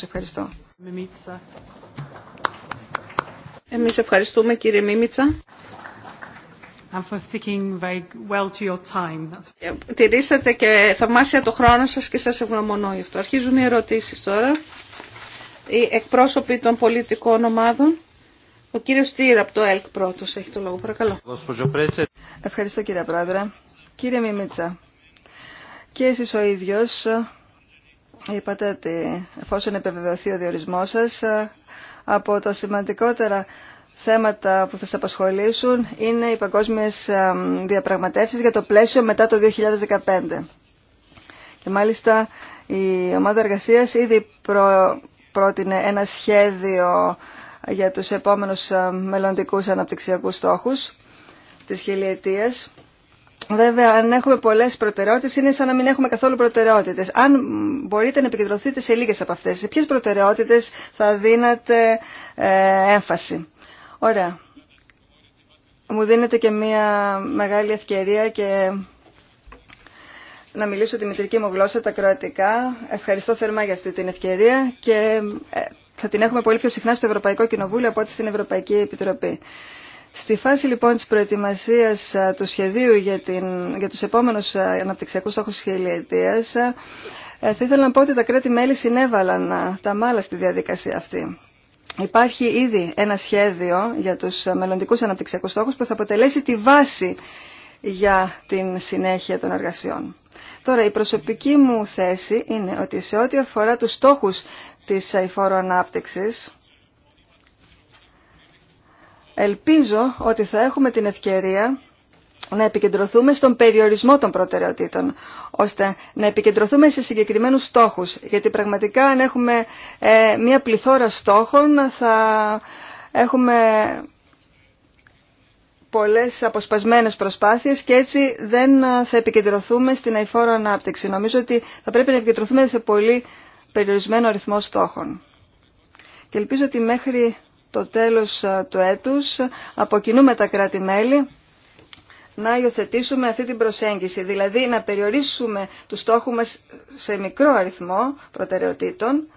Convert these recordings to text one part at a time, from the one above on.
Σας ευχαριστώ. Μιμίτσα. Εμείς ευχαριστούμε κύριε Μίμητσα. Ε, τηρήσατε και θαυμάσια το χρόνο σας και σας ευγνωμονώ γι' αυτό. Αρχίζουν οι ερωτήσεις τώρα. Οι εκπρόσωποι των πολιτικών ομάδων. Ο κύριος Στήρα από το ΕΛΚ πρώτος έχει το λόγο. Παρακαλώ. Ευχαριστώ κύριε Πρόεδρε. Κύριε Μίμητσα, και εσείς ο ίδιος Είπατε ότι εφόσον επιβεβαιωθεί ο διορισμός σας, ε, από τα σημαντικότερα θέματα που θα σας απασχολήσουν είναι οι παγκόσμιες ε, διαπραγματεύσεις για το πλαίσιο μετά το 2015. Και μάλιστα η ομάδα εργασίας ήδη προ... πρότεινε ένα σχέδιο για τους επόμενους ε, μελλοντικούς αναπτυξιακούς στόχους της χιλιετίας Βέβαια, αν έχουμε πολλέ προτεραιότητε, είναι σαν να μην έχουμε καθόλου προτεραιότητε. Αν μπορείτε να επικεντρωθείτε σε λίγε από αυτέ, σε ποιε προτεραιότητε θα δίνατε ε, έμφαση. Ωραία. Μου δίνετε και μία μεγάλη ευκαιρία και να μιλήσω τη μητρική μου γλώσσα, τα κροατικά. Ευχαριστώ θερμά για αυτή την ευκαιρία και ε, θα την έχουμε πολύ πιο συχνά στο Ευρωπαϊκό Κοινοβούλιο από ό,τι στην Ευρωπαϊκή Επιτροπή. Στη φάση λοιπόν της προετοιμασίας του σχεδίου για, την, για τους επόμενους αναπτυξιακούς στόχους χιλιετίας, ε, θα ήθελα να πω ότι τα κράτη-μέλη συνέβαλαν τα μάλα στη διαδικασία αυτή. Υπάρχει ήδη ένα σχέδιο για τους μελλοντικούς αναπτυξιακούς στόχους που θα αποτελέσει τη βάση για την συνέχεια των εργασιών. Τώρα, η προσωπική μου θέση είναι ότι σε ό,τι αφορά τους στόχους της αηφόρου ανάπτυξης, Ελπίζω ότι θα έχουμε την ευκαιρία να επικεντρωθούμε στον περιορισμό των προτεραιοτήτων, ώστε να επικεντρωθούμε σε συγκεκριμένους στόχους. Γιατί πραγματικά αν έχουμε ε, μία πληθώρα στόχων θα έχουμε πολλές αποσπασμένες προσπάθειες και έτσι δεν θα επικεντρωθούμε στην αηφόρο ανάπτυξη. Νομίζω ότι θα πρέπει να επικεντρωθούμε σε πολύ περιορισμένο αριθμό στόχων. Και ελπίζω ότι μέχρι το τέλος του έτους από τα κράτη-μέλη να υιοθετήσουμε αυτή την προσέγγιση, δηλαδή να περιορίσουμε τους στόχους μας σε μικρό αριθμό προτεραιοτήτων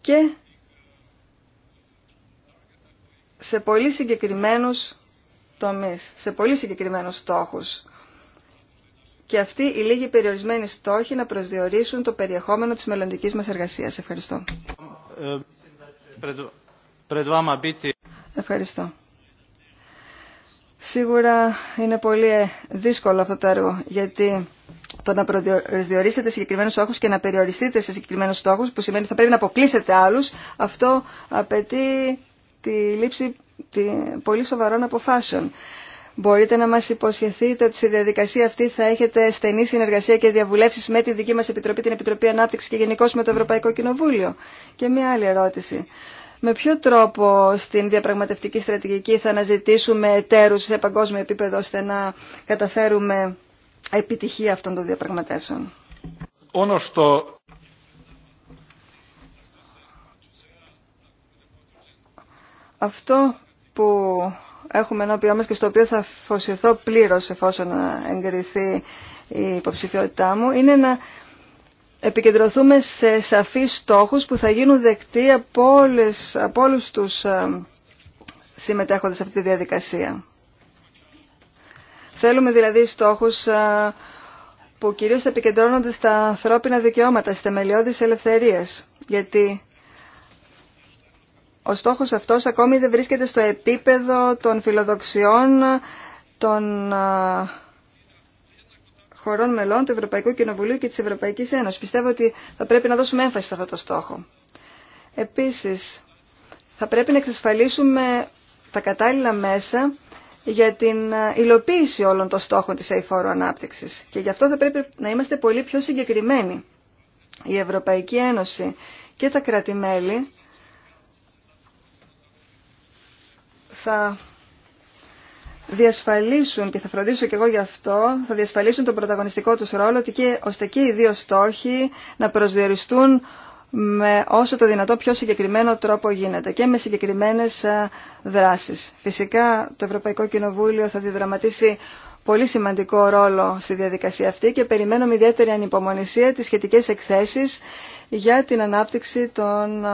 και σε πολύ συγκεκριμένους τομείς, σε πολύ συγκεκριμένους στόχους. Και αυτοί οι λίγοι περιορισμένοι στόχοι να προσδιορίσουν το περιεχόμενο της μελλοντικής μας εργασίας. Ευχαριστώ. Ε, Ευχαριστώ. Σίγουρα είναι πολύ ε, δύσκολο αυτό το έργο, γιατί το να προσδιορίσετε συγκεκριμένου στόχου και να περιοριστείτε σε συγκεκριμένου στόχου, που σημαίνει ότι θα πρέπει να αποκλείσετε άλλου, αυτό απαιτεί τη λήψη τη, πολύ σοβαρών αποφάσεων. Μπορείτε να μας υποσχεθείτε ότι στη διαδικασία αυτή θα έχετε στενή συνεργασία και διαβουλεύσεις με τη δική μας Επιτροπή, την Επιτροπή Ανάπτυξης και γενικώ με το Ευρωπαϊκό Κοινοβούλιο. Και μια άλλη ερώτηση με ποιο τρόπο στην διαπραγματευτική στρατηγική θα αναζητήσουμε εταίρους σε παγκόσμιο επίπεδο ώστε να καταφέρουμε επιτυχία αυτών των διαπραγματεύσεων. Αυτό που έχουμε ενώπιό μας και στο οποίο θα φωσιωθώ πλήρως εφόσον εγκριθεί η υποψηφιότητά μου είναι να επικεντρωθούμε σε σαφείς στόχους που θα γίνουν δεκτοί από, όλες, από όλους τους ε, συμμετέχοντες σε αυτή τη διαδικασία. Θέλουμε δηλαδή στόχους ε, που κυρίως επικεντρώνονται στα ανθρώπινα δικαιώματα, στις θεμελιώδεις ελευθερίες, γιατί ο στόχος αυτός ακόμη δεν βρίσκεται στο επίπεδο των φιλοδοξιών των ε, χωρών μελών του Ευρωπαϊκού Κοινοβουλίου και της Ευρωπαϊκής Ένωσης. Πιστεύω ότι θα πρέπει να δώσουμε έμφαση σε αυτό το στόχο. Επίσης, θα πρέπει να εξασφαλίσουμε τα κατάλληλα μέσα για την υλοποίηση όλων των στόχων της αηφόρου ανάπτυξης. Και γι' αυτό θα πρέπει να είμαστε πολύ πιο συγκεκριμένοι. Η Ευρωπαϊκή Ένωση και τα κράτη-μέλη θα διασφαλίσουν, και θα φροντίσω και εγώ γι' αυτό, θα διασφαλίσουν τον πρωταγωνιστικό τους ρόλο, και, ώστε και οι δύο στόχοι να προσδιοριστούν με όσο το δυνατό πιο συγκεκριμένο τρόπο γίνεται και με συγκεκριμένες ε, δράσεις. Φυσικά το Ευρωπαϊκό Κοινοβούλιο θα διδραματίσει πολύ σημαντικό ρόλο στη διαδικασία αυτή και περιμένω ιδιαίτερη ανυπομονησία τις σχετικές εκθέσεις για την ανάπτυξη των ε,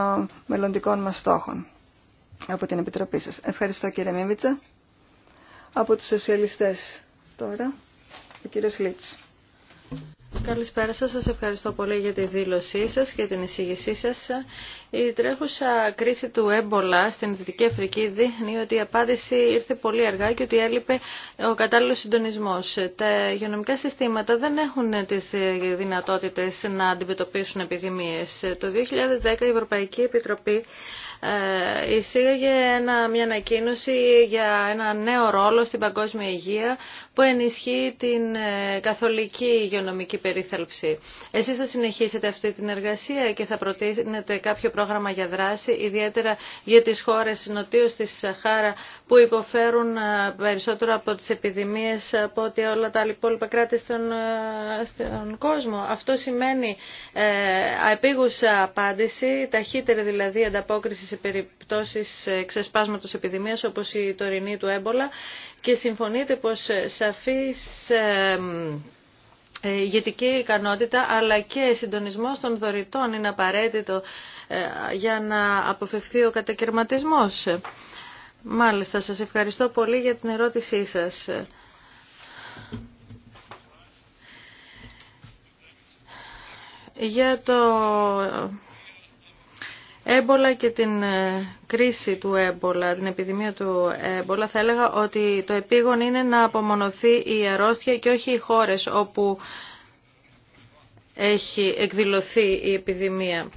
μελλοντικών μας στόχων από την Επιτροπή σας. Ευχαριστώ κύριε Μίμητσα από τους σοσιαλιστές. Τώρα, ο κύριος Λίτς. Καλησπέρα σας. Σας ευχαριστώ πολύ για τη δήλωσή σας και την εισήγησή σας. Η τρέχουσα κρίση του έμπολα στην Δυτική Αφρική δείχνει ότι η απάντηση ήρθε πολύ αργά και ότι έλειπε ο κατάλληλος συντονισμός. Τα υγειονομικά συστήματα δεν έχουν τις δυνατότητες να αντιμετωπίσουν επιδημίες. Το 2010 η Ευρωπαϊκή Επιτροπή ε, εισήγαγε ένα, μια ανακοίνωση για ένα νέο ρόλο στην παγκόσμια υγεία που ενισχύει την ε, καθολική υγειονομική περίθαλψη. Εσείς θα συνεχίσετε αυτή την εργασία και θα προτείνετε κάποιο πρόγραμμα για δράση, ιδιαίτερα για τις χώρες νοτίως της Σαχάρα που υποφέρουν ε, περισσότερο από τις επιδημίες από ότι όλα τα υπόλοιπα κράτη στον, στον κόσμο. Αυτό σημαίνει ε, απάντηση, ταχύτερη δηλαδή ανταπόκριση σε περιπτώσεις ξεσπάσματος επιδημίας όπως η τωρινή του έμπολα και συμφωνείτε πως σαφής ε, ηγετική ικανότητα αλλά και συντονισμός των δωρητών είναι απαραίτητο ε, για να αποφευθεί ο κατακαιρματισμός. Μάλιστα, σας ευχαριστώ πολύ για την ερώτησή σας. Για το έμπολα και την ε, κρίση του έμπολα, την επιδημία του έμπολα, θα έλεγα ότι το επίγον είναι να απομονωθεί η αρρώστια και όχι οι χώρες όπου έχει εκδηλωθεί η επιδημία.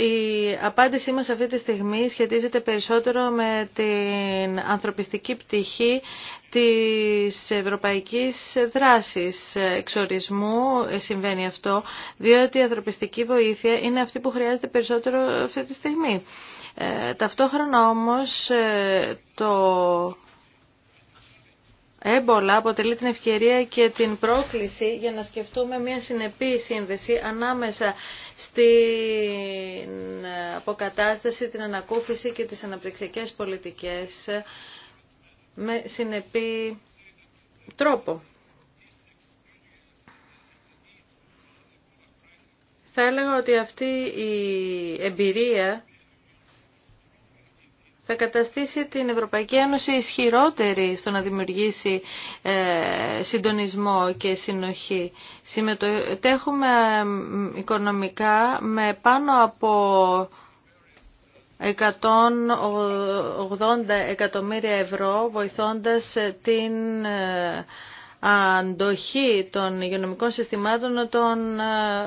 Η απάντησή μας αυτή τη στιγμή σχετίζεται περισσότερο με την ανθρωπιστική πτυχή της ευρωπαϊκής δράσης εξορισμού ε, συμβαίνει αυτό, διότι η ανθρωπιστική βοήθεια είναι αυτή που χρειάζεται περισσότερο αυτή τη στιγμή. Ε, ταυτόχρονα όμως ε, το έμπολα αποτελεί την ευκαιρία και την πρόκληση για να σκεφτούμε μια συνεπή σύνδεση ανάμεσα στην αποκατάσταση, την ανακούφιση και τις αναπτυξιακές πολιτικές με συνεπή τρόπο. Θα έλεγα ότι αυτή η εμπειρία θα καταστήσει την Ευρωπαϊκή Ένωση ισχυρότερη στο να δημιουργήσει ε, συντονισμό και συνοχή. Συμμετέχουμε οικονομικά με πάνω από 180 εκατομμύρια ευρώ βοηθώντας ε, την ε, αντοχή των υγειονομικών συστημάτων των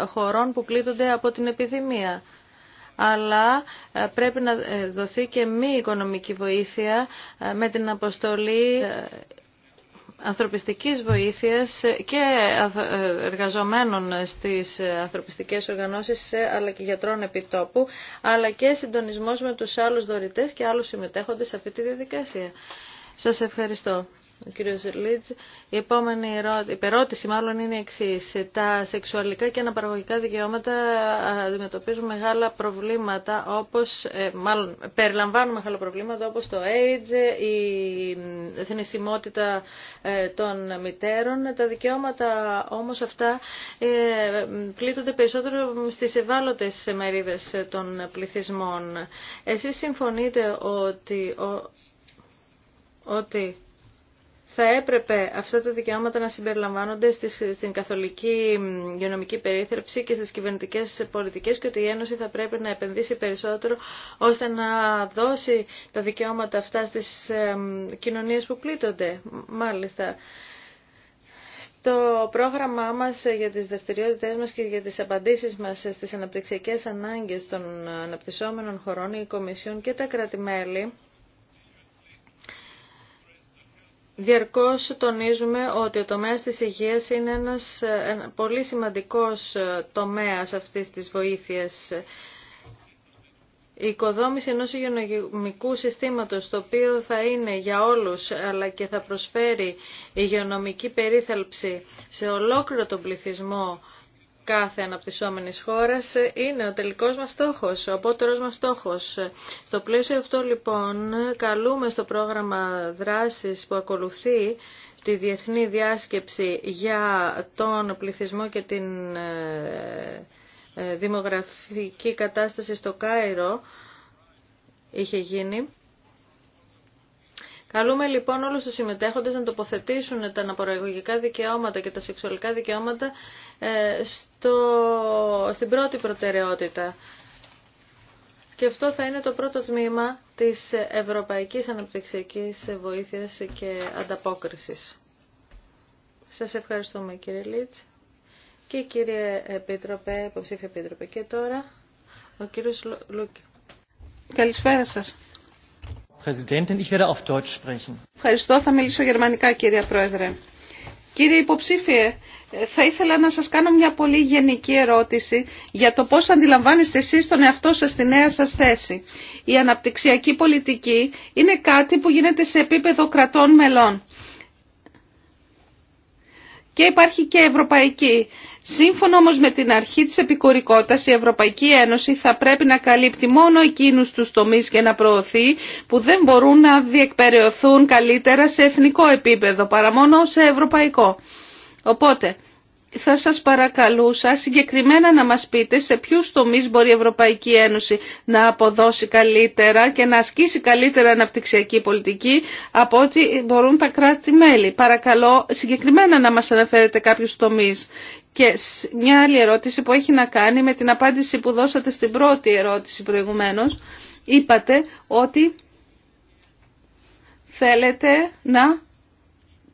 χωρών που πλήττονται από την επιδημία αλλά ε, πρέπει να ε, δοθεί και μη οικονομική βοήθεια ε, με την αποστολή ανθρωπιστικής βοήθειας και εργαζομένων στις ανθρωπιστικές οργανώσεις αλλά και γιατρών επιτόπου αλλά και συντονισμός με τους άλλους δωρητές και άλλους συμμετέχοντες σε αυτή τη διαδικασία. Σας ευχαριστώ ο κύριος Λίτζ. Η επόμενη υπερώτηση μάλλον είναι εξή. Τα σεξουαλικά και αναπαραγωγικά δικαιώματα αντιμετωπίζουν μεγάλα προβλήματα όπως, ε, μάλλον περιλαμβάνουν μεγάλα προβλήματα όπως το AIDS, η θνησιμότητα ε, των μητέρων. Τα δικαιώματα όμως αυτά ε, πλήττονται περισσότερο στις ευάλωτες μερίδες των πληθυσμών. Εσείς συμφωνείτε ότι, ότι θα έπρεπε αυτά τα δικαιώματα να συμπεριλαμβάνονται στην καθολική υγειονομική περίθαλψη και στις κυβερνητικές πολιτικές και ότι η Ένωση θα πρέπει να επενδύσει περισσότερο ώστε να δώσει τα δικαιώματα αυτά στις ε, κοινωνίες που πλήττονται. Μάλιστα. στο πρόγραμμά μας για τις δραστηριότητε μας και για τις απαντήσεις μας στις αναπτυξιακές ανάγκες των αναπτυσσόμενων χωρών, η Κομισιόν και τα κράτη-μέλη Διαρκώς τονίζουμε ότι ο τομέας της υγείας είναι ένας πολύ σημαντικός ε, τομέας αυτής της βοήθειας. Η οικοδόμηση ενός υγειονομικού συστήματος, το οποίο θα είναι για όλους, αλλά και θα προσφέρει υγειονομική περίθαλψη σε ολόκληρο τον πληθυσμό κάθε αναπτυσσόμενης χώρας ε, είναι ο τελικός μας στόχος, ο απότερος μας στόχος. Στο πλαίσιο αυτό λοιπόν καλούμε στο πρόγραμμα δράσης που ακολουθεί τη διεθνή διάσκεψη για τον πληθυσμό και την ε, ε, δημογραφική κατάσταση στο Κάιρο είχε γίνει Καλούμε λοιπόν όλους τους συμμετέχοντες να τοποθετήσουν τα αναπαραγωγικά δικαιώματα και τα σεξουαλικά δικαιώματα ε, στο, στην πρώτη προτεραιότητα. Και αυτό θα είναι το πρώτο τμήμα της Ευρωπαϊκής Αναπτυξιακής Βοήθειας και Ανταπόκρισης. Σας ευχαριστούμε κύριε Λίτς και κύριε Επίτροπε, υποψήφια Επίτροπε. Και τώρα ο κύριος Λούκη. Καλησπέρα σας. Ευχαριστώ. Θα μιλήσω γερμανικά, κύριε Πρόεδρε. Κύριε Υποψήφιε, θα ήθελα να σας κάνω μια πολύ γενική ερώτηση για το πώς αντιλαμβάνεστε εσείς τον εαυτό σας στη νέα σας θέση. Η αναπτυξιακή πολιτική είναι κάτι που γίνεται σε επίπεδο κρατών μελών. Και υπάρχει και ευρωπαϊκή Σύμφωνα όμω με την αρχή τη επικουρικότητας, η Ευρωπαϊκή Ένωση θα πρέπει να καλύπτει μόνο εκείνου του τομεί και να προωθεί που δεν μπορούν να διεκπεραιωθούν καλύτερα σε εθνικό επίπεδο, παρά μόνο σε ευρωπαϊκό. Οπότε, θα σας παρακαλούσα συγκεκριμένα να μας πείτε σε ποιους τομείς μπορεί η Ευρωπαϊκή Ένωση να αποδώσει καλύτερα και να ασκήσει καλύτερα αναπτυξιακή πολιτική από ό,τι μπορούν τα κράτη-μέλη. Παρακαλώ συγκεκριμένα να μα αναφέρετε κάποιου τομείς και μια άλλη ερώτηση που έχει να κάνει με την απάντηση που δώσατε στην πρώτη ερώτηση προηγουμένως. Είπατε ότι θέλετε να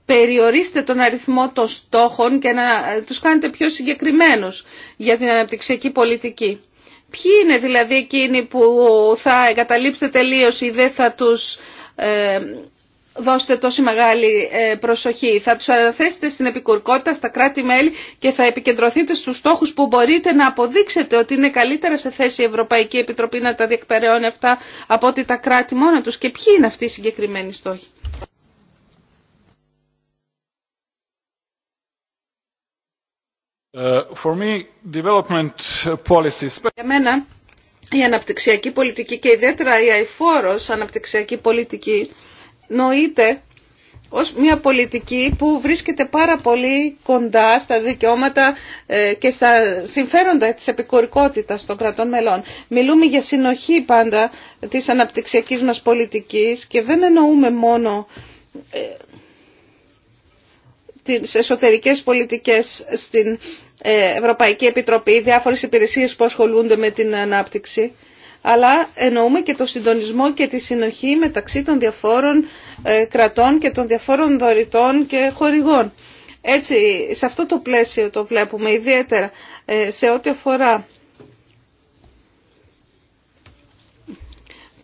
περιορίσετε τον αριθμό των στόχων και να ε, τους κάνετε πιο συγκεκριμένους για την αναπτυξιακή πολιτική. Ποιοι είναι δηλαδή εκείνοι που θα εγκαταλείψετε τελείως ή δεν θα τους ε, Δώστε τόση μεγάλη ε, προσοχή. Θα τους αναθέσετε στην επικουρκότητα στα κράτη-μέλη και θα επικεντρωθείτε στους στόχους που μπορείτε να αποδείξετε ότι είναι καλύτερα σε θέση η Ευρωπαϊκή Επιτροπή να τα διεκπαιρεώνει αυτά από ότι τα κράτη μόνα τους. Και ποιοι είναι αυτοί οι συγκεκριμένοι στόχοι. Ε, for me, development policies... Για μένα η αναπτυξιακή πολιτική και ιδιαίτερα η αηφόρος αναπτυξιακή πολιτική νοείται ως μια πολιτική που βρίσκεται πάρα πολύ κοντά στα δικαιώματα ε, και στα συμφέροντα της επικουρικότητας των κρατών μελών. Μιλούμε για συνοχή πάντα της αναπτυξιακής μας πολιτικής και δεν εννοούμε μόνο ε, τις εσωτερικές πολιτικές στην ε, Ευρωπαϊκή Επιτροπή, διάφορες υπηρεσίες που ασχολούνται με την ανάπτυξη αλλά εννοούμε και το συντονισμό και τη συνοχή μεταξύ των διαφόρων ε, κρατών και των διαφόρων δωρητών και χορηγών. Έτσι, σε αυτό το πλαίσιο το βλέπουμε ιδιαίτερα ε, σε ό,τι αφορά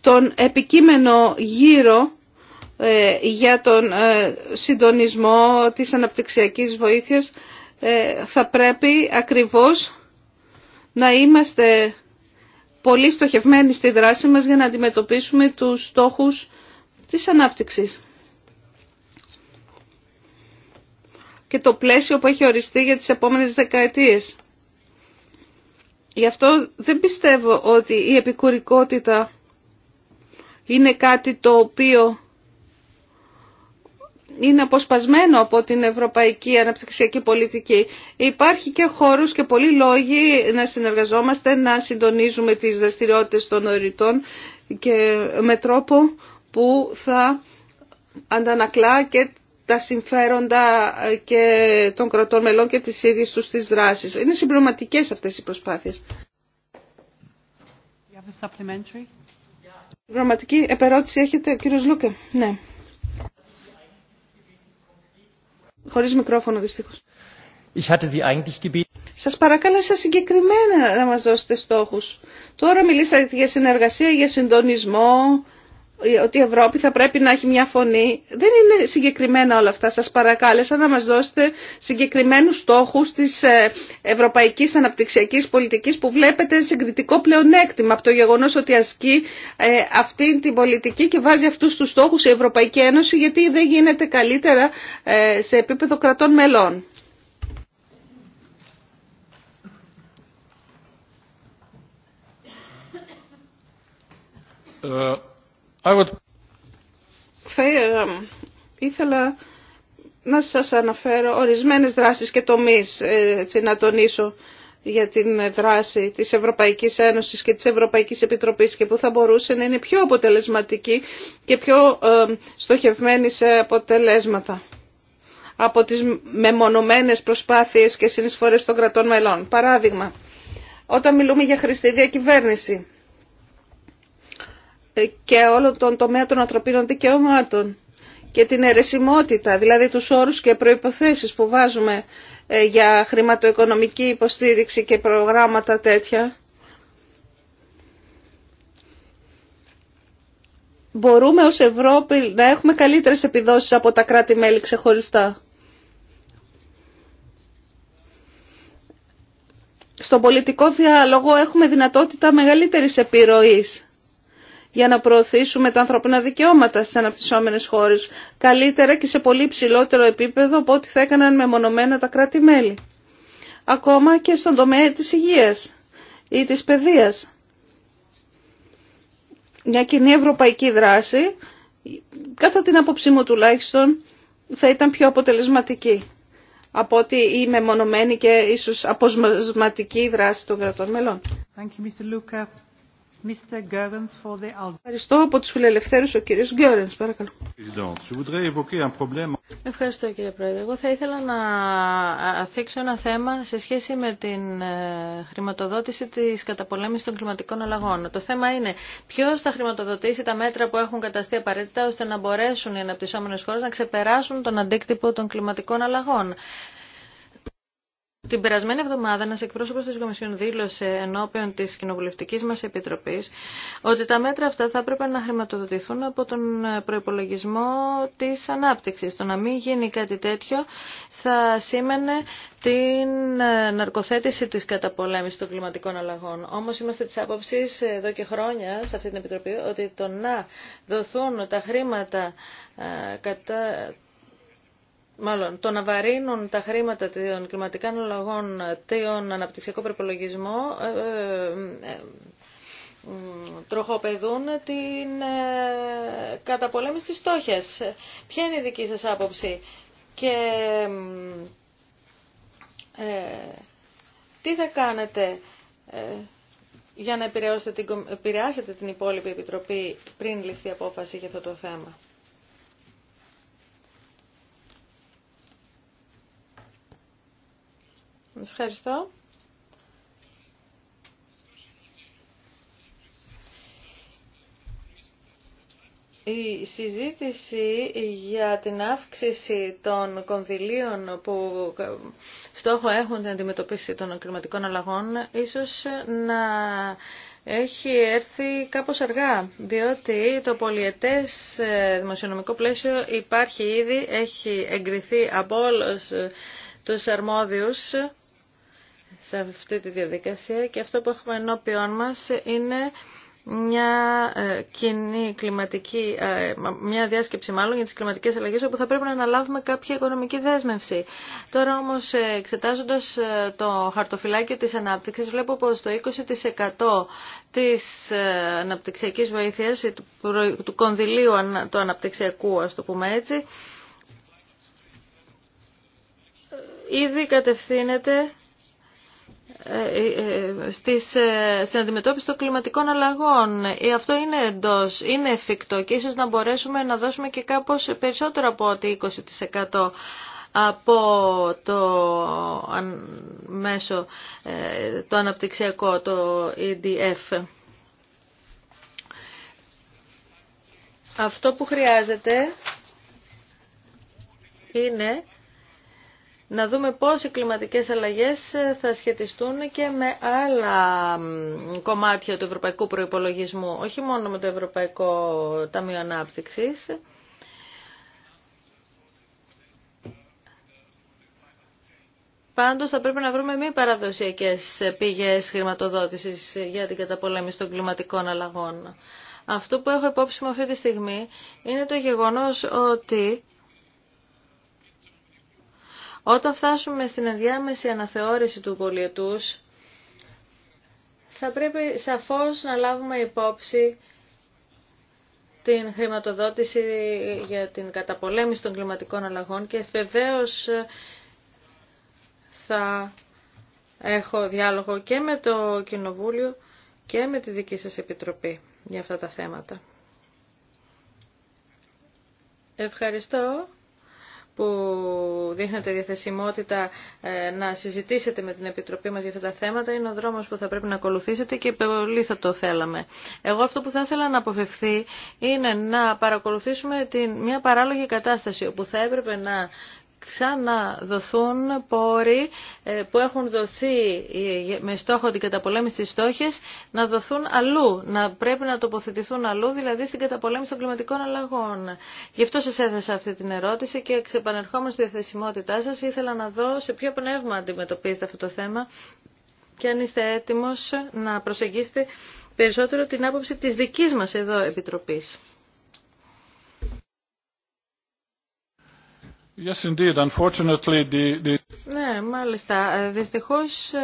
τον επικείμενο γύρο ε, για τον συντονισμό της αναπτυξιακής βοήθειας θα πρέπει ακριβώς να είμαστε πολύ στοχευμένοι στη δράση μας για να αντιμετωπίσουμε τους στόχους της ανάπτυξης. Και το πλαίσιο που έχει οριστεί για τις επόμενες δεκαετίες. Γι' αυτό δεν πιστεύω ότι η επικουρικότητα είναι κάτι το οποίο είναι αποσπασμένο από την ευρωπαϊκή αναπτυξιακή πολιτική. Υπάρχει και χώρος και πολλοί λόγοι να συνεργαζόμαστε, να συντονίζουμε τις δραστηριότητες των οριτών και με τρόπο που θα αντανακλά και τα συμφέροντα και των κρατών μελών και τις ίδιες τους τις δράσεις. Είναι συμπληρωματικές αυτές οι προσπάθειες. Συμπληρωματική επερώτηση έχετε, κύριος Λούκε. Ναι. Χωρίς μικρόφωνο δυστυχώς. Ich hatte Σας παρακάλεσα συγκεκριμένα να μας δώσετε στόχους. Τώρα μιλήσατε για συνεργασία, για συντονισμό, ε, ότι η Ευρώπη θα πρέπει να έχει μια φωνή. Δεν είναι συγκεκριμένα όλα αυτά. Σας παρακάλεσα να μας δώσετε συγκεκριμένους στόχους της ε, ευρωπαϊκής αναπτυξιακής πολιτικής που βλέπετε συγκριτικό πλεονέκτημα από το γεγονός ότι ασκεί ε, αυτή την πολιτική και βάζει αυτούς τους στόχους η Ευρωπαϊκή Ένωση γιατί δεν γίνεται καλύτερα σε επίπεδο κρατών μελών. Θα ε, ήθελα να σας αναφέρω ορισμένες δράσεις και τομείς, ε, έτσι, να τονίσω για την δράση της Ευρωπαϊκής Ένωσης και της Ευρωπαϊκής Επιτροπής και που θα μπορούσε να είναι πιο αποτελεσματική και πιο ε, στοχευμένη σε αποτελέσματα από τις μεμονωμένες προσπάθειες και συνεισφορές των κρατών μελών. Παράδειγμα, όταν μιλούμε για χρηστή διακυβέρνηση, και όλο τον τομέα των ανθρωπίνων δικαιωμάτων και την αιρεσιμότητα, δηλαδή τους όρους και προϋποθέσεις που βάζουμε ε, για χρηματοοικονομική υποστήριξη και προγράμματα τέτοια. Μπορούμε ως Ευρώπη να έχουμε καλύτερες επιδόσεις από τα κράτη-μέλη ξεχωριστά. Στον πολιτικό διάλογο έχουμε δυνατότητα μεγαλύτερης επιρροής για να προωθήσουμε τα ανθρώπινα δικαιώματα στις αναπτυσσόμενες χώρες καλύτερα και σε πολύ ψηλότερο επίπεδο από ό,τι θα έκαναν μεμονωμένα τα κράτη-μέλη. Ακόμα και στον τομέα της υγείας ή της παιδείας. Μια κοινή ευρωπαϊκή δράση, κατά την άποψή μου τουλάχιστον, θα ήταν πιο αποτελεσματική από ότι η μεμονωμένη και ίσως αποσματική δράση των κρατών μελών. Ευχαριστώ από τους φιλελευθέρους ο κύριος Γκέρενς, παρακαλώ. Ευχαριστώ κύριε Πρόεδρε. Εγώ θα ήθελα να αφήξω ένα θέμα σε σχέση με την ε, χρηματοδότηση της καταπολέμησης των κλιματικών αλλαγών. Το θέμα είναι ποιος θα χρηματοδοτήσει τα μέτρα που έχουν καταστεί απαραίτητα ώστε να μπορέσουν οι αναπτυσσόμενες χώρες να ξεπεράσουν τον αντίκτυπο των κλιματικών αλλαγών. Την περασμένη εβδομάδα ένα εκπρόσωπο της Κομισιόν δήλωσε ενώπιον τη κοινοβουλευτική μας επιτροπή ότι τα μέτρα αυτά θα έπρεπε να χρηματοδοτηθούν από τον προπολογισμό της ανάπτυξη, Το να μην γίνει κάτι τέτοιο θα σήμαινε την ναρκοθέτηση της καταπολέμησης των κλιματικών αλλαγών. Όμω είμαστε τη άποψη εδώ και χρόνια σε αυτή την επιτροπή ότι το να δοθούν τα χρήματα ε, κατά μάλλον το να βαρύνουν τα χρήματα των κλιματικών αλλαγών τον αναπτυξιακό προπολογισμό ε, ε, ε, τροχοπεδούν την καταπολέμηση της στόχες. Ποια είναι η δική σας άποψη και τι θα κάνετε για να επηρεάσετε την, επηρεάσετε την υπόλοιπη Επιτροπή πριν ληφθεί απόφαση για αυτό το θέμα. Ευχαριστώ. Η συζήτηση για την αύξηση των κονδυλίων που στόχο έχουν την αντιμετωπίση των κλιματικών αλλαγών ίσως να έχει έρθει κάπως αργά, διότι το πολιετές ε, δημοσιονομικό πλαίσιο υπάρχει ήδη, έχει εγκριθεί από όλους τους αρμόδιους σε αυτή τη διαδικασία και αυτό που έχουμε ενώπιόν μας είναι μια ε, κοινή κλιματική, ε, μια διάσκεψη μάλλον για τις κλιματικές αλλαγές όπου θα πρέπει να αναλάβουμε κάποια οικονομική δέσμευση. Τώρα όμως ε, εξετάζοντας το χαρτοφυλάκιο της ανάπτυξης βλέπω πως το 20% της αναπτυξιακής βοήθειας του κονδυλίου του αναπτυξιακού ας το πούμε έτσι ήδη κατευθύνεται ε, ε, ε, στις, στην αντιμετώπιση των κλιματικών αλλαγών. Αυτό είναι εντός, είναι εφικτό και ίσως να μπορέσουμε να δώσουμε και κάπως περισσότερο από ότι 20% από το μέσο το αναπτυξιακό, το EDF. Αυτό που χρειάζεται είναι να δούμε πώς οι κλιματικές αλλαγές ε, θα σχετιστούν και με άλλα κομμάτια του ευρωπαϊκού προϋπολογισμού, όχι μόνο με το Ευρωπαϊκό Ταμείο Ανάπτυξης. Πάντως θα πρέπει να βρούμε μη παραδοσιακές πηγές χρηματοδότησης για την καταπολέμηση των κλιματικών αλλαγών. Αυτό που έχω υπόψη μου αυτή τη στιγμή είναι το γεγονός ότι όταν φτάσουμε στην ενδιάμεση αναθεώρηση του πολιετούς, θα πρέπει σαφώς να λάβουμε υπόψη την χρηματοδότηση για την καταπολέμηση των κλιματικών αλλαγών και βεβαίω θα έχω διάλογο και με το Κοινοβούλιο και με τη δική σας Επιτροπή για αυτά τα θέματα. Ευχαριστώ που δείχνετε διαθεσιμότητα ε, να συζητήσετε με την Επιτροπή μας για αυτά τα θέματα είναι ο δρόμος που θα πρέπει να ακολουθήσετε και πολύ θα το θέλαμε. Εγώ αυτό που θα ήθελα να αποφευθεί είναι να παρακολουθήσουμε την, μια παράλογη κατάσταση όπου θα έπρεπε να ξαναδοθούν πόροι ε, που έχουν δοθεί ε, με στόχο την καταπολέμηση της στόχης να δοθούν αλλού, να πρέπει να τοποθετηθούν αλλού, δηλαδή στην καταπολέμηση των κλιματικών αλλαγών. Γι' αυτό σας έθεσα αυτή την ερώτηση και ξεπανερχόμαστε στη διαθεσιμότητά σας ήθελα να δω σε ποιο πνεύμα αντιμετωπίζετε αυτό το θέμα και αν είστε έτοιμος να προσεγγίσετε περισσότερο την άποψη της δικής μας εδώ Επιτροπής. Ναι, μάλιστα. Ε, δυστυχώς ε,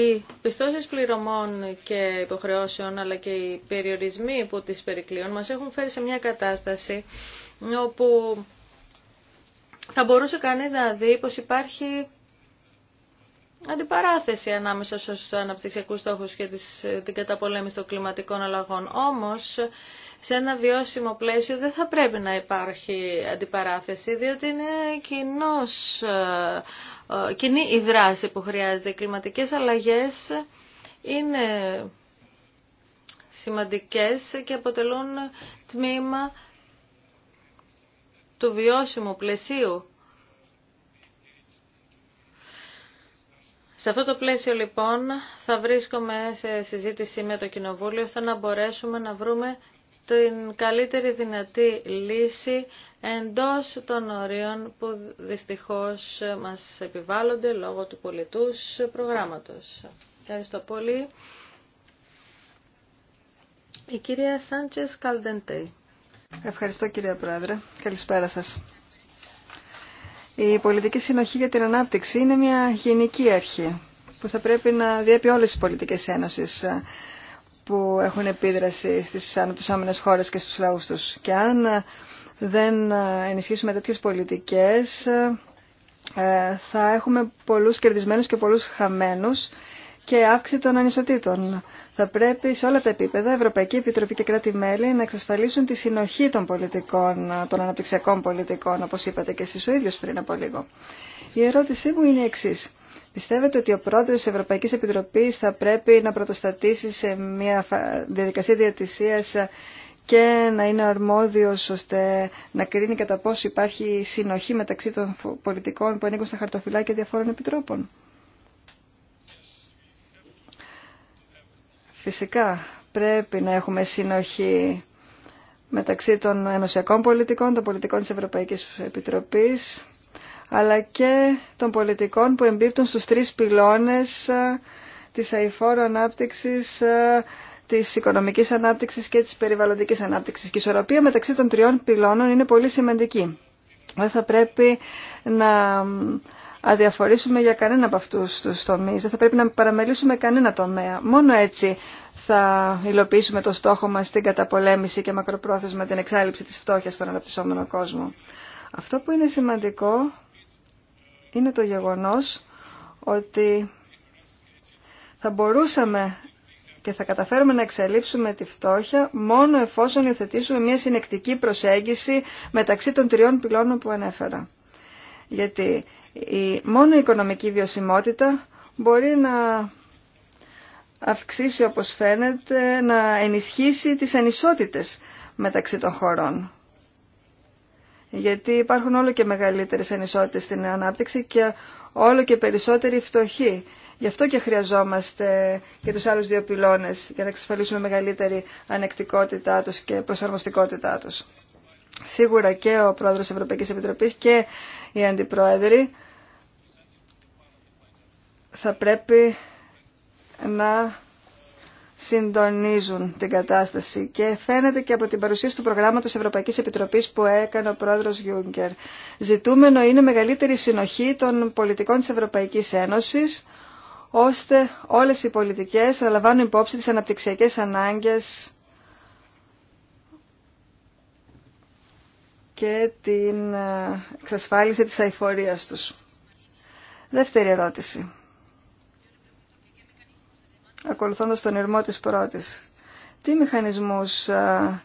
οι πιστώσεις πληρωμών και υποχρεώσεων αλλά και οι περιορισμοί που τις περικλείουν μας έχουν φέρει σε μια κατάσταση όπου θα μπορούσε κανείς να δει πως υπάρχει αντιπαράθεση ανάμεσα στους αναπτυξιακούς στόχους και την καταπολέμηση των κλιματικών αλλαγών. Όμως, σε ένα βιώσιμο πλαίσιο δεν θα πρέπει να υπάρχει αντιπαράθεση, διότι είναι κοινός, ε, ε, κοινή η δράση που χρειάζεται. Οι κλιματικές αλλαγές είναι σημαντικές και αποτελούν τμήμα του βιώσιμου πλαισίου. Σε αυτό το πλαίσιο λοιπόν θα βρίσκομαι σε συζήτηση με το Κοινοβούλιο ώστε να μπορέσουμε να βρούμε την καλύτερη δυνατή λύση εντός των ορίων που δυστυχώς μας επιβάλλονται λόγω του πολιτούς προγράμματος. Ευχαριστώ πολύ. Η κυρία Σάντσες Καλδεντέη. Ευχαριστώ κυρία Πρόεδρε. Καλησπέρα σας. Η πολιτική συνοχή για την ανάπτυξη είναι μια γενική αρχή που θα πρέπει να διέπει όλες τις πολιτικές ένωσεις που έχουν επίδραση στις αναπτυσσόμενες χώρες και στους λαούς τους. Και αν δεν ενισχύσουμε τέτοιες πολιτικές, ε, θα έχουμε πολλούς κερδισμένους και πολλούς χαμένους και αύξηση των ανισοτήτων. Θα πρέπει σε όλα τα επίπεδα, Ευρωπαϊκή Επιτροπή και κράτη-μέλη, να εξασφαλίσουν τη συνοχή των πολιτικών, των αναπτυξιακών πολιτικών, όπως είπατε και εσείς ο ίδιος πριν από λίγο. Η ερώτησή μου είναι η εξής. Πιστεύετε ότι ο πρόεδρος της Ευρωπαϊκής Επιτροπής θα πρέπει να πρωτοστατήσει σε μια διαδικασία διατησίας και να είναι αρμόδιος ώστε να κρίνει κατά πόσο υπάρχει συνοχή μεταξύ των πολιτικών που ανήκουν στα χαρτοφυλάκια διαφόρων επιτρόπων. Φυσικά πρέπει να έχουμε συνοχή μεταξύ των ενωσιακών πολιτικών, των πολιτικών της Ευρωπαϊκής Επιτροπής αλλά και των πολιτικών που εμπίπτουν στους τρεις πυλώνες ε, της αηφόρου ανάπτυξης, ε, της οικονομικής ανάπτυξης και της περιβαλλοντικής ανάπτυξης. Και η ισορροπία μεταξύ των τριών πυλώνων είναι πολύ σημαντική. Δεν θα πρέπει να αδιαφορήσουμε για κανένα από αυτούς τους τομείς. Δεν θα πρέπει να παραμελήσουμε κανένα τομέα. Μόνο έτσι θα υλοποιήσουμε το στόχο μας στην καταπολέμηση και μακροπρόθεσμα την εξάλληψη της φτώχειας στον αναπτυσσόμενο κόσμο. Αυτό που είναι σημαντικό είναι το γεγονός ότι θα μπορούσαμε και θα καταφέρουμε να εξαλείψουμε τη φτώχεια μόνο εφόσον υιοθετήσουμε μια συνεκτική προσέγγιση μεταξύ των τριών πυλώνων που ανέφερα. Γιατί η, μόνο η οικονομική βιωσιμότητα μπορεί να αυξήσει όπως φαίνεται, να ενισχύσει τις ανισότητες μεταξύ των χωρών γιατί υπάρχουν όλο και μεγαλύτερες ανισότητες στην ανάπτυξη και όλο και περισσότερη φτωχοί. Γι' αυτό και χρειαζόμαστε και τους άλλους δύο πυλώνες για να εξασφαλίσουμε μεγαλύτερη ανεκτικότητά τους και προσαρμοστικότητά τους. Σίγουρα και ο Πρόεδρος της Ευρωπαϊκής Επιτροπής και οι Αντιπρόεδροι θα πρέπει να συντονίζουν την κατάσταση και φαίνεται και από την παρουσίαση του προγράμματος Ευρωπαϊκής Επιτροπής που έκανε ο πρόεδρος Γιούγκερ. Ζητούμενο είναι μεγαλύτερη συνοχή των πολιτικών της Ευρωπαϊκής Ένωσης ώστε όλες οι πολιτικές να λαμβάνουν υπόψη τις αναπτυξιακές ανάγκες και την ε, εξασφάλιση της αηφορίας τους. Δεύτερη ερώτηση ακολουθώντας τον ερμό της πρώτης. Τι μηχανισμούς ε,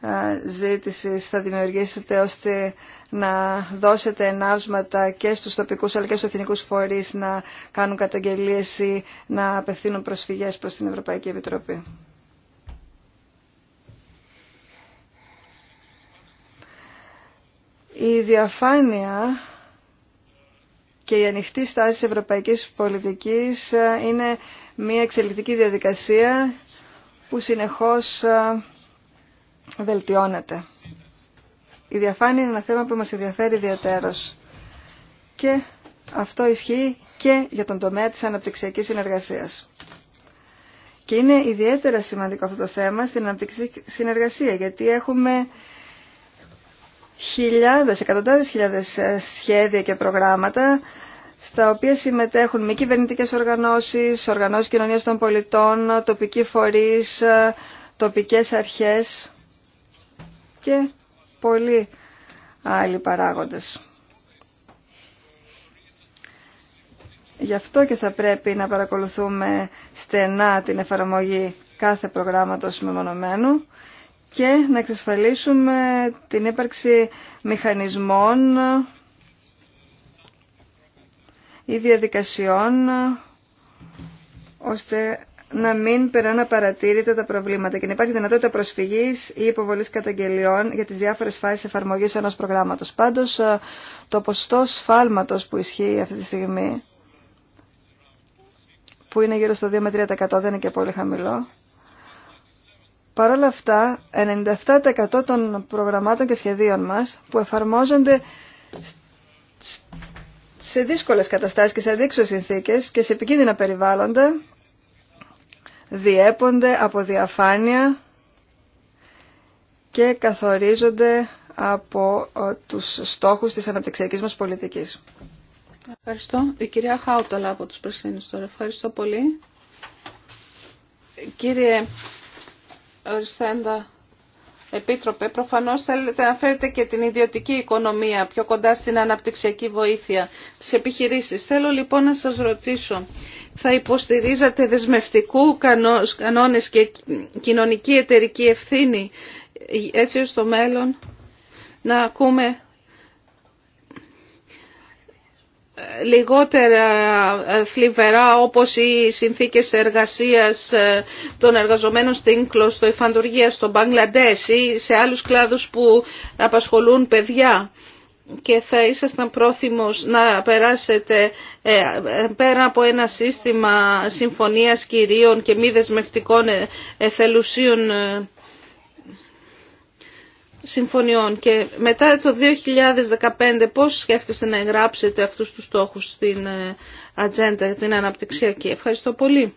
ε, ζήτησης θα δημιουργήσετε ώστε να δώσετε ενάσματα και στους τοπικούς αλλά και στους εθνικούς φορείς να κάνουν καταγγελίες ή να απευθύνουν προσφυγές προς την Ευρωπαϊκή Επιτροπή. Η διαφάνεια και η ανοιχτή στάση της ευρωπαϊκής πολιτικής ε, είναι μια εξελικτική διαδικασία που συνεχώς ε, βελτιώνεται. Η διαφάνεια είναι ένα θέμα που μας ενδιαφέρει ιδιαίτερος και αυτό ισχύει και για τον τομέα της αναπτυξιακής συνεργασίας. Και είναι ιδιαίτερα σημαντικό αυτό το θέμα στην αναπτυξιακή συνεργασία γιατί έχουμε χιλιάδες, εκατοντάδες χιλιάδες ε, σχέδια και προγράμματα στα οποία συμμετέχουν μη κυβερνητικέ οργανώσεις, οργανώσεις κοινωνίας των πολιτών, τοπικοί φορείς, ε, τοπικές αρχές και πολλοί άλλοι παράγοντες. Γι' αυτό και θα πρέπει να παρακολουθούμε στενά την εφαρμογή κάθε προγράμματος μεμονωμένου και να εξασφαλίσουμε την ύπαρξη μηχανισμών ή διαδικασιών ώστε να μην περνά παρατήρητα τα προβλήματα και να υπάρχει δυνατότητα προσφυγής ή υποβολής καταγγελιών για τις διάφορες φάσεις εφαρμογής ενός προγράμματος. Πάντως, το ποσοστό σφάλματος που ισχύει αυτή τη στιγμή, που είναι γύρω στο 2 με 3% δεν είναι και πολύ χαμηλό, Παρ' όλα αυτά, 97% των προγραμμάτων και σχεδίων μας που εφαρμόζονται σε δύσκολες καταστάσεις και σε αδίξωες συνθήκες και σε επικίνδυνα περιβάλλοντα διέπονται από διαφάνεια και καθορίζονται από ε, τους στόχους της αναπτυξιακής μας πολιτικής. Ευχαριστώ. Η κυρία Χάουταλα από τους Πρεσίνους τώρα. Ευχαριστώ πολύ. Κύριε Ορισθέντα. επίτροπε, προφανώς θέλετε να φέρετε και την ιδιωτική οικονομία πιο κοντά στην αναπτυξιακή βοήθεια της επιχειρήσεις. Θέλω λοιπόν να σας ρωτήσω, θα υποστηρίζατε δεσμευτικού κανόνες και κοινωνική εταιρική ευθύνη έτσι ώστε στο μέλλον να ακούμε λιγότερα θλιβερά όπως οι συνθήκες εργασίας ε, των εργαζομένων στην εφαντουργία, στο Μπαγκλαντές ή σε άλλους κλάδους που απασχολούν παιδιά και θα ήσασταν πρόθυμος να περάσετε ε, πέρα από ένα σύστημα συμφωνίας κυρίων και μη δεσμευτικών ε, εθελουσίων συμφωνιών και μετά το 2015 πώς σκέφτεστε να εγγράψετε αυτούς τους στόχους στην ε, ατζέντα, την αναπτυξιακή. Ευχαριστώ πολύ.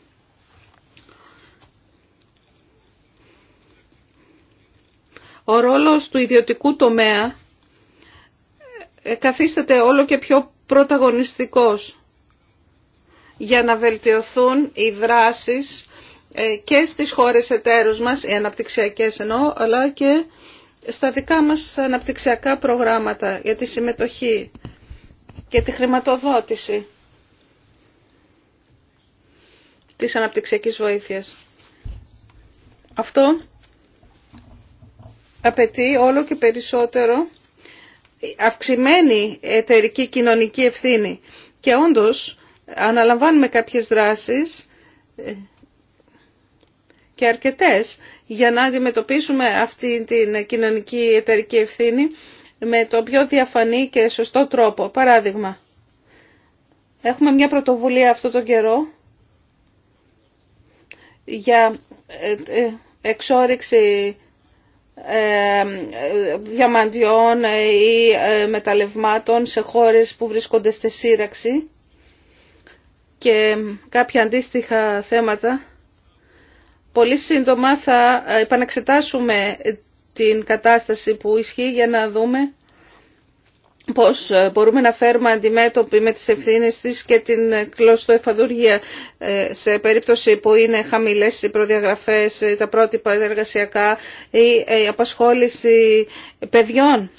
Ο ρόλος του ιδιωτικού τομέα ε, καθίσταται όλο και πιο πρωταγωνιστικός για να βελτιωθούν οι δράσεις ε, και στις χώρες εταίρους μας, οι αναπτυξιακές εννοώ, αλλά και στα δικά μας αναπτυξιακά προγράμματα για τη συμμετοχή και τη χρηματοδότηση της αναπτυξιακής βοήθειας. Αυτό απαιτεί όλο και περισσότερο αυξημένη εταιρική κοινωνική ευθύνη. Και όντως αναλαμβάνουμε κάποιες δράσεις ε, και αρκετές για να αντιμετωπίσουμε αυτή την κοινωνική εταιρική ευθύνη με το πιο διαφανή και σωστό τρόπο. Παράδειγμα, έχουμε μια πρωτοβουλία αυτό τον καιρό για ε, ε, εξόριξη ε, διαμαντιών ή μεταλλευμάτων σε χώρες που βρίσκονται στη σύραξη και κάποια αντίστοιχα θέματα Πολύ σύντομα θα επαναξετάσουμε την κατάσταση που ισχύει για να δούμε πώς μπορούμε να φέρουμε αντιμέτωποι με τις ευθύνες της και την κλωστοεφαδουργία ε, σε περίπτωση που είναι χαμηλές οι προδιαγραφές, ε, τα πρότυπα εργασιακά ή ε, η απασχόληση παιδιών.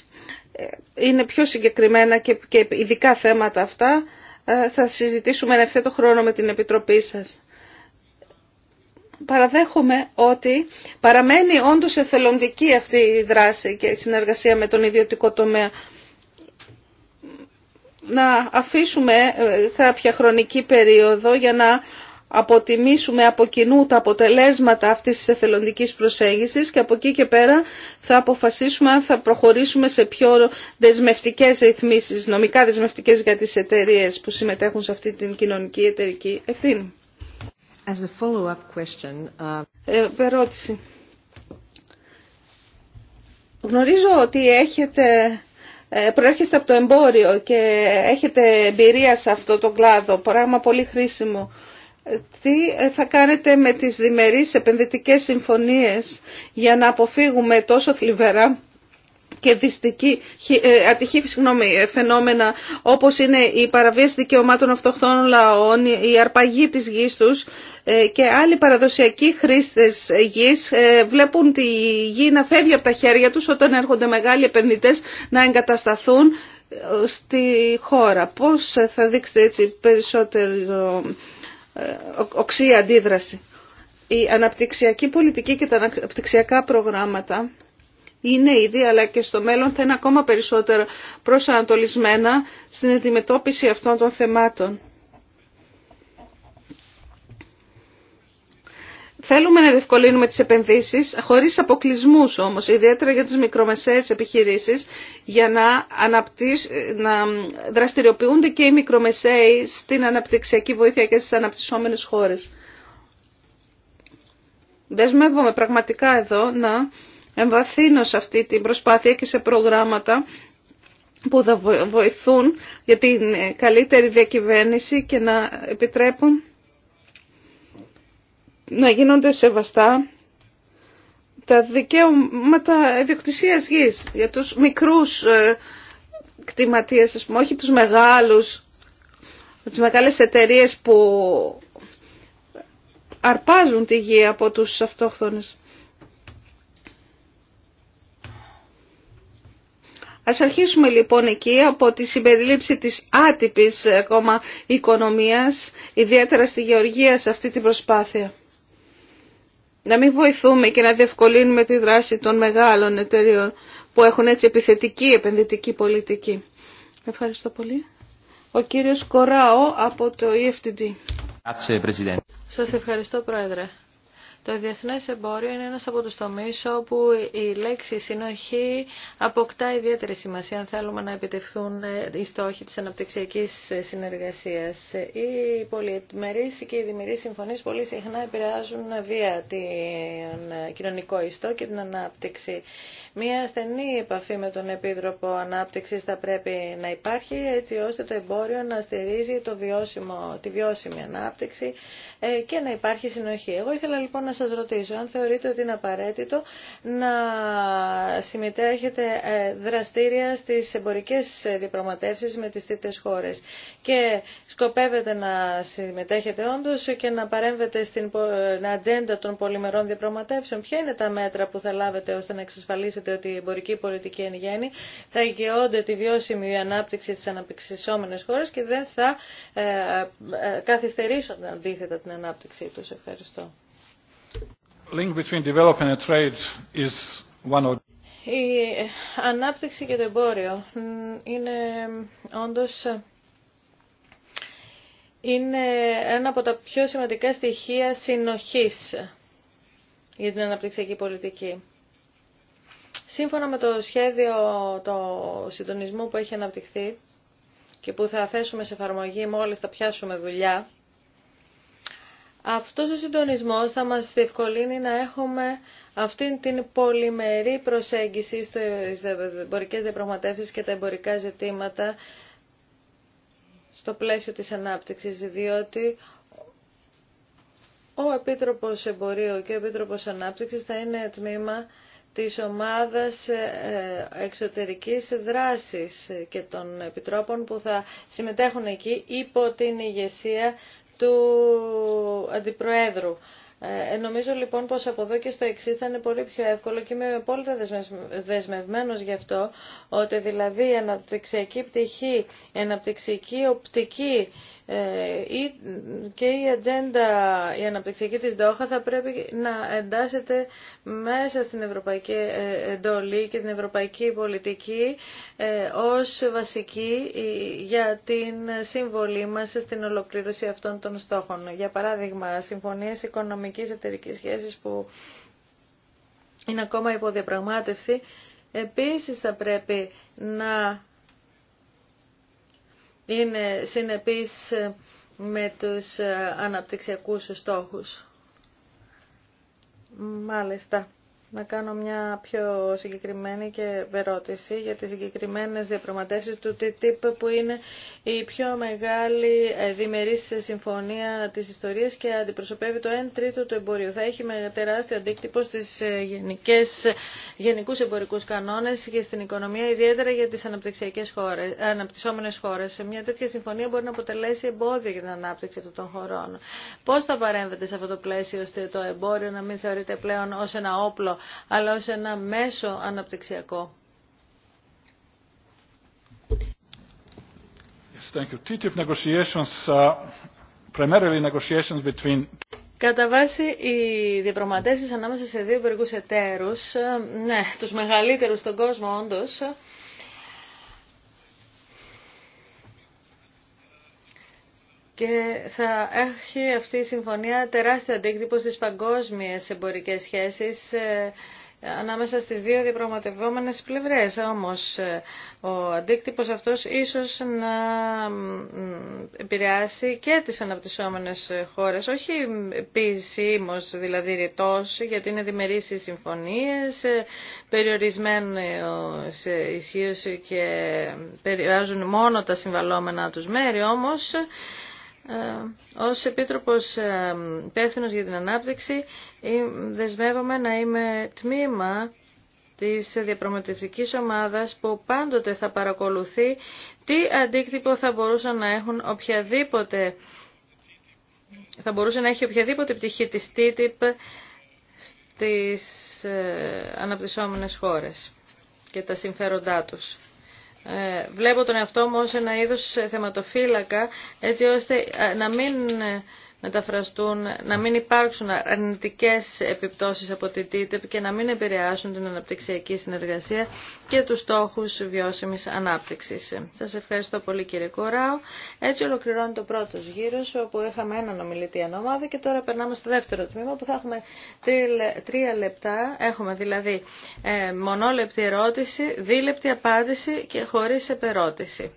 Είναι πιο συγκεκριμένα και ειδικά θέματα αυτά. Θα συζητήσουμε ευθέτω χρόνο με την Επιτροπή σας παραδέχομαι ότι παραμένει όντως εθελοντική αυτή η δράση και η συνεργασία με τον ιδιωτικό τομέα. Να αφήσουμε ε, κάποια χρονική περίοδο για να αποτιμήσουμε από κοινού τα αποτελέσματα αυτής της εθελοντικής προσέγγισης και από εκεί και πέρα θα αποφασίσουμε αν θα προχωρήσουμε σε πιο δεσμευτικές ρυθμίσεις, νομικά δεσμευτικές για τις εταιρείες που συμμετέχουν σε αυτή την κοινωνική εταιρική ευθύνη. As uh, ε, ερώτηση. Γνωρίζω ότι έχετε, ε, προέρχεστε από το εμπόριο και έχετε εμπειρία σε αυτό το κλάδο, πράγμα πολύ χρήσιμο. Τι ε, θα κάνετε με τις διμερείς επενδυτικές συμφωνίες για να αποφύγουμε τόσο θλιβερά και δυστική, ε, ατυχή ε, φαινόμενα όπως είναι η παραβίαση δικαιωμάτων αυτοχθών λαών, η αρπαγή της γης τους ε, και άλλοι παραδοσιακοί χρήστες γης βλέπουν τη γη να φεύγει από τα χέρια τους όταν έρχονται μεγάλοι επενδυτές να εγκατασταθούν στη χώρα. Πώς θα δείξετε έτσι περισσότερη οξύ αντίδραση. Η αναπτυξιακή πολιτική και τα αναπτυξιακά προγράμματα είναι ήδη αλλά και στο μέλλον θα είναι ακόμα περισσότερο προσανατολισμένα στην αντιμετώπιση αυτών των θεμάτων. Θέλουμε να διευκολύνουμε τις επενδύσεις, χωρίς αποκλεισμούς όμως, ιδιαίτερα για τις μικρομεσαίες επιχειρήσεις, για να, να δραστηριοποιούνται και οι μικρομεσαίοι στην αναπτυξιακή βοήθεια και στις αναπτυσσόμενες χώρες. Δεσμεύομαι πραγματικά εδώ να εμβαθύνω σε αυτή την προσπάθεια και σε προγράμματα που θα βοηθούν για την καλύτερη διακυβέρνηση και να επιτρέπουν να γίνονται σεβαστά τα δικαίωματα ιδιοκτησία γης για τους μικρούς ε, κτηματίες, ας πούμε, όχι τους μεγάλους, τις μεγάλες εταιρείες που αρπάζουν τη γη από τους αυτόχθονες. Ας αρχίσουμε λοιπόν εκεί από τη συμπεριλήψη της άτυπης ε, ακόμα οικονομίας, ιδιαίτερα στη γεωργία σε αυτή την προσπάθεια. Να μην βοηθούμε και να διευκολύνουμε τη δράση των μεγάλων εταιρειών που έχουν έτσι επιθετική επενδυτική πολιτική. Ευχαριστώ πολύ. Ο κύριος Κοράο από το EFTD. Σας ευχαριστώ Πρόεδρε. Το διεθνέ εμπόριο είναι ένας από τους τομείς όπου η λέξη συνοχή αποκτά ιδιαίτερη σημασία αν θέλουμε να επιτευχθούν ε, οι στόχοι της αναπτυξιακή συνεργασία. Οι πολυμερεί και οι δημιουργεί συμφωνίες πολύ συχνά επηρεάζουν βία την ε, κοινωνικό ιστό και την ανάπτυξη. Μία στενή επαφή με τον Επίτροπο Ανάπτυξης θα πρέπει να υπάρχει έτσι ώστε το εμπόριο να στηρίζει το βιώσιμο, τη βιώσιμη ανάπτυξη ε, και να υπάρχει συνοχή. Εγώ ήθελα λοιπόν να σας ρωτήσω αν θεωρείτε ότι είναι απαραίτητο να συμμετέχετε ε, δραστήρια στις εμπορικές διπραγματεύσει με τις τρίτες χώρες και σκοπεύετε να συμμετέχετε όντως και να παρέμβετε στην ε, ατζέντα των πολυμερών διαπραγματεύσεων. Ποια είναι τα μέτρα που θα λάβετε ώστε να εξασφαλίσετε ότι η εμπορική πολιτική εν γέννη θα εγκαιώνται τη βιώσιμη ανάπτυξη στις αναπτυξισόμενες χώρες και δεν θα ε, ε, ε, καθυστερήσουν αντίθετα την ανάπτυξή του. Ευχαριστώ. Link between development and trade is one of... Η ανάπτυξη και το εμπόριο είναι όντως είναι ένα από τα πιο σημαντικά στοιχεία συνοχής για την αναπτυξιακή πολιτική. Σύμφωνα με το σχέδιο το συντονισμού που έχει αναπτυχθεί και που θα θέσουμε σε εφαρμογή μόλις θα πιάσουμε δουλειά, αυτός ο συντονισμός θα μας διευκολύνει να έχουμε αυτή την πολυμερή προσέγγιση στις εμπορικέ διαπραγματεύσεις και τα εμπορικά ζητήματα στο πλαίσιο της ανάπτυξης, διότι ο Επίτροπος Εμπορίου και ο Επίτροπος Ανάπτυξης θα είναι τμήμα της ομάδας ε, ε, εξωτερικής δράσης και των επιτρόπων που θα συμμετέχουν εκεί υπό την ηγεσία του Αντιπροέδρου. Ε, ε νομίζω λοιπόν πως από εδώ και στο εξή θα είναι πολύ πιο εύκολο και είμαι απόλυτα δεσμευμένος γι' αυτό, ότι δηλαδή η αναπτυξιακή πτυχή, η αναπτυξιακή οπτική ε, και η ατζέντα η αναπτυξιακή της Δόχα θα πρέπει να εντάσσεται μέσα στην ευρωπαϊκή ε, εντολή και την ευρωπαϊκή πολιτική ε, ως βασική για την συμβολή μας στην ολοκλήρωση αυτών των στόχων. Για παράδειγμα, συμφωνίες οικονομικής εταιρικής σχέσης που είναι ακόμα υποδιαπραγμάτευση, επίσης θα πρέπει να είναι συνεπής ε, με τους ε, αναπτυξιακούς στόχους. Μάλιστα να κάνω μια πιο συγκεκριμένη και ερώτηση για τις συγκεκριμένες διαπραγματεύσει του TTIP που είναι η πιο μεγάλη ε, διμερή συμφωνία της ιστορίας και αντιπροσωπεύει το 1 τρίτο του εμπορίου. Θα έχει με τεράστιο αντίκτυπο στις ε, γενικές, γενικούς εμπορικούς κανόνες και στην οικονομία, ιδιαίτερα για τις αναπτυξιακές χώρες, αναπτυσσόμενες χώρες. Μια τέτοια συμφωνία μπορεί να αποτελέσει εμπόδιο για την ανάπτυξη αυτών των χωρών. Πώς θα παρέμβετε σε αυτό το πλαίσιο ώστε το εμπόριο να μην θεωρείται πλέον ως ένα όπλο αλλά ως ένα μέσο αναπτυξιακό. Κατά βάση, οι διαπραγματεύσει ανάμεσα σε δύο υπουργού εταίρους, ε, ναι, τους μεγαλύτερους στον κόσμο όντως, και θα έχει αυτή η συμφωνία τεράστιο αντίκτυπο στις παγκόσμιες εμπορικές σχέσεις ε, ανάμεσα στις δύο διαπραγματευόμενες πλευρές. Όμως ε, ο αντίκτυπος αυτός ίσως να επηρεάσει και τις αναπτυσσόμενες χώρες, όχι ποιησίμως, δηλαδή ρητός, γιατί είναι διμερείς οι συμφωνίες, ε, περιορισμένες ισχύωση και περιορίζουν μόνο τα συμβαλόμενα τους μέρη, όμως ε, ως Επίτροπος ε, υπεύθυνο για την Ανάπτυξη ε, δεσμεύομαι να είμαι τμήμα της διαπραγματευτικής ομάδας που πάντοτε θα παρακολουθεί τι αντίκτυπο θα μπορούσε να έχουν οποιαδήποτε θα μπορούσε να έχει οποιαδήποτε πτυχή της TTIP στις αναπτυσσόμενες χώρες και τα συμφέροντά τους. Ε, βλέπω τον εαυτό μου ως ένα είδος θεματοφύλακα έτσι ώστε ε, να μην ε, μεταφραστούν, να μην υπάρξουν αρνητικές επιπτώσεις από τη TTIP και να μην επηρεάσουν την αναπτυξιακή συνεργασία και τους στόχους βιώσιμης ανάπτυξης. Σας ευχαριστώ πολύ κύριε Κοράου. Έτσι ολοκληρώνει το πρώτος γύρος όπου είχαμε έναν ομιλητή ανώμαδο και τώρα περνάμε στο δεύτερο τμήμα που θα έχουμε τρία λεπτά. Έχουμε δηλαδή ε, μονόλεπτη ερώτηση, δίλεπτη απάντηση και χωρίς επερώτηση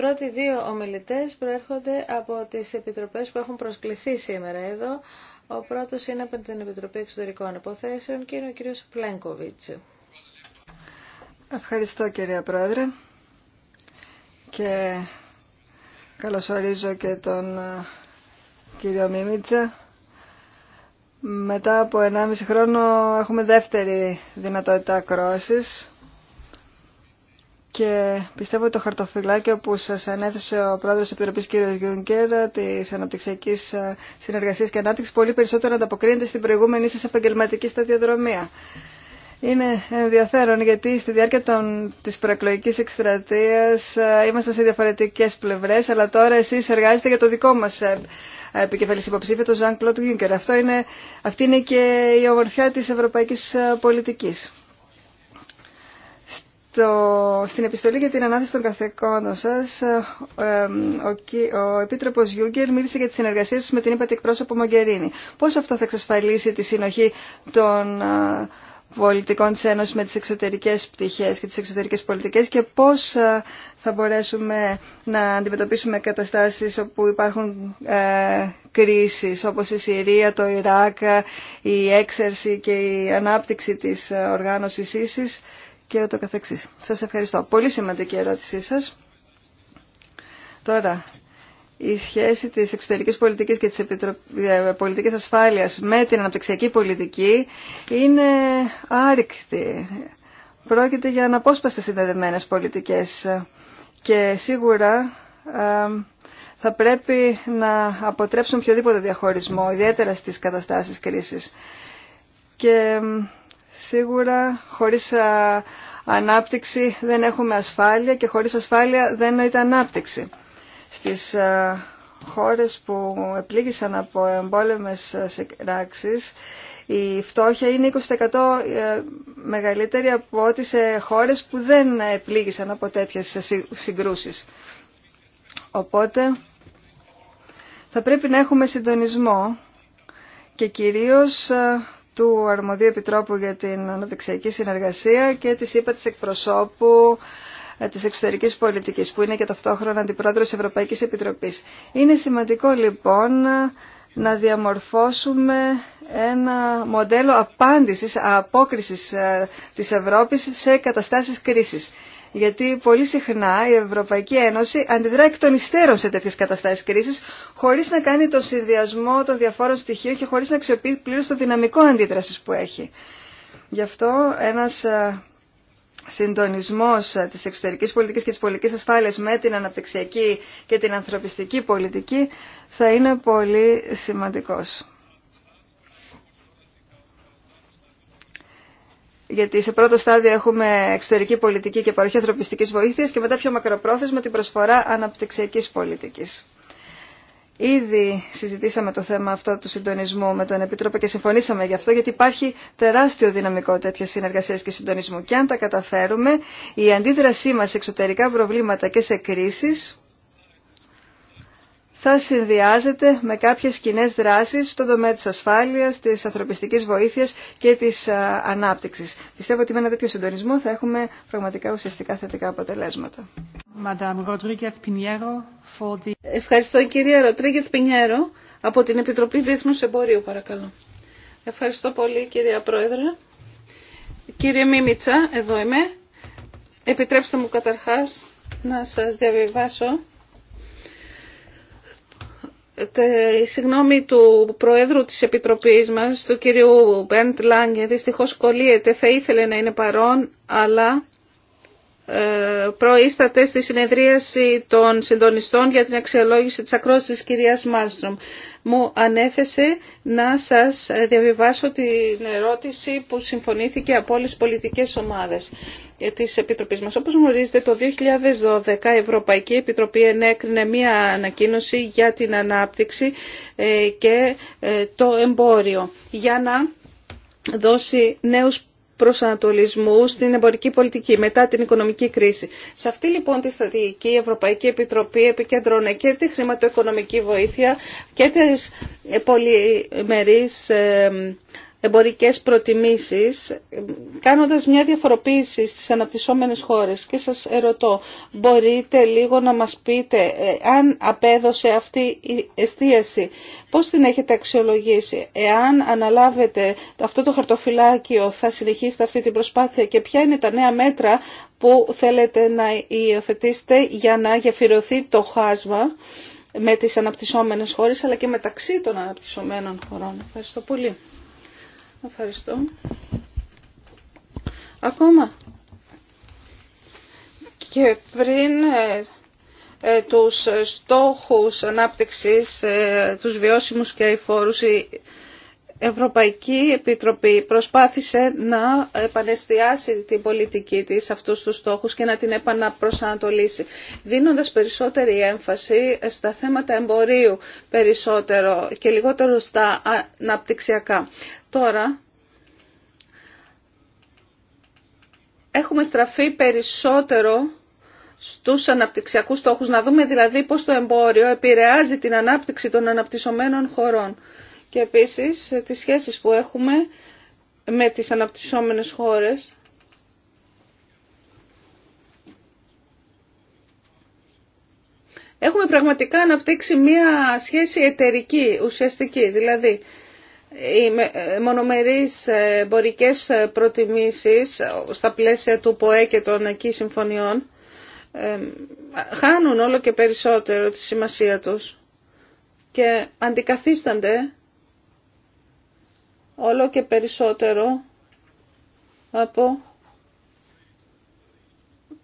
πρώτοι δύο ομιλητές προέρχονται από τις επιτροπές που έχουν προσκληθεί σήμερα εδώ. Ο πρώτος είναι από την Επιτροπή Εξωτερικών Υποθέσεων και είναι ο κύριος Πλένκοβιτς. Ευχαριστώ κυρία Πρόεδρε και καλωσορίζω και τον ε, κύριο Μίμητσα. Μετά από 1,5 χρόνο έχουμε δεύτερη δυνατότητα ακρόασης και πιστεύω ότι το χαρτοφυλάκιο που σα ανέθεσε ο πρόεδρο τη Επιτροπή, κ. Γιούγκερ τη αναπτυξιακή ε, συνεργασία και ανάπτυξη, πολύ περισσότερο ανταποκρίνεται στην προηγούμενη σα επαγγελματική σταδιοδρομία. Είναι ενδιαφέρον γιατί στη διάρκεια των, της προεκλογικής εκστρατείας ε, είμαστε σε διαφορετικές πλευρές, αλλά τώρα εσείς εργάζεστε για το δικό μας ε, επικεφαλής υποψήφιο, τον Ζαν Κλοντ Γιούγκερ. αυτή είναι και η ομορφιά της ευρωπαϊκής πολιτικής στο, στην επιστολή για την ανάθεση των καθεκόντων σας, ε, ο, ο Επίτροπος Γιούγκερ μίλησε για τις συνεργασίες σα με την είπατε εκπρόσωπο Μογκερίνη. Πώ αυτό θα εξασφαλίσει τη συνοχή των ε, πολιτικών τη Ένωση με τι εξωτερικέ πτυχέ και τι εξωτερικές πολιτικέ και πώς ε, θα μπορέσουμε να αντιμετωπίσουμε καταστάσεις όπου υπάρχουν ε, κρίσεις όπως η Συρία, το Ιράκ, η έξερση και η ανάπτυξη της οργάνωσης ίσης και ούτω καθεξής. Σας ευχαριστώ. Πολύ σημαντική ερώτησή σας. Τώρα, η σχέση της εξωτερικής πολιτικής και της ε, πολιτικής ασφάλειας με την αναπτυξιακή πολιτική είναι άρρηκτη. Πρόκειται για αναπόσπαστες συνδεδεμένες πολιτικές και σίγουρα ε, θα πρέπει να αποτρέψουν οποιοδήποτε διαχωρισμό, ιδιαίτερα στις καταστάσεις κρίσης. Και ε, Σίγουρα χωρίς ανάπτυξη δεν έχουμε ασφάλεια και χωρίς ασφάλεια δεν νοείται ανάπτυξη. Στις χώρες που επλήγησαν από εμπόλεμες σειράξεις η φτώχεια είναι 20% ε, μεγαλύτερη από ό,τι σε χώρες που δεν επλήγησαν από τέτοιες συγκρούσεις. Οπότε θα πρέπει να έχουμε συντονισμό και κυρίως του Αρμοδίου Επιτρόπου για την Αναδεξιακή Συνεργασία και της ΥΠΑ της εκπροσώπου ε, της Εξωτερικής Πολιτικής που είναι και ταυτόχρονα αντιπρόεδρος τη Ευρωπαϊκή Επιτροπή. Είναι σημαντικό λοιπόν να διαμορφώσουμε ένα μοντέλο απάντησης, απόκρισης ε, της Ευρώπης σε καταστάσεις κρίσης γιατί πολύ συχνά η Ευρωπαϊκή Ένωση αντιδρά εκ των υστέρων σε τέτοιε καταστάσεις κρίση χωρίς να κάνει τον συνδυασμό των διαφόρων στοιχείων και χωρίς να αξιοποιεί πλήρω το δυναμικό αντίδρασης που έχει. Γι' αυτό ένας ε, συντονισμό ε, της εξωτερικής πολιτικής και της πολιτικής ασφάλειας με την αναπτυξιακή και την ανθρωπιστική πολιτική θα είναι πολύ σημαντικό. γιατί σε πρώτο στάδιο έχουμε εξωτερική πολιτική και παροχή ανθρωπιστική βοήθεια και μετά πιο μακροπρόθεσμα την προσφορά αναπτυξιακή πολιτική. Ήδη συζητήσαμε το θέμα αυτό του συντονισμού με τον Επίτροπο και συμφωνήσαμε γι' αυτό, γιατί υπάρχει τεράστιο δυναμικό τέτοια συνεργασία και συντονισμού. Και αν τα καταφέρουμε, η αντίδρασή μα σε εξωτερικά προβλήματα και σε κρίσει θα συνδυάζεται με κάποιες κοινέ δράσεις στον τομέα της ασφάλειας, της ανθρωπιστικής βοήθειας και της ανάπτυξης. Πιστεύω ότι με ένα τέτοιο συντονισμό θα έχουμε πραγματικά ουσιαστικά θετικά αποτελέσματα. Ευχαριστώ κυρία Ροτρίγκεθ Πινιέρο από την Επιτροπή Διεθνούς Εμπορίου παρακαλώ. Ευχαριστώ πολύ κυρία Πρόεδρε. Κύριε Μίμητσα, εδώ είμαι. Επιτρέψτε μου καταρχάς να σας διαβιβάσω συγγνώμη του Προέδρου της Επιτροπής μας, του κυρίου Μπέντ Λάγκε, δυστυχώς κολλείεται, θα ήθελε να είναι παρόν, αλλά ε, προείσταται στη συνεδρίαση των συντονιστών για την αξιολόγηση της ακρόσης της κυρίας Μάλστρομ. Μου ανέθεσε να σας διαβιβάσω την ερώτηση που συμφωνήθηκε από όλες τις πολιτικές ομάδες της Επιτροπής μας. Όπως γνωρίζετε, το 2012 η Ευρωπαϊκή Επιτροπή ενέκρινε μία ανακοίνωση για την ανάπτυξη ε, και ε, το εμπόριο για να δώσει νέους προσανατολισμού στην εμπορική πολιτική μετά την οικονομική κρίση. Σε αυτή λοιπόν τη στρατηγική η Ευρωπαϊκή Επιτροπή επικεντρώνε και τη χρηματοοικονομική βοήθεια και τις πολυμερείς ε, εμπορικές προτιμήσεις, κάνοντας μια διαφοροποίηση στις αναπτυσσόμενες χώρες. Και σας ερωτώ, μπορείτε λίγο να μας πείτε ε, αν απέδωσε αυτή η εστίαση, πώς την έχετε αξιολογήσει, εάν αναλάβετε αυτό το χαρτοφυλάκιο, θα συνεχίσετε αυτή την προσπάθεια και ποια είναι τα νέα μέτρα που θέλετε να υιοθετήσετε για να γεφυρωθεί το χάσμα με τις αναπτυσσόμενες χώρες αλλά και μεταξύ των αναπτυσσομένων χωρών. Ευχαριστώ πολύ. Ευχαριστώ. Ακόμα και πριν ε, ε, τους στόχους ανάπτυξης, ε, τους βιώσιμους και αηφόρους, Ευρωπαϊκή Επιτροπή προσπάθησε να επανεστιάσει την πολιτική της αυτούς τους στόχους και να την επαναπροσανατολίσει, δίνοντας περισσότερη έμφαση στα θέματα εμπορίου περισσότερο και λιγότερο στα αναπτυξιακά. Τώρα, έχουμε στραφεί περισσότερο στους αναπτυξιακούς στόχους, να δούμε δηλαδή πώς το εμπόριο επηρεάζει την ανάπτυξη των αναπτυσσομένων χωρών και επίσης τις σχέσεις που έχουμε με τις αναπτυσσόμενες χώρες. Έχουμε πραγματικά αναπτύξει μία σχέση εταιρική, ουσιαστική, δηλαδή οι ε, μονομερείς ε, εμπορικές ε, προτιμήσεις στα πλαίσια του ΠΟΕ και των εκεί συμφωνιών χάνουν όλο και περισσότερο τη σημασία τους και αντικαθίστανται όλο και περισσότερο από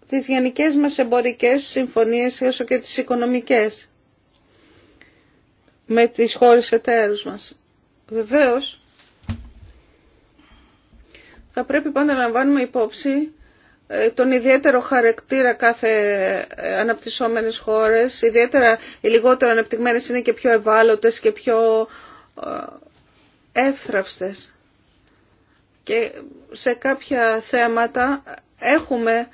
τις γενικές μας εμπορικές συμφωνίες όσο και τις οικονομικές με τις χώρες εταίρους μας. Βεβαίως, θα πρέπει πάντα να λαμβάνουμε υπόψη ε, τον ιδιαίτερο χαρακτήρα κάθε ε, αναπτυσσόμενης χώρες, ιδιαίτερα οι λιγότερο αναπτυγμένες είναι και πιο ευάλωτες και πιο ε, εύθραυστες και σε κάποια θέματα έχουμε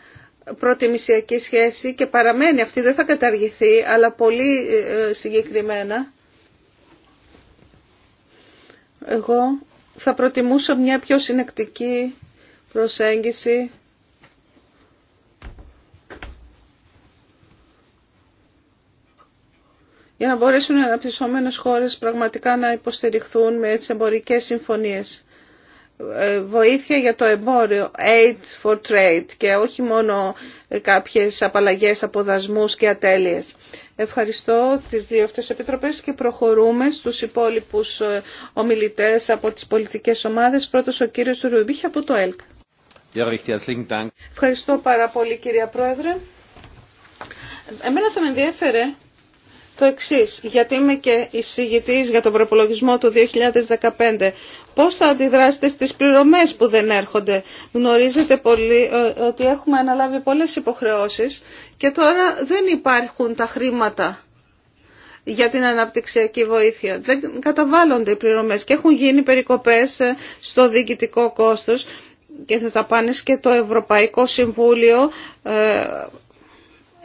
προτιμησιακή σχέση και παραμένει αυτή, δεν θα καταργηθεί, αλλά πολύ ε, συγκεκριμένα. Εγώ θα προτιμούσα μια πιο συνεκτική προσέγγιση για να μπορέσουν οι αναπτυσσόμενε χώρε πραγματικά να υποστηριχθούν με τι εμπορικές συμφωνίες. Ε, βοήθεια για το εμπόριο, aid for trade και όχι μόνο ε, κάποιες απαλλαγές από δασμούς και ατέλειες. Ευχαριστώ τις δύο αυτές επιτροπές και προχωρούμε στους υπόλοιπους ε, ομιλητές από τις πολιτικές ομάδες. Πρώτος ο κύριος Ρουμπίχη από το ΕΛΚ. Ευχαριστώ πάρα πολύ κυρία Πρόεδρε. Εμένα θα με το εξή. γιατί είμαι και εισηγητή για τον προπολογισμό του 2015. Πώ θα αντιδράσετε στι πληρωμές που δεν έρχονται. Γνωρίζετε πολύ ε, ότι έχουμε αναλάβει πολλές υποχρεώσεις και τώρα δεν υπάρχουν τα χρήματα για την αναπτυξιακή βοήθεια. Δεν καταβάλλονται οι πληρωμές και έχουν γίνει περικοπές ε, στο διοικητικό κόστο και θα τα πάνε και το Ευρωπαϊκό Συμβούλιο ε,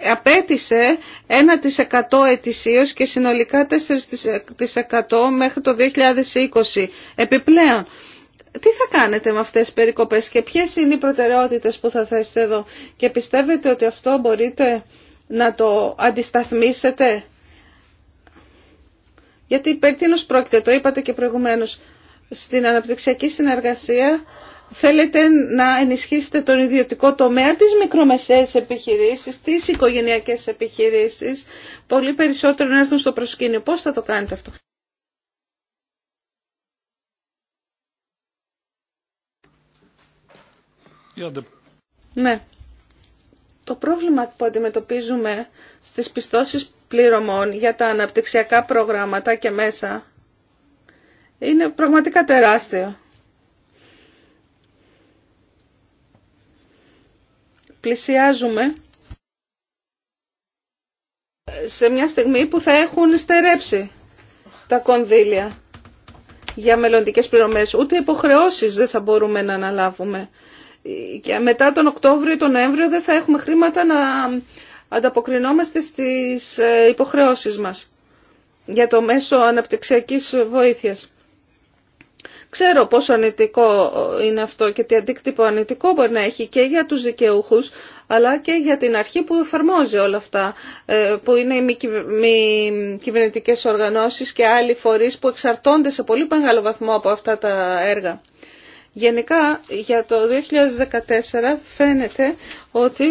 απέτησε 1% ετησίως και συνολικά 4% μέχρι το 2020 επιπλέον. Τι θα κάνετε με αυτές τις περικοπές και ποιες είναι οι προτεραιότητες που θα θέσετε εδώ και πιστεύετε ότι αυτό μπορείτε να το αντισταθμίσετε. Γιατί περί πρόκειται, το είπατε και προηγουμένως, στην αναπτυξιακή συνεργασία θέλετε να ενισχύσετε τον ιδιωτικό τομέα, τις μικρομεσαίες επιχειρήσεις, τις οικογενειακές επιχειρήσεις, πολύ περισσότερο να έρθουν στο προσκήνιο. Πώς θα το κάνετε αυτό. Ναι. Το πρόβλημα που αντιμετωπίζουμε στις πιστώσεις πληρωμών για τα αναπτυξιακά προγράμματα και μέσα είναι πραγματικά τεράστιο. πλησιάζουμε σε μια στιγμή που θα έχουν στερέψει τα κονδύλια για μελλοντικές πληρωμές. Ούτε υποχρεώσεις δεν θα μπορούμε να αναλάβουμε. Και μετά τον Οκτώβριο ή τον Νοέμβριο δεν θα έχουμε χρήματα να ανταποκρινόμαστε στις ε, υποχρεώσεις μας για το μέσο αναπτυξιακής βοήθειας. Ξέρω πόσο ανητικό είναι αυτό και τι αντίκτυπο ανητικό μπορεί να έχει και για τους δικαιούχους αλλά και για την αρχή που εφαρμόζει όλα αυτά, ε, που είναι οι μη κυβερνητικές οργανώσεις και άλλοι φορείς που εξαρτώνται σε πολύ μεγάλο βαθμό από αυτά τα έργα. Γενικά για το 2014 φαίνεται ότι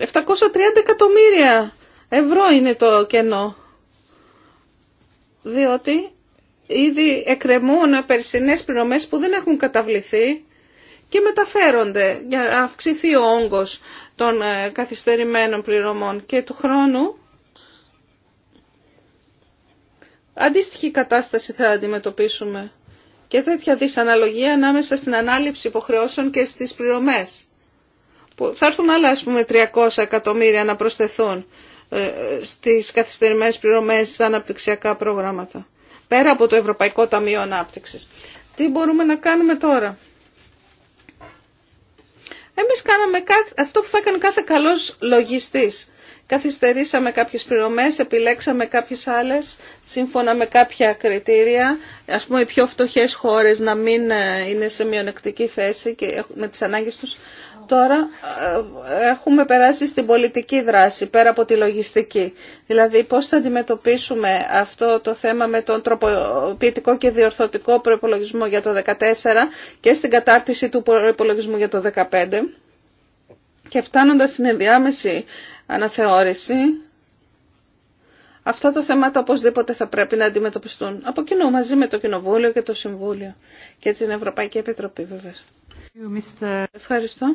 ...730 εκατομμύρια ευρώ είναι το κενό διότι ήδη εκρεμούν περσινές πληρωμές που δεν έχουν καταβληθεί και μεταφέρονται για να αυξηθεί ο όγκος των ε, καθυστερημένων πληρωμών και του χρόνου αντίστοιχη κατάσταση θα αντιμετωπίσουμε και τέτοια δυσαναλογία ανάμεσα στην ανάληψη υποχρεώσεων και στις πληρωμές. Που θα έρθουν άλλα ας πούμε 300 εκατομμύρια να προσθεθούν ε, στις καθυστερημένες πληρωμές στα αναπτυξιακά προγράμματα. Πέρα από το Ευρωπαϊκό Ταμείο Ανάπτυξης. Τι μπορούμε να κάνουμε τώρα. Εμείς κάναμε αυτό που θα έκανε κάθε καλός λογιστής. Καθυστερήσαμε κάποιες πληρωμές, επιλέξαμε κάποιες άλλες, σύμφωνα με κάποια κριτήρια, ας πούμε οι πιο φτωχές χώρες να μην ε, είναι σε μειονεκτική θέση και με τις ανάγκες τους. Τώρα ε, έχουμε περάσει στην πολιτική δράση, πέρα από τη λογιστική. Δηλαδή πώς θα αντιμετωπίσουμε αυτό το θέμα με τον τροποποιητικό και διορθωτικό προϋπολογισμό για το 2014 και στην κατάρτιση του προϋπολογισμού για το 2015. Και φτάνοντας στην ενδιάμεση αναθεώρηση, αυτά τα θέματα οπωσδήποτε θα πρέπει να αντιμετωπιστούν από κοινό, μαζί με το Κοινοβούλιο και το Συμβούλιο και την Ευρωπαϊκή Επιτροπή βέβαια. Ευχαριστώ.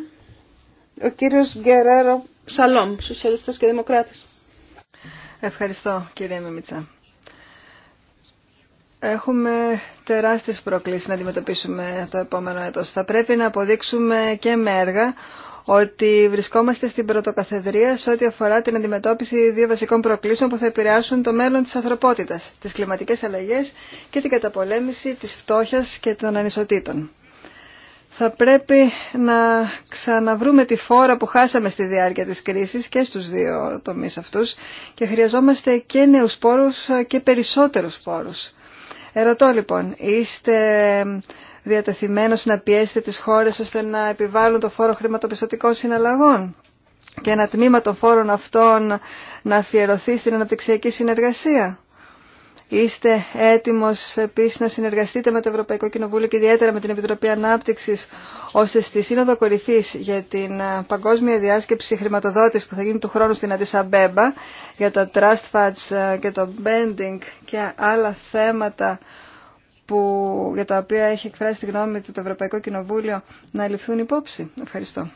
Ο κύριος Γκερέρο Σαλόμ, Σοσιαλιστές και Δημοκράτες. Ευχαριστώ κύριε Μιμίτσα. Έχουμε τεράστιες προκλήσεις να αντιμετωπίσουμε το επόμενο έτος. Θα πρέπει να αποδείξουμε και με έργα ότι βρισκόμαστε στην πρωτοκαθεδρία σε ό,τι αφορά την αντιμετώπιση δύο βασικών προκλήσεων που θα επηρεάσουν το μέλλον της ανθρωπότητας, τις κλιματικές αλλαγές και την καταπολέμηση της φτώχειας και των ανισοτήτων θα πρέπει να ξαναβρούμε τη φόρα που χάσαμε στη διάρκεια της κρίσης και στους δύο τομείς αυτούς και χρειαζόμαστε και νέους πόρους και περισσότερους πόρους. Ερωτώ λοιπόν, είστε διατεθειμένος να πιέσετε τις χώρες ώστε να επιβάλλουν το φόρο χρηματοπιστωτικών συναλλαγών και ένα τμήμα των φόρων αυτών να αφιερωθεί στην αναπτυξιακή συνεργασία. Είστε έτοιμος επίσης να συνεργαστείτε με το Ευρωπαϊκό Κοινοβούλιο και ιδιαίτερα με την Επιτροπή Ανάπτυξης, ώστε στη Σύνοδο Κορυφής για την Παγκόσμια Διάσκεψη Χρηματοδότης που θα γίνει του χρόνου στην Αντισαμπέμπα για τα Trust Funds και το Bending και άλλα θέματα που, για τα οποία έχει εκφράσει τη γνώμη του το Ευρωπαϊκό Κοινοβούλιο να ληφθούν υπόψη. Ευχαριστώ.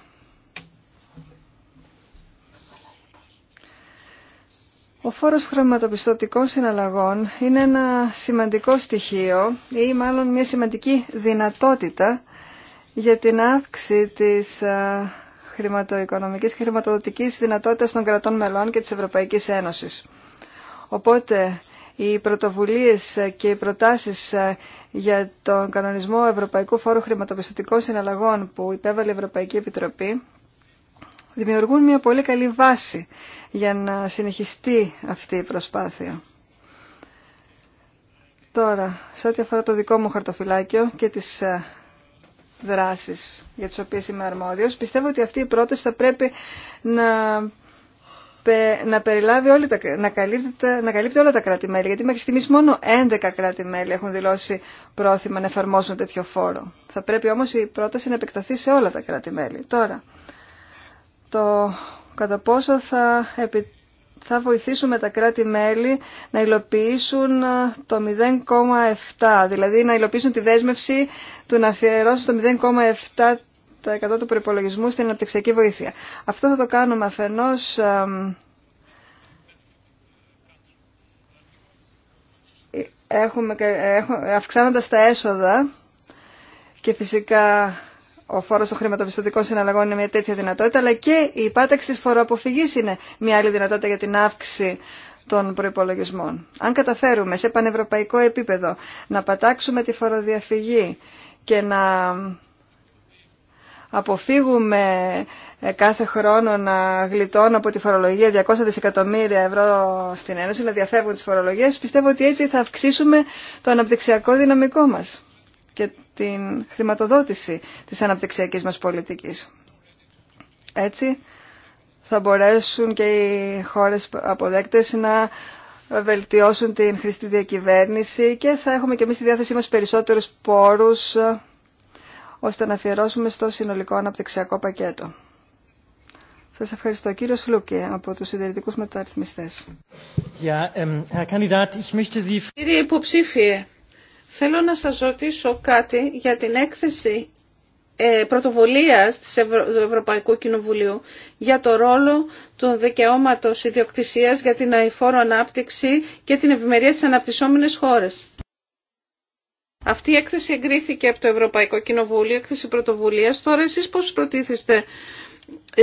Ο φόρος χρηματοπιστωτικών συναλλαγών είναι ένα σημαντικό στοιχείο ή μάλλον μια σημαντική δυνατότητα για την αύξηση της χρηματοοικονομικής και χρηματοδοτικής δυνατότητας των κρατών μελών και της Ευρωπαϊκής Ένωσης. Οπότε οι πρωτοβουλίες και οι προτάσεις για τον κανονισμό Ευρωπαϊκού Φόρου Χρηματοπιστωτικών Συναλλαγών που υπέβαλε η Ευρωπαϊκή Επιτροπή δημιουργούν μια πολύ καλή βάση για να συνεχιστεί αυτή η προσπάθεια. Τώρα, σε ό,τι αφορά το δικό μου χαρτοφυλάκιο και τις ε, δράσεις για τις οποίες είμαι αρμόδιος, πιστεύω ότι αυτή η πρόταση θα πρέπει να, να περιλάβει όλη τα, να, καλύπτει, καλύπτει όλα τα κράτη-μέλη, γιατί μέχρι στιγμής μόνο 11 κράτη-μέλη έχουν δηλώσει πρόθυμα να εφαρμόσουν τέτοιο φόρο. Θα πρέπει όμως η πρόταση να επεκταθεί σε όλα τα κράτη-μέλη. Τώρα, το κατά πόσο θα, θα βοηθήσουμε τα κράτη-μέλη να υλοποιήσουν ε, το 0,7, δηλαδή να υλοποιήσουν τη δέσμευση του να αφιερώσουν το 0,7% του προπολογισμού στην αναπτυξιακή βοήθεια. Αυτό θα το κάνουμε αφενός έχουμε, αυξάνοντας τα έσοδα και φυσικά ο φόρο των χρηματοπιστωτικών συναλλαγών είναι μια τέτοια δυνατότητα, αλλά και η υπάταξη τη φοροαποφυγή είναι μια άλλη δυνατότητα για την αύξηση των προπολογισμών. Αν καταφέρουμε σε πανευρωπαϊκό επίπεδο να πατάξουμε τη φοροδιαφυγή και να αποφύγουμε ε, κάθε χρόνο να γλιτώνω από τη φορολογία 200 δισεκατομμύρια ευρώ στην Ένωση, να διαφεύγουν τις φορολογίες, πιστεύω ότι έτσι θα αυξήσουμε το αναπτυξιακό δυναμικό μας την χρηματοδότηση της αναπτυξιακής μας πολιτικής. Έτσι θα μπορέσουν και οι χώρες αποδέκτες να βελτιώσουν την χρηστή διακυβέρνηση και θα έχουμε και εμείς τη διάθεσή μας περισσότερους πόρους ώστε να αφιερώσουμε στο συνολικό αναπτυξιακό πακέτο. Σας ευχαριστώ. Κύριος Λούκε από τους συντηρητικούς μεταρρυθμιστές. Ähm, Κύριε υποψήφιε, Θέλω να σας ρωτήσω κάτι για την έκθεση ε, πρωτοβουλίας της του Ευρωπαϊκού Κοινοβουλίου για το ρόλο του δικαιώματος ιδιοκτησίας για την αηφόρο ανάπτυξη και την ευημερία στις αναπτυσσόμενες χώρες. Αυτή η έκθεση εγκρίθηκε από το Ευρωπαϊκό Κοινοβούλιο, έκθεση πρωτοβουλίας. Τώρα εσείς πώς προτίθεστε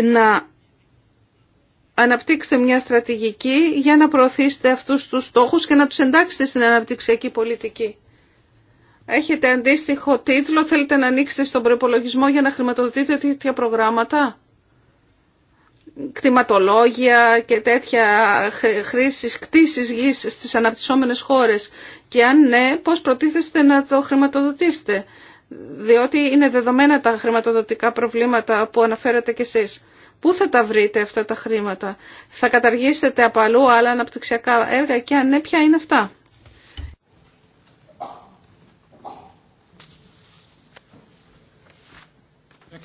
να αναπτύξετε μια στρατηγική για να προωθήσετε αυτούς τους στόχους και να τους εντάξετε στην αναπτυξιακή πολιτική. Έχετε αντίστοιχο τίτλο, θέλετε να ανοίξετε στον προπολογισμό για να χρηματοδοτείτε τέτοια προγράμματα. Κτηματολόγια και τέτοια χρήση κτήσεις γης στις αναπτυσσόμενες χώρες. Και αν ναι, πώς προτίθεστε να το χρηματοδοτήσετε. Διότι είναι δεδομένα τα χρηματοδοτικά προβλήματα που αναφέρατε κι εσείς. Πού θα τα βρείτε αυτά τα χρήματα. Θα καταργήσετε από αλλού άλλα αναπτυξιακά έργα και αν ναι, ποια είναι αυτά.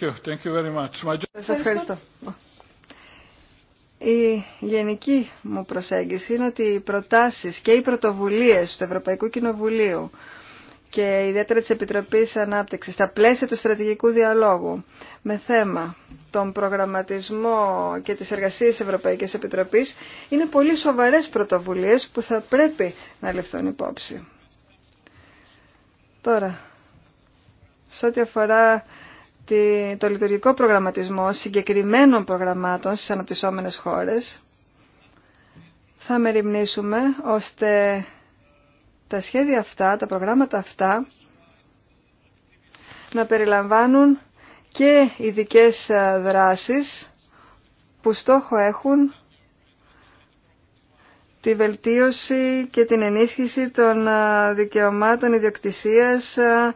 ευχαριστώ. Η γενική μου προσέγγιση είναι ότι οι προτάσεις και οι πρωτοβουλίες του Ευρωπαϊκού Κοινοβουλίου και ιδιαίτερα της Επιτροπής Ανάπτυξης στα πλαίσια του στρατηγικού διαλόγου με θέμα τον προγραμματισμό και τις εργασίες Ευρωπαϊκής Επιτροπής είναι πολύ σοβαρές πρωτοβουλίες που θα πρέπει να ληφθούν υπόψη. Τώρα, σε ό,τι αφορά το λειτουργικό προγραμματισμό συγκεκριμένων προγραμμάτων στις αναπτυσσόμενες χώρες θα μεριμνήσουμε ώστε τα σχέδια αυτά, τα προγράμματα αυτά να περιλαμβάνουν και ειδικέ ε, δράσεις που στόχο έχουν τη βελτίωση και την ενίσχυση των ε, δικαιωμάτων ιδιοκτησίας ε,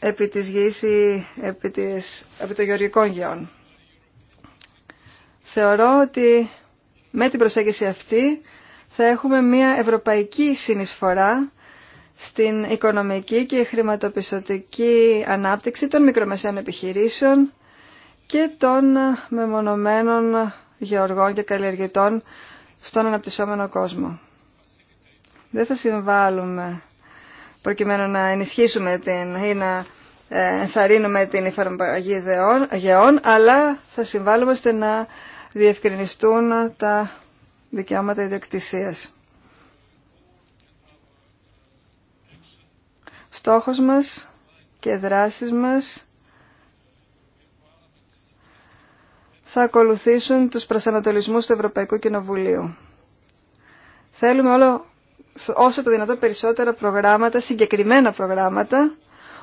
επί της γης ή επί, επί των γεωργικών γεών. Θεωρώ ότι με την προσέγγιση αυτή θα έχουμε μια ευρωπαϊκή συνεισφορά στην οικονομική και χρηματοπιστωτική ανάπτυξη των μικρομεσαίων επιχειρήσεων και των μεμονωμένων γεωργών και καλλιεργητών στον αναπτυσσόμενο κόσμο. Δεν θα συμβάλλουμε προκειμένου να ενισχύσουμε την, ή να ε, ενθαρρύνουμε την εφαρμογή γεών, αλλά θα συμβάλλουμε ώστε να διευκρινιστούν τα δικαιώματα ιδιοκτησίας. Στόχος μας και δράσεις μας θα ακολουθήσουν τους προσανατολισμούς του Ευρωπαϊκού Κοινοβουλίου. Θέλουμε όλο όσο το δυνατόν περισσότερα προγράμματα, συγκεκριμένα προγράμματα,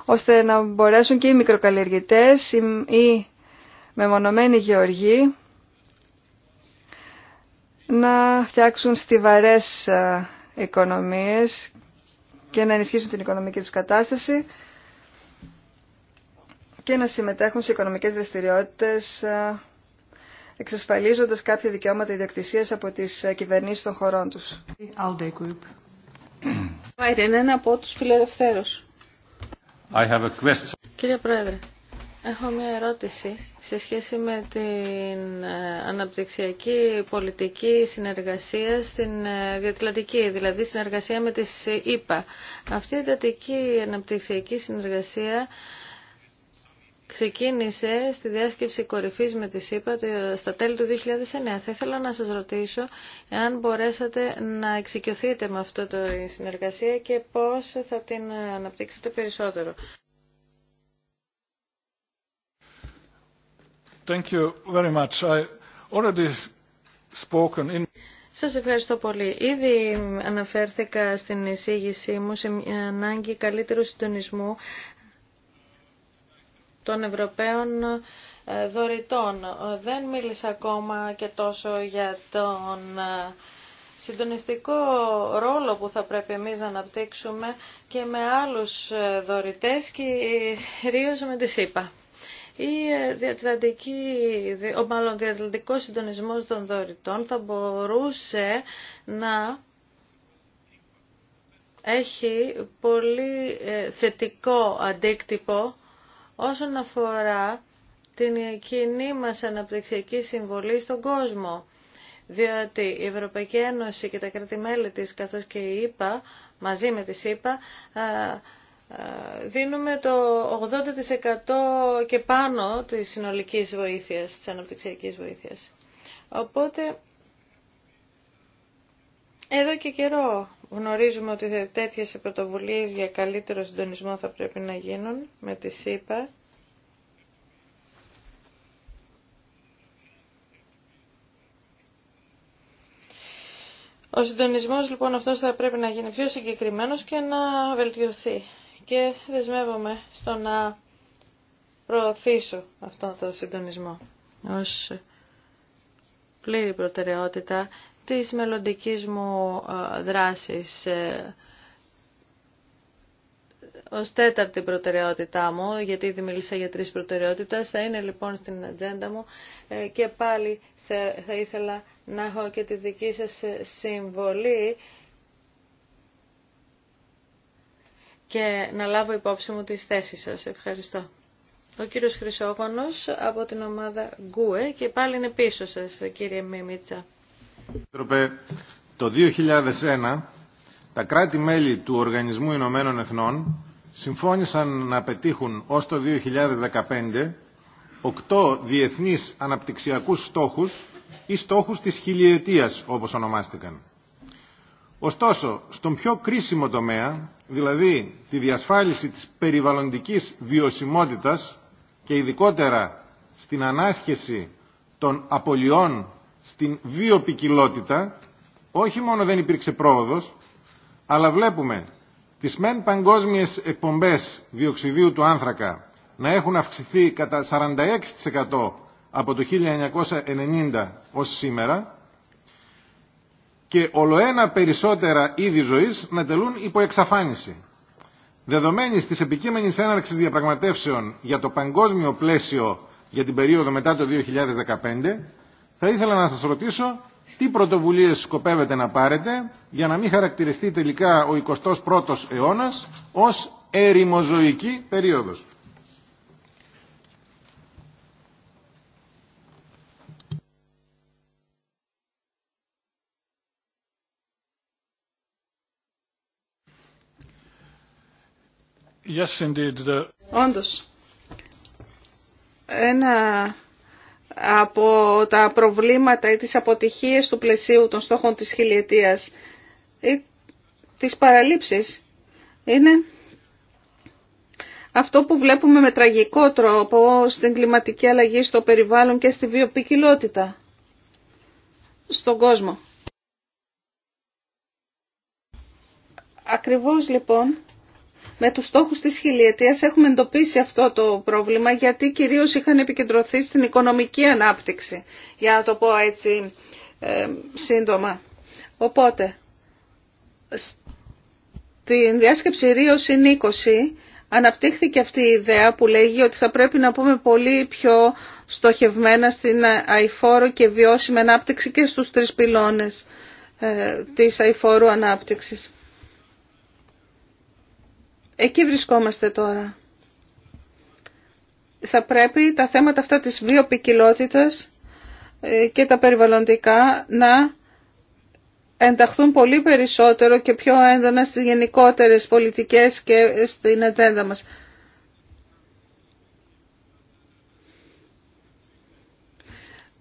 ώστε να μπορέσουν και οι μικροκαλλιεργητές ή μεμονωμένοι γεωργοί να φτιάξουν στιβαρές ε, οικονομίες και να ενισχύσουν την οικονομική τους κατάσταση και να συμμετέχουν σε οικονομικές δραστηριότητες ε, εξασφαλίζοντας κάποια δικαιώματα ιδιοκτησίας από τις ε, κυβερνήσεις των χωρών τους. Κύριε Πρόεδρε, έχω μια ερώτηση σε σχέση με την ε, αναπτυξιακή πολιτική συνεργασία στην ε, Διατλαντική, δηλαδή συνεργασία με τις ΗΠΑ. Αυτή η εντατική αναπτυξιακή συνεργασία ξεκίνησε στη διάσκεψη κορυφής με τη ΣΥΠΑ στα τέλη του 2009. Θα ήθελα να σας ρωτήσω αν μπορέσατε να εξοικειωθείτε με αυτό το συνεργασία και πώς θα την αναπτύξετε περισσότερο. Thank you very much. I already spoken in... Σας ευχαριστώ πολύ. Ήδη αναφέρθηκα στην εισήγησή μου σε ανάγκη καλύτερου συντονισμού των Ευρωπαίων ε, δωρητών. Δεν μίλησα ακόμα και τόσο για τον ε, συντονιστικό ρόλο που θα πρέπει εμείς να αναπτύξουμε και με άλλους ε, δωρητές και ρίως με τη ΣΥΠΑ. Η ο μάλλον διατλαντικός συντονισμός των δωρητών θα μπορούσε να έχει πολύ θετικό αντίκτυπο όσον αφορά την κοινή μας αναπτυξιακή συμβολή στον κόσμο. Διότι η Ευρωπαϊκή Ένωση και τα κράτη-μέλη της, καθώς και η ΕΠΑ, μαζί με τις ΕΠΑ, δίνουμε το 80% και πάνω της συνολικής βοήθειας, της αναπτυξιακής βοήθειας. Οπότε, εδώ και καιρό Γνωρίζουμε ότι τέτοιες πρωτοβουλίες για καλύτερο συντονισμό θα πρέπει να γίνουν με τη ΣΥΠΑ. Ο συντονισμός λοιπόν αυτός θα πρέπει να γίνει πιο συγκεκριμένος και να βελτιωθεί. Και δεσμεύομαι στο να προωθήσω αυτόν τον συντονισμό ως πλήρη προτεραιότητα της μελλοντική μου ε, δράσης ε, ως τέταρτη προτεραιότητά μου, γιατί ήδη μίλησα για τρεις προτεραιότητες, θα είναι λοιπόν στην ατζέντα μου ε, και πάλι θα ήθελα να έχω και τη δική σας συμβολή και να λάβω υπόψη μου τις θέσεις σας. Ευχαριστώ. Ο κύριος Χρυσόγονος από την ομάδα Γκουε και πάλι είναι πίσω σας κύριε Μίμητσα το 2001 τα κράτη-μέλη του Οργανισμού Ηνωμένων Εθνών συμφώνησαν να πετύχουν ως το 2015 οκτώ διεθνείς αναπτυξιακούς στόχους ή στόχους της χιλιετίας όπως ονομάστηκαν. Ωστόσο, στον πιο κρίσιμο τομέα, δηλαδή τη διασφάλιση της περιβαλλοντικής βιωσιμότητας και ειδικότερα στην ανάσχεση των απολειών στην βιοπικιλότητα όχι μόνο δεν υπήρξε πρόοδος, αλλά βλέπουμε τις μεν παγκόσμιες εκπομπές διοξιδίου του άνθρακα να έχουν αυξηθεί κατά 46% από το 1990 ως σήμερα και ολοένα περισσότερα είδη ζωής να τελούν υπό εξαφάνιση. Δεδομένης της επικείμενης έναρξης διαπραγματεύσεων για το παγκόσμιο πλαίσιο για την περίοδο μετά το 2015, θα ήθελα να σας ρωτήσω τι πρωτοβουλίες σκοπεύετε να πάρετε για να μην χαρακτηριστεί τελικά ο 21ος αιώνας ως ερημοζωική περίοδος. Yes, indeed. Όντως, ένα από τα προβλήματα ή τις αποτυχίες του πλαισίου των στόχων της χιλιετίας ή τις παραλήψεις. Είναι αυτό που βλέπουμε με τραγικό τρόπο στην κλιματική αλλαγή, στο περιβάλλον και στη βιοπικιλότητα στον κόσμο. Ακριβώς λοιπόν με τους στόχους της χιλιετίας έχουμε εντοπίσει αυτό το πρόβλημα γιατί κυρίως είχαν επικεντρωθεί στην οικονομική ανάπτυξη, για να το πω έτσι ε, σύντομα. Οπότε, στην διάσκεψη Ρίο συν 20 αναπτύχθηκε αυτή η ιδέα που λέγει ότι θα πρέπει να πούμε πολύ πιο στοχευμένα στην αηφόρο και βιώσιμη ανάπτυξη και στους τρεις πυλώνες ε, της αηφόρου ανάπτυξης. Εκεί βρισκόμαστε τώρα. Θα πρέπει τα θέματα αυτά της βιοπικιλότητας ε, και τα περιβαλλοντικά να ενταχθούν πολύ περισσότερο και πιο έντονα στις γενικότερες πολιτικές και στην ατζέντα μας.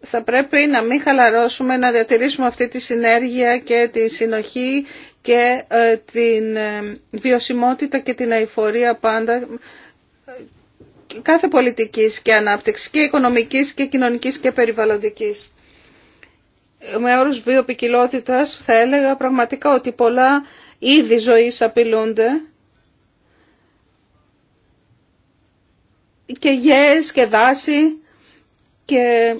θα πρέπει να μην χαλαρώσουμε, να διατηρήσουμε αυτή τη συνέργεια και τη συνοχή και ε, την ε, βιωσιμότητα και την αηφορία πάντα ε, κάθε πολιτικής και ανάπτυξης και οικονομικής και κοινωνικής και περιβαλλοντικής. Με όρους βιοπικιλότητας θα έλεγα πραγματικά ότι πολλά είδη ζωής απειλούνται και γέες και δάση και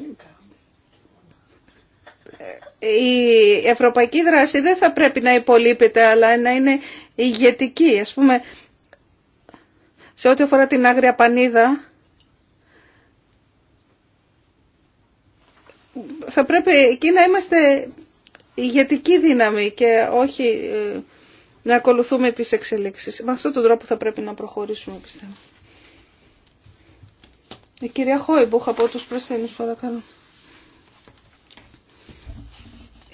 η ευρωπαϊκή δράση δεν θα πρέπει να υπολείπεται αλλά να είναι ηγετική. Ας πούμε, σε ό,τι αφορά την Άγρια Πανίδα, θα πρέπει εκεί να είμαστε ηγετική δύναμη και όχι ε, να ακολουθούμε τις εξελίξεις. Με αυτόν τον τρόπο θα πρέπει να προχωρήσουμε, πιστεύω. Η κυρία Χόιμπουχ από τους Πρεσίνους, παρακαλώ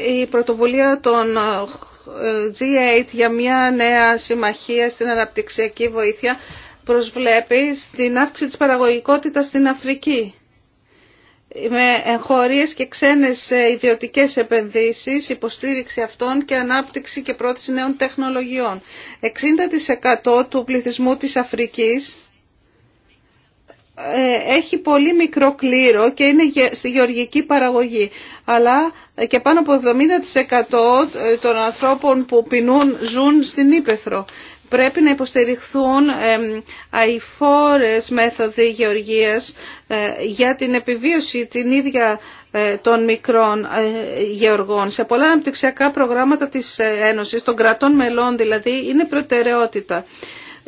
η πρωτοβουλία των ε, G8 για μια νέα συμμαχία στην αναπτυξιακή βοήθεια προσβλέπει στην αύξηση της παραγωγικότητας στην Αφρική με εγχωρίες και ξένες ε, ιδιωτικές επενδύσεις, υποστήριξη αυτών και ανάπτυξη και πρόθεση νέων τεχνολογιών. 60% του πληθυσμού της Αφρικής ε, έχει πολύ μικρό κλήρο και είναι στη γεωργική παραγωγή. Αλλά ε, και πάνω από 70% ε, των ανθρώπων που πεινούν ζουν στην Ήπεθρο. Πρέπει να υποστηριχθούν αηφόρες μέθοδοι γεωργίας για την επιβίωση την ίδια των μικρών γεωργών. Σε πολλά αναπτυξιακά προγράμματα της Ένωσης, των κρατών μελών δηλαδή, είναι προτεραιότητα.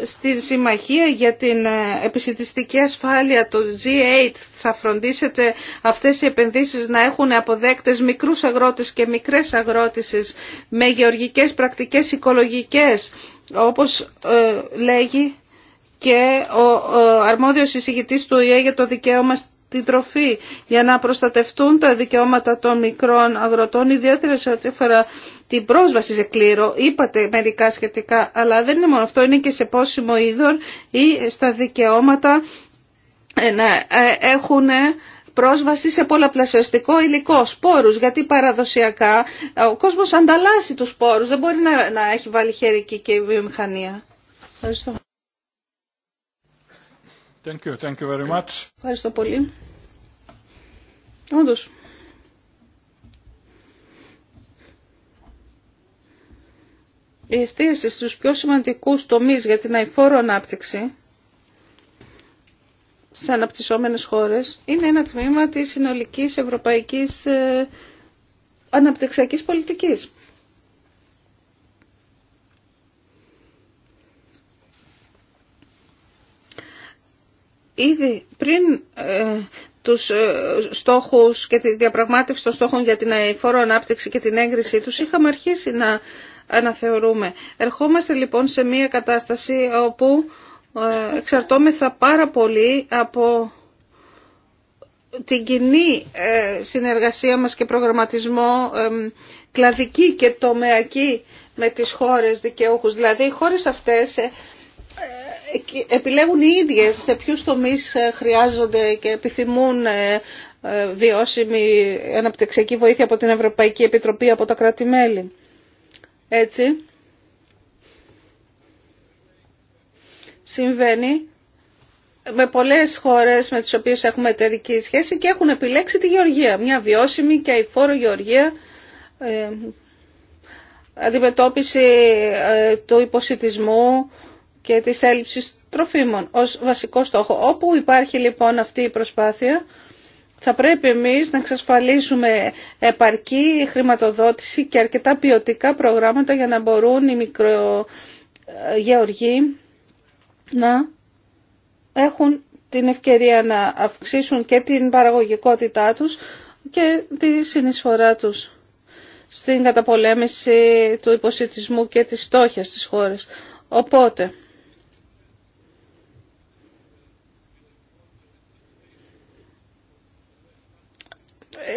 Στην συμμαχία για την ε, επισητιστική ασφάλεια, το G8, θα φροντίσετε αυτές οι επενδύσεις να έχουν αποδέκτες μικρούς αγρότες και μικρές αγρότησες με γεωργικές πρακτικές οικολογικές, όπως ε, λέγει και ο, ε, αρμόδιος εισηγητής του ΙΕ για το δικαίωμα την τροφή για να προστατευτούν τα δικαιώματα των μικρών αγροτών, ιδιαίτερα σε ό,τι αφορά την πρόσβαση σε κλήρο. Είπατε μερικά σχετικά, αλλά δεν είναι μόνο αυτό, είναι και σε πόσιμο είδων ή στα δικαιώματα ε, να ε, έχουν ε, πρόσβαση σε πολλαπλασιαστικό υλικό, σπόρους, γιατί παραδοσιακά ο κόσμος ανταλλάσσει τους σπόρους, δεν μπορεί να, έχει βάλει χέρι και η βιομηχανία. Ευχαριστώ. Thank you, thank you very much. Ευχαριστώ πολύ. Όντως. η εστίαση στους πιο σημαντικούς τομείς για την αηφόρο ανάπτυξη στι αναπτυσσόμενες χώρες είναι ένα τμήμα της συνολικής ευρωπαϊκής ε, αναπτυξιακής πολιτικής. Ήδη πριν ε, τους ε, στόχους και τη διαπραγμάτευση των στόχων για την αηφόρο ανάπτυξη και την έγκρισή τους είχαμε αρχίσει να αναθεωρούμε. Ερχόμαστε λοιπόν σε μια κατάσταση όπου ε, εξαρτώμεθα πάρα πολύ από την κοινή ε, συνεργασία μας και προγραμματισμό κλαδική και τομεακή με τις χώρες δικαιούχους. Δηλαδή οι χώρες αυτές ε, επιλέγουν οι ίδιες σε ποιους τομείς χρειάζονται και επιθυμούν βιώσιμη αναπτυξιακή βοήθεια από την Ευρωπαϊκή Επιτροπή, από τα κράτη-μέλη. Έτσι συμβαίνει με πολλές χώρες με τις οποίες έχουμε εταιρική σχέση και έχουν επιλέξει τη γεωργία. Μια βιώσιμη και αηφόρο γεωργία ε, αντιμετώπιση ε, του υποσυτισμού και της έλλειψης τροφίμων ως βασικό στόχο. Όπου υπάρχει λοιπόν αυτή η προσπάθεια θα πρέπει εμείς να εξασφαλίσουμε επαρκή χρηματοδότηση και αρκετά ποιοτικά προγράμματα για να μπορούν οι μικρογεωργοί να έχουν την ευκαιρία να αυξήσουν και την παραγωγικότητά τους και τη συνεισφορά τους στην καταπολέμηση του υποσυτισμού και της φτώχειας της χώρες. Οπότε,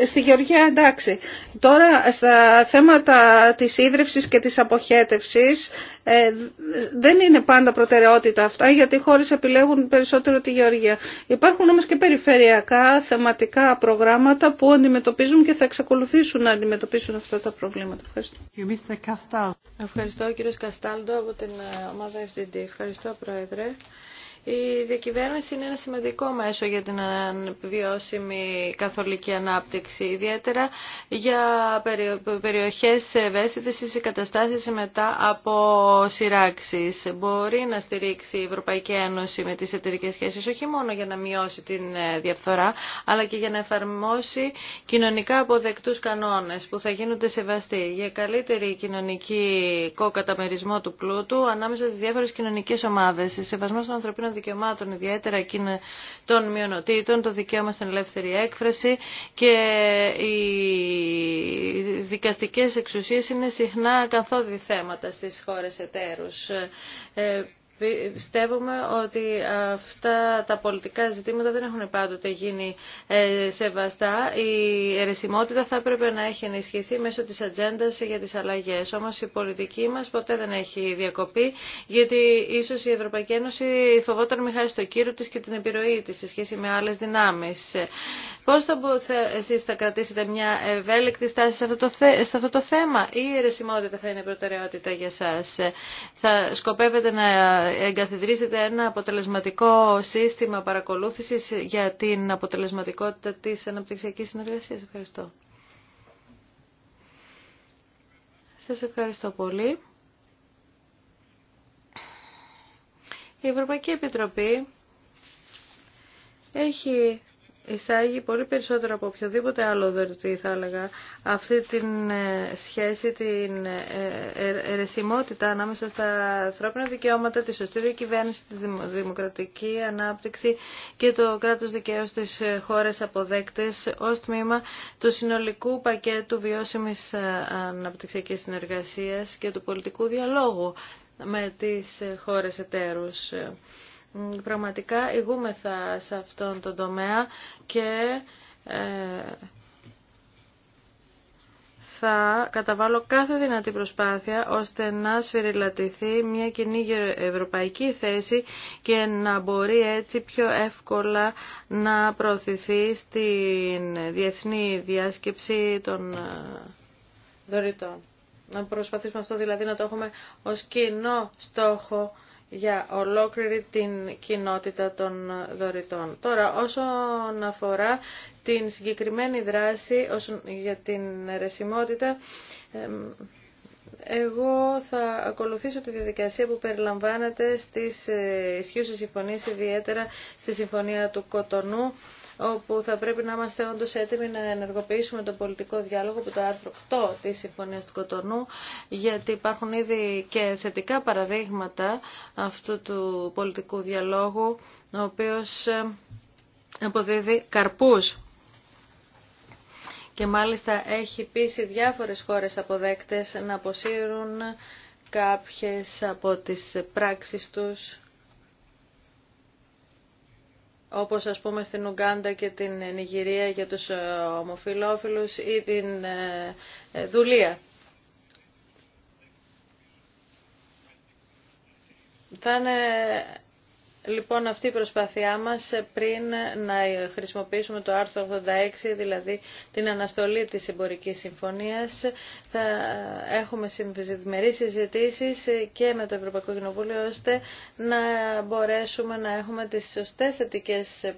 στη Γεωργία εντάξει. Τώρα στα θέματα της ίδρυυσης και της αποχέτευσης ε, δεν είναι πάντα προτεραιότητα αυτά γιατί οι χώρες επιλέγουν περισσότερο τη Γεωργία. Υπάρχουν όμως και περιφερειακά θεματικά προγράμματα που αντιμετωπίζουν και θα εξακολουθήσουν να αντιμετωπίσουν αυτά τα προβλήματα. Ευχαριστώ. Ευχαριστώ κύριε Καστάλντο από την ε, ομάδα FDD. Ευχαριστώ Πρόεδρε. Η διακυβέρνηση είναι ένα σημαντικό μέσο για την βιώσιμη καθολική ανάπτυξη, ιδιαίτερα για περιοχές ευαίσθητες ή καταστάσεις μετά από σειράξεις. Μπορεί να στηρίξει η Ευρωπαϊκή Ένωση με τις εταιρικές σχέσεις όχι μόνο για να μειώσει την ε, διαφθορά, αλλά και για να εφαρμόσει κοινωνικά αποδεκτούς κανόνες που θα γίνονται σεβαστοί για καλύτερη κοινωνική κοκαταμερισμό του πλούτου ανάμεσα στις διάφορες κοινωνικές ομάδες, σε σεβασμό των δικαιωμάτων, ιδιαίτερα εκείνων των μειονοτήτων, το δικαίωμα στην ελεύθερη έκφραση και οι δικαστικές εξουσίες είναι συχνά καθόδη θέματα στις χώρες εταίρους. Ε, Πιστεύουμε ότι αυτά τα πολιτικά ζητήματα δεν έχουν πάντοτε γίνει ε, σεβαστά. Η αιρεσιμότητα θα έπρεπε να έχει ενισχυθεί μέσω της ατζέντα για τις αλλαγές. Όμως η πολιτική μας ποτέ δεν έχει διακοπή γιατί ίσως η Ευρωπαϊκή Ένωση φοβόταν μη χάσει το κύριο της και την επιρροή της σε σχέση με άλλες δυνάμεις. Πώς θα, εσείς θα κρατήσετε μια ευέλικτη στάση σε αυτό, το σε αυτό το θέμα ή η αιρεσιμότητα θα είναι προτεραιότητα για σας. Θα σκοπεύετε να εγκαθιδρύσετε ένα αποτελεσματικό σύστημα παρακολούθησης για την αποτελεσματικότητα της αναπτυξιακής συνεργασίας. Ευχαριστώ. Σας ευχαριστώ πολύ. Η Ευρωπαϊκή Επιτροπή έχει εισάγει πολύ περισσότερο από οποιοδήποτε άλλο δωρητή θα έλεγα αυτή την ε, σχέση, την ερεσιμότητα ε, ε, ανάμεσα στα ανθρώπινα δικαιώματα, τη σωστή διακυβέρνηση, τη δημοκρατική ανάπτυξη και το κράτος δικαίου στις χώρες αποδέκτες ως τμήμα του συνολικού πακέτου βιώσιμης αναπτυξιακής συνεργασίας και του πολιτικού διαλόγου με τις χώρες εταίρους. Πραγματικά ηγούμεθα σε αυτόν τον τομέα και ε, θα καταβάλω κάθε δυνατή προσπάθεια ώστε να σφυριλατηθεί μια κοινή ευρωπαϊκή θέση και να μπορεί έτσι πιο εύκολα να προωθηθεί στην διεθνή διάσκεψη των ε, δωρητών. Να προσπαθήσουμε αυτό δηλαδή να το έχουμε ως κοινό στόχο για ολόκληρη την κοινότητα των δωρητών. Τώρα, όσον αφορά την συγκεκριμένη δράση όσον, για την αιρεσιμότητα, εγώ θα ακολουθήσω τη διαδικασία που περιλαμβάνεται στις ε, ισχύουσες συμφωνίες, ιδιαίτερα στη Συμφωνία του Κοτονού, όπου θα πρέπει να είμαστε όντω έτοιμοι να ενεργοποιήσουμε τον πολιτικό διάλογο που το άρθρο 8 τη Συμφωνία του Κοτονού, γιατί υπάρχουν ήδη και θετικά παραδείγματα αυτού του πολιτικού διαλόγου, ο οποίο ε, αποδίδει καρπούς και μάλιστα έχει πείσει διάφορες χώρες αποδέκτες να αποσύρουν κάποιες από τις πράξεις τους όπως ας πούμε στην Ουγκάντα και την Νιγηρία για τους ε, ομοφιλόφιλους ή την ε, ε, δουλεία. Θα είναι λοιπόν αυτή η προσπάθειά μας πριν να χρησιμοποιήσουμε το άρθρο 86, δηλαδή την αναστολή της εμπορική συμφωνίας. Θα έχουμε συμβιζημερείς συζητήσει και με το Ευρωπαϊκό Κοινοβούλιο ώστε να μπορέσουμε να έχουμε τις σωστές θετικές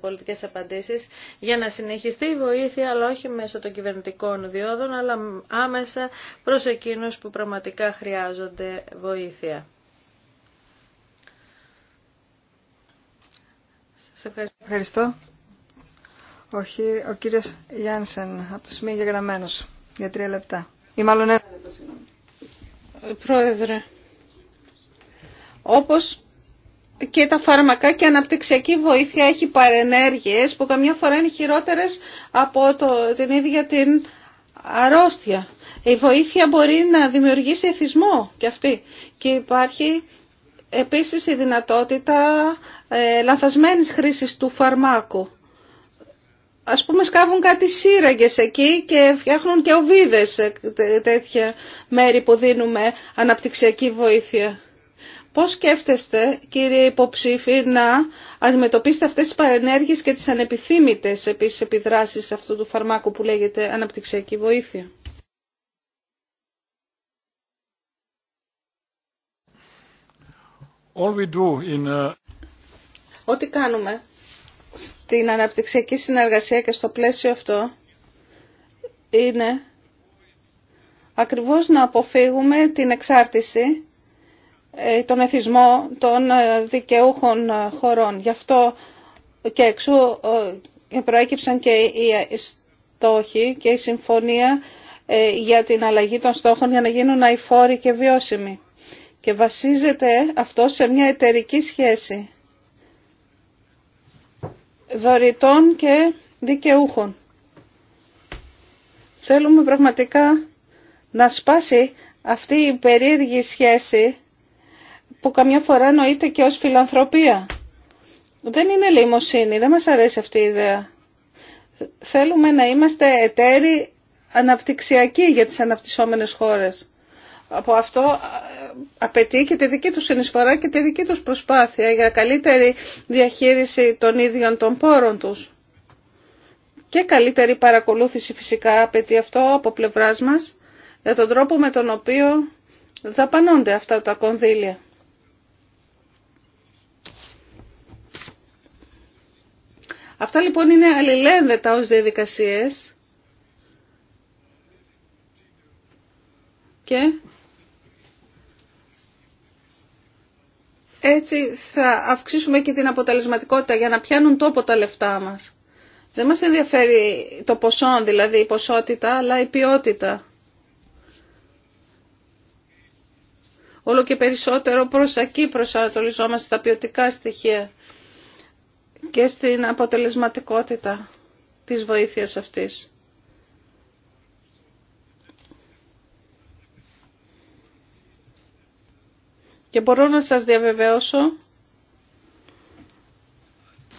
πολιτικές απαντήσεις για να συνεχιστεί η βοήθεια, αλλά όχι μέσω των κυβερνητικών διόδων, αλλά άμεσα προς εκείνους που πραγματικά χρειάζονται βοήθεια. ευχαριστώ. Όχι, ο κύριος Γιάνσεν από το σημείο γεγραμμένος, για τρία λεπτά. Ή μάλλον ένα λεπτό, Πρόεδρε, όπως και τα φάρμακα και αναπτυξιακή βοήθεια έχει παρενέργειες που καμιά φορά είναι χειρότερες από το, την ίδια την αρρώστια. Η βοήθεια μπορεί να δημιουργήσει εθισμό και αυτή. Και υπάρχει Επίσης η δυνατότητα ε, λανθασμένης χρήσης του φαρμάκου. Ας πούμε σκάβουν κάτι σύραγγες εκεί και φτιάχνουν και οβίδες ε, τέτοια μέρη που δίνουμε αναπτυξιακή βοήθεια. Πώς σκέφτεστε, κύριε υποψήφι, να αντιμετωπίσετε αυτές τις παρενέργειες και τις ανεπιθύμητες επίσης επιδράσεις αυτού του φαρμάκου που λέγεται αναπτυξιακή βοήθεια. Uh, Ό,τι κάνουμε στην αναπτυξιακή συνεργασία και στο πλαίσιο αυτό είναι ακριβώς να αποφύγουμε την εξάρτηση, ε, τον εθισμό των ε, δικαιούχων ε, χωρών. Γι' αυτό και εξού προέκυψαν και οι στόχοι και η συμφωνία για την αλλαγή των στόχων για να γίνουν αηφόροι και βιώσιμοι και βασίζεται αυτό σε μια εταιρική σχέση δωρητών και δικαιούχων. Θέλουμε πραγματικά να σπάσει αυτή η περίεργη σχέση που καμιά φορά νοείται και ως φιλανθρωπία. Δεν είναι λιμοσύνη, δεν μας αρέσει αυτή η ιδέα. Θέλουμε να είμαστε εταίροι αναπτυξιακοί για τις αναπτυσσόμενες χώρες από αυτό ε, απαιτεί και τη δική τους συνεισφορά και τη δική τους προσπάθεια για καλύτερη διαχείριση των ίδιων των πόρων τους. Και καλύτερη παρακολούθηση φυσικά απαιτεί αυτό από πλευράς μας για τον τρόπο με τον οποίο δαπανώνται αυτά τα κονδύλια. Αυτά λοιπόν είναι αλληλένδετα ως διαδικασίες και Έτσι θα αυξήσουμε και την αποτελεσματικότητα για να πιάνουν τόπο τα λεφτά μας. Δεν μας ενδιαφέρει το ποσό, δηλαδή η ποσότητα, αλλά η ποιότητα. Όλο και περισσότερο προς εκεί προσανατολιζόμαστε στα ποιοτικά στοιχεία και στην αποτελεσματικότητα της βοήθειας αυτής. Και μπορώ να σας διαβεβαιώσω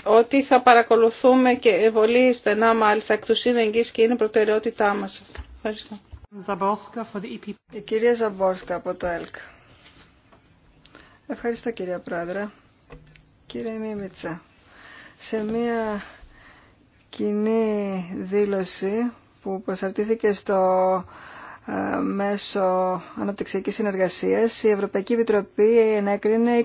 ότι θα παρακολουθούμε και πολύ στενά μάλιστα εκ του σύνεγγυς και είναι προτεραιότητά μας. Ευχαριστώ. E Η κυρία Ζαμπόρσκα από το ΕΛΚ. Ευχαριστώ κυρία Πρόεδρε. Κύριε Μίμητσα, σε μία κοινή δήλωση που προσαρτήθηκε στο ε, μέσω αναπτυξιακής συνεργασίας η Ευρωπαϊκή Επιτροπή ενέκρινε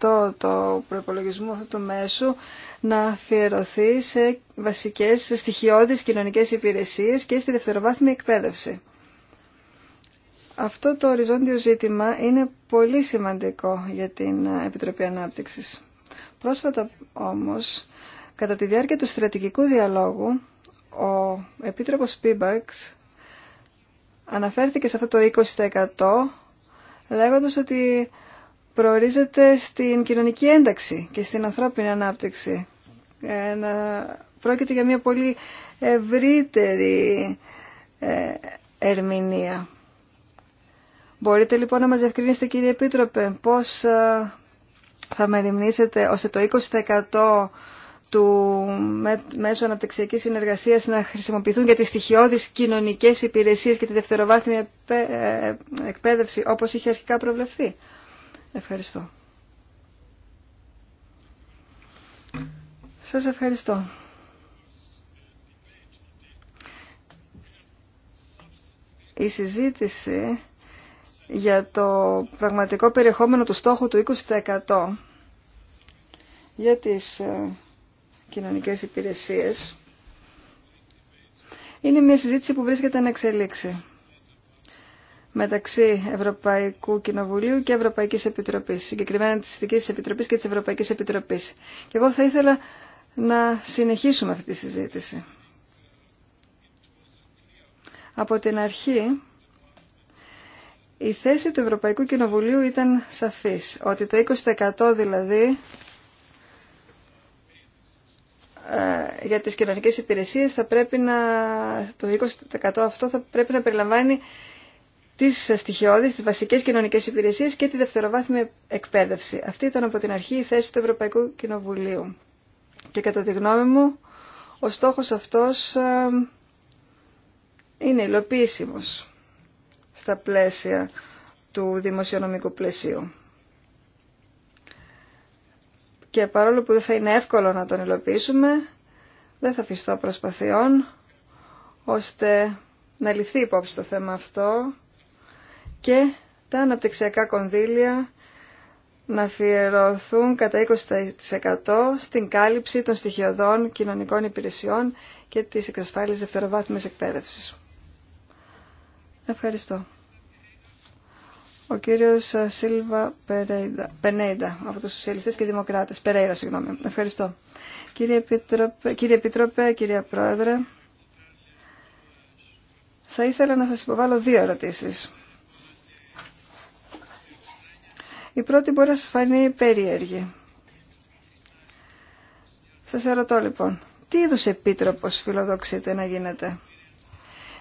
20% το προπολογισμό αυτού του μέσου να αφιερωθεί σε βασικές σε στοιχειώδεις κοινωνικές υπηρεσίες και στη δευτεροβάθμια εκπαίδευση. Αυτό το οριζόντιο ζήτημα είναι πολύ σημαντικό για την Επιτροπή Ανάπτυξης. Πρόσφατα όμως, κατά τη διάρκεια του στρατηγικού διαλόγου, ο Επίτροπος Πίμπαξ Αναφέρθηκε σε αυτό το 20% λέγοντας ότι προορίζεται στην κοινωνική ένταξη και στην ανθρώπινη ανάπτυξη. Ε, πρόκειται για μια πολύ ευρύτερη ε, ερμηνεία. Μπορείτε λοιπόν να μας διευκρινίσετε κύριε Επίτροπε πώς ε, θα μεριμνήσετε ώστε το 20% του μέσω αναπτυξιακής συνεργασίας να χρησιμοποιηθούν για τις στοιχειώδεις κοινωνικές υπηρεσίες και τη δευτεροβάθμια ε, εκπαίδευση όπως είχε αρχικά προβλεφθεί. Ευχαριστώ. Σας ευχαριστώ. Η συζήτηση για το πραγματικό περιεχόμενο του στόχου του 20% για τις ε, κοινωνικές υπηρεσίες είναι μια συζήτηση που βρίσκεται να εξελίξει μεταξύ Ευρωπαϊκού Κοινοβουλίου και Ευρωπαϊκής Επιτροπής, συγκεκριμένα της Ειδικής Επιτροπής και της Ευρωπαϊκής Επιτροπής. Και εγώ θα ήθελα να συνεχίσουμε αυτή τη συζήτηση. Από την αρχή, η θέση του Ευρωπαϊκού Κοινοβουλίου ήταν σαφής, ότι το 20% δηλαδή ε, για τις κοινωνικές υπηρεσίες θα πρέπει να, το 20% αυτό θα πρέπει να περιλαμβάνει τις στοιχειώδεις, τις βασικές κοινωνικές υπηρεσίες και τη δευτεροβάθμια εκπαίδευση. Αυτή ήταν από την αρχή η θέση του Ευρωπαϊκού Κοινοβουλίου. Και κατά τη γνώμη μου, ο στόχος αυτός ε, είναι υλοποιήσιμος στα πλαίσια του δημοσιονομικού πλαισίου και παρόλο που δεν θα είναι εύκολο να τον υλοποιήσουμε, δεν θα αφιστώ προσπαθειών ώστε να ληφθεί υπόψη το θέμα αυτό και τα αναπτυξιακά κονδύλια να αφιερωθούν κατά 20% στην κάλυψη των στοιχειωδών κοινωνικών υπηρεσιών και της εξασφάλισης δευτεροβάθμιας εκπαίδευσης. Ευχαριστώ ο κύριος ε, Σίλβα Πενέιντα, από τους Σοσιαλιστές και Δημοκράτες. Περέιρα, συγγνώμη. Ευχαριστώ. Κύριε Επίτροπε, κύριε, Επίτροπε, κύριε Πρόεδρε, θα ήθελα να σας υποβάλω δύο ερωτήσεις. Η πρώτη μπορεί να σας φανεί περίεργη. Σας ερωτώ λοιπόν, τι είδους επίτροπος φιλοδοξείτε να γίνεται.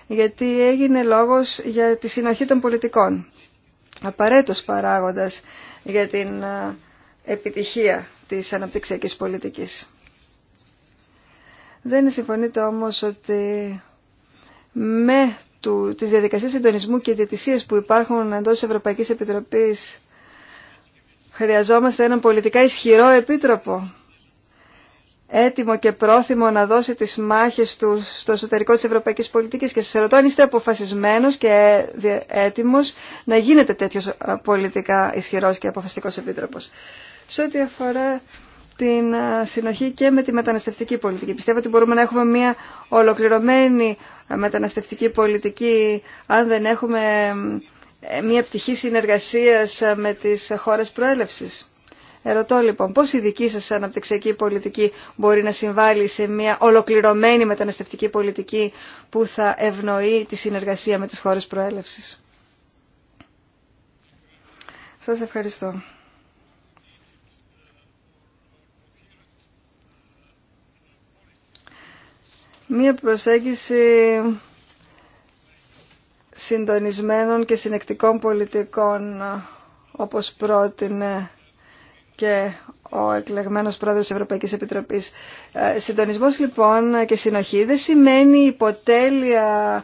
Γιατί έγινε λόγος για τη συνοχή των πολιτικών απαραίτητος παράγοντας για την ε, επιτυχία της αναπτυξιακής πολιτικής. Δεν συμφωνείτε όμως ότι με του, τις διαδικασίες συντονισμού και διατησίες που υπάρχουν εντός της Ευρωπαϊκής Επιτροπής χρειαζόμαστε έναν πολιτικά ισχυρό επίτροπο έτοιμο και πρόθυμο να δώσει τις μάχες του στο εσωτερικό της ευρωπαϊκής πολιτικής και σας ρωτώ αν είστε αποφασισμένος και έτοιμος να γίνετε τέτοιος πολιτικά ισχυρός και αποφασιστικός επίτροπος. Σε ό,τι αφορά την συνοχή και με τη μεταναστευτική πολιτική. Πιστεύω ότι μπορούμε να έχουμε μια ολοκληρωμένη μεταναστευτική πολιτική αν δεν έχουμε ε, μια πτυχή συνεργασίας με τις χώρες προέλευσης. Ερωτώ λοιπόν πώς η δική σας αναπτυξιακή πολιτική μπορεί να συμβάλλει σε μια ολοκληρωμένη μεταναστευτική πολιτική που θα ευνοεί τη συνεργασία με τις χώρες προέλευσης. Σας ευχαριστώ. Μία προσέγγιση συντονισμένων και συνεκτικών πολιτικών όπως πρότεινε και ο εκλεγμένος πρόεδρος της Ευρωπαϊκής Επιτροπής. Ε, συντονισμός λοιπόν και συνοχή δεν σημαίνει υποτέλεια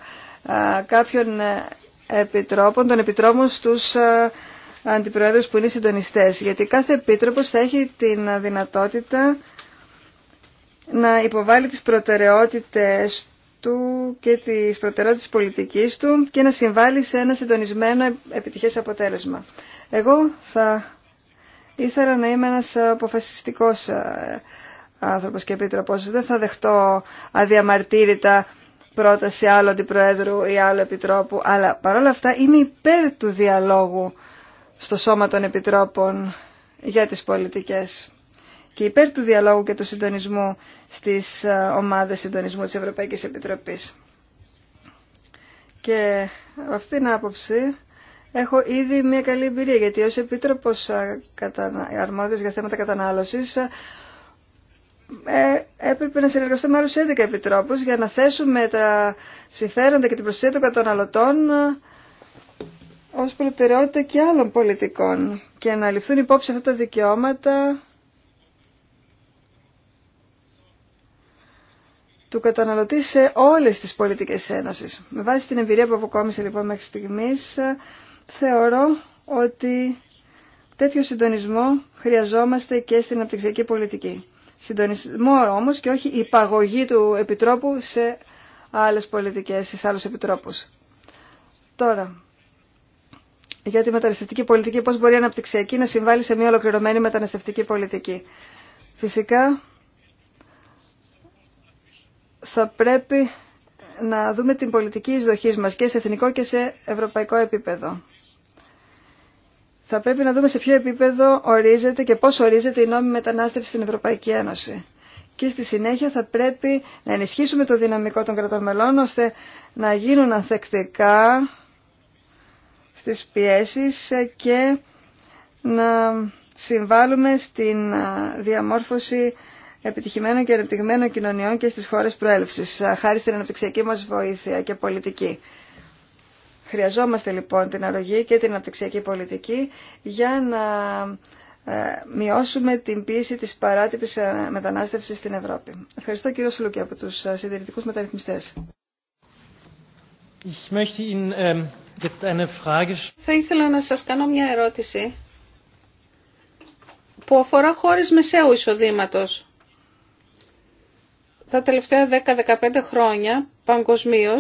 ε, κάποιων ε, επιτρόπων, των επιτρόπων στους αντιπρόεδρους που είναι συντονιστές, γιατί κάθε επίτροπος θα έχει την δυνατότητα να υποβάλει τις προτεραιότητες του και τις προτεραιότητες της πολιτικής του και να συμβάλλει σε ένα συντονισμένο επιτυχές αποτέλεσμα. Εγώ θα Ήθελα να είμαι ένας αποφασιστικός ε, άνθρωπος και επίτροπος. Δεν θα δεχτώ αδιαμαρτύρητα πρόταση άλλου αντιπροέδρου ή άλλου επιτρόπου, αλλά παρόλα αυτά είμαι υπέρ του διαλόγου στο σώμα των επιτρόπων για τις πολιτικές και υπέρ του διαλόγου και του συντονισμού στις ε, ομάδες συντονισμού της Ευρωπαϊκής Επιτροπής. Και ε, αυτή την άποψη Έχω ήδη μια καλή εμπειρία γιατί ως Επίτροπος Αρμόδιος για θέματα κατανάλωσης ε, έπρεπε να συνεργαστώ με άλλους 11 επιτρόπους για να θέσουμε τα συμφέροντα και την προστασία των καταναλωτών ως προτεραιότητα και άλλων πολιτικών και να ληφθούν υπόψη αυτά τα δικαιώματα του καταναλωτή σε όλες τις πολιτικές ένωσης. Με βάση την εμπειρία που αποκόμισε λοιπόν μέχρι στιγμής θεωρώ ότι τέτοιο συντονισμό χρειαζόμαστε και στην αναπτυξιακή πολιτική. Συντονισμό όμως και όχι υπαγωγή του Επιτρόπου σε άλλες πολιτικές, σε άλλους επιτρόπους. Τώρα, για τη μεταναστευτική πολιτική, πώς μπορεί η αναπτυξιακή να συμβάλλει σε μια ολοκληρωμένη μεταναστευτική πολιτική. Φυσικά, θα πρέπει να δούμε την πολιτική εισδοχής μας και σε εθνικό και σε ευρωπαϊκό επίπεδο θα πρέπει να δούμε σε ποιο επίπεδο ορίζεται και πώς ορίζεται η νόμη μετανάστευση στην Ευρωπαϊκή Ένωση. Και στη συνέχεια θα πρέπει να ενισχύσουμε το δυναμικό των κρατών ώστε να γίνουν ανθεκτικά στις πιέσεις και να συμβάλλουμε στην διαμόρφωση επιτυχημένων και ανεπτυγμένων κοινωνιών και στις χώρες προέλευσης, χάρη στην αναπτυξιακή μας βοήθεια και πολιτική. Χρειαζόμαστε λοιπόν την αρρωγή και την αναπτυξιακή πολιτική για να ε, μειώσουμε την πίεση της παράτυπης ε, μετανάστευσης στην Ευρώπη. Ευχαριστώ κύριο Σουλουκή από τους ε, συντηρητικούς μεταρρυθμιστές. Ähm, Θα ήθελα να σας κάνω μια ερώτηση που αφορά χώρες μεσαίου εισοδήματος. Τα τελευταία 10-15 χρόνια παγκοσμίω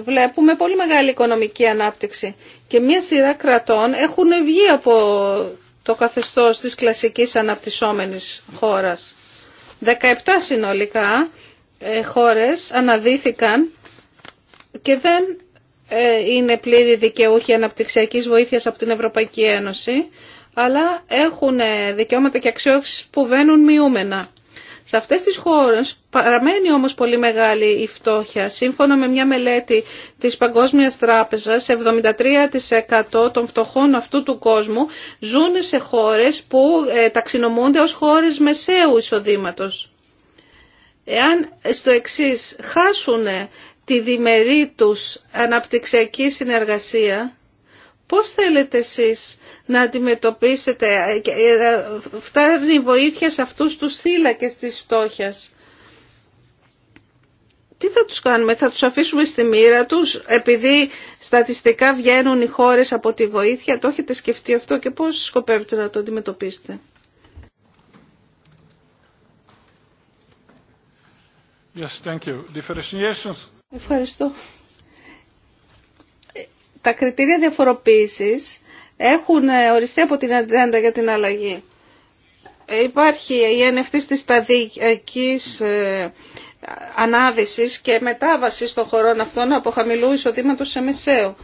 βλέπουμε πολύ μεγάλη οικονομική ανάπτυξη και μια σειρά κρατών έχουν βγει από το καθεστώς της κλασικής αναπτυσσόμενης χώρας. 17 συνολικά ε, χώρες αναδύθηκαν και δεν ε, είναι πλήρη δικαιούχοι αναπτυξιακής βοήθειας από την Ευρωπαϊκή Ένωση, αλλά έχουν ε, δικαιώματα και αξιώσεις που βαίνουν μειούμενα. Σε αυτές τις χώρες παραμένει όμως πολύ μεγάλη η φτώχεια. Σύμφωνα με μια μελέτη της Παγκόσμιας Τράπεζας, 73% των φτωχών αυτού του κόσμου ζουν σε χώρες που ε, ταξινομούνται ως χώρες μεσαίου εισοδήματος. Εάν στο εξής χάσουν τη διμερή τους αναπτυξιακή συνεργασία, Πώς θέλετε εσείς να αντιμετωπίσετε, ε, ε, φτάνει η βοήθεια σε αυτούς τους θύλακες της φτώχειας. Τι θα τους κάνουμε, θα τους αφήσουμε στη μοίρα τους επειδή στατιστικά βγαίνουν οι χώρες από τη βοήθεια. Το έχετε σκεφτεί αυτό και πώς σκοπεύετε να το αντιμετωπίσετε. Yes, thank you. Ευχαριστώ τα κριτήρια διαφοροποίησης έχουν ε, οριστεί από την ατζέντα για την αλλαγή. Ε, υπάρχει η ένευτη τη σταδικής ε, ανάδυσης και μετάβασης των χωρών αυτών από χαμηλού εισοδήματος σε μεσαίο.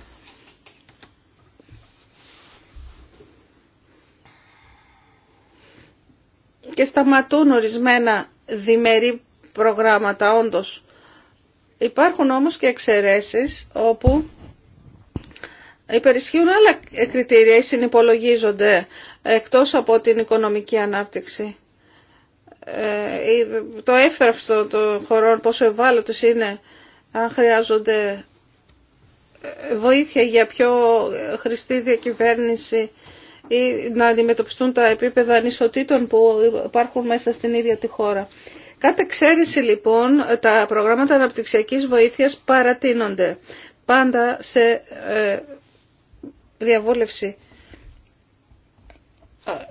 Και σταματούν ορισμένα διμερεί προγράμματα όντως. Υπάρχουν όμως και εξαιρέσεις όπου υπερισχύουν άλλα κριτήρια ή συνυπολογίζονται εκτός από την οικονομική ανάπτυξη. Ε, το εύθραυστο των χωρών, πόσο ευάλωτες είναι, αν χρειάζονται ε, βοήθεια για πιο χρηστή διακυβέρνηση ή να αντιμετωπιστούν τα επίπεδα ανισοτήτων που υπάρχουν μέσα στην ίδια τη χώρα. Κάτ' εξαίρεση λοιπόν τα προγράμματα αναπτυξιακής βοήθειας παρατείνονται πάντα σε ε, διαβούλευση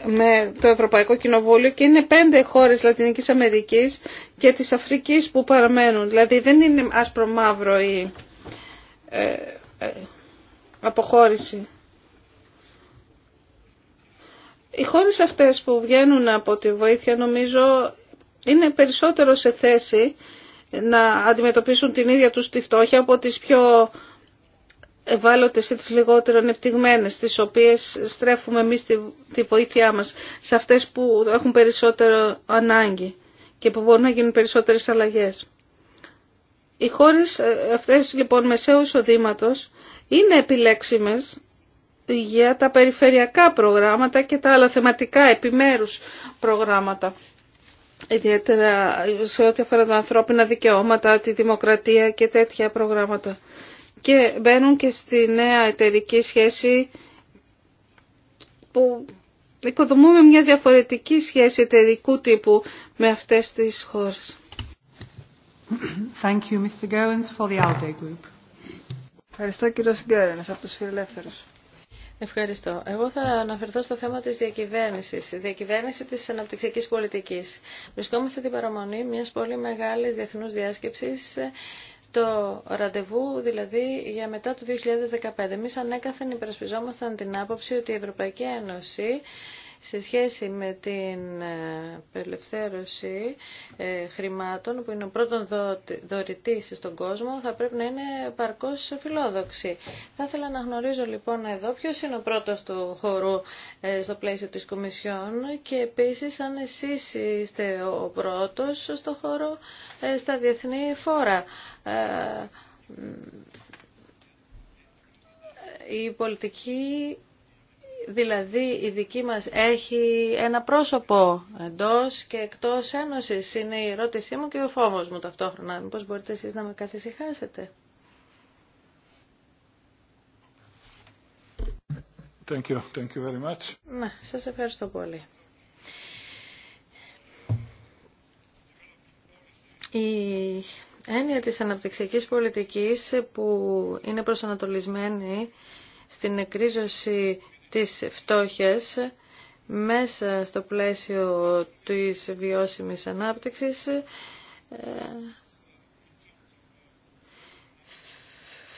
με το Ευρωπαϊκό Κοινοβούλιο και είναι πέντε χώρες Λατινικής Αμερικής και της Αφρικής που παραμένουν. Δηλαδή δεν είναι άσπρο μαύρο η ε, ε, αποχώρηση. Οι χώρες αυτές που βγαίνουν από τη βοήθεια νομίζω είναι περισσότερο σε θέση να αντιμετωπίσουν την ίδια τους τη φτώχεια από τις πιο ευάλωτες ή τις λιγότερο ανεπτυγμένες, τις οποίες στρέφουμε εμείς τη, τη βοήθειά μας, σε αυτές που έχουν περισσότερο ανάγκη και που μπορούν να γίνουν περισσότερες αλλαγές. Οι χώρες ε, αυτές λοιπόν μεσαίου εισοδήματο είναι επιλέξιμες για τα περιφερειακά προγράμματα και τα άλλα θεματικά επιμέρους προγράμματα. Ιδιαίτερα σε ό,τι αφορά τα ανθρώπινα δικαιώματα, τη δημοκρατία και τέτοια προγράμματα και μπαίνουν και στη νέα εταιρική σχέση που οικοδομούμε μια διαφορετική σχέση εταιρικού τύπου με αυτές τις χώρες. Thank you, Mr. Goins, for the ALDE Ευχαριστώ κύριο από τους Φιλελεύθερους. Ευχαριστώ. Εγώ θα αναφερθώ στο θέμα της διακυβέρνησης, η διακυβέρνηση της αναπτυξιακής πολιτικής. Βρισκόμαστε την παραμονή μιας πολύ μεγάλης διεθνούς διάσκεψης το ραντεβού δηλαδή για μετά το 2015. Εμεί ανέκαθεν υπερασπιζόμασταν την άποψη ότι η Ευρωπαϊκή Ένωση σε σχέση με την ε, απελευθέρωση ε, χρημάτων που είναι ο πρώτον δωρητής στον κόσμο θα πρέπει να είναι παρκώς φιλόδοξη. Θα ήθελα να γνωρίζω λοιπόν εδώ ποιος είναι ο πρώτος του χορού ε, στο πλαίσιο της Κομισιόν και επίσης αν εσείς είστε ο πρώτος στο χώρο στα διεθνή φόρα η πολιτική Δηλαδή η δική μας έχει ένα πρόσωπο εντός και εκτός ένωσης. Είναι η ερώτησή μου και ο φόβος μου ταυτόχρονα. Μήπως μπορείτε εσείς να με καθησυχάσετε. Thank you. Thank you very ναι, σας ευχαριστώ πολύ. Η έννοια της αναπτυξιακής πολιτικής που είναι προσανατολισμένη στην εκρίζωση της φτώχειας μέσα στο πλαίσιο της βιώσιμης ανάπτυξης ε,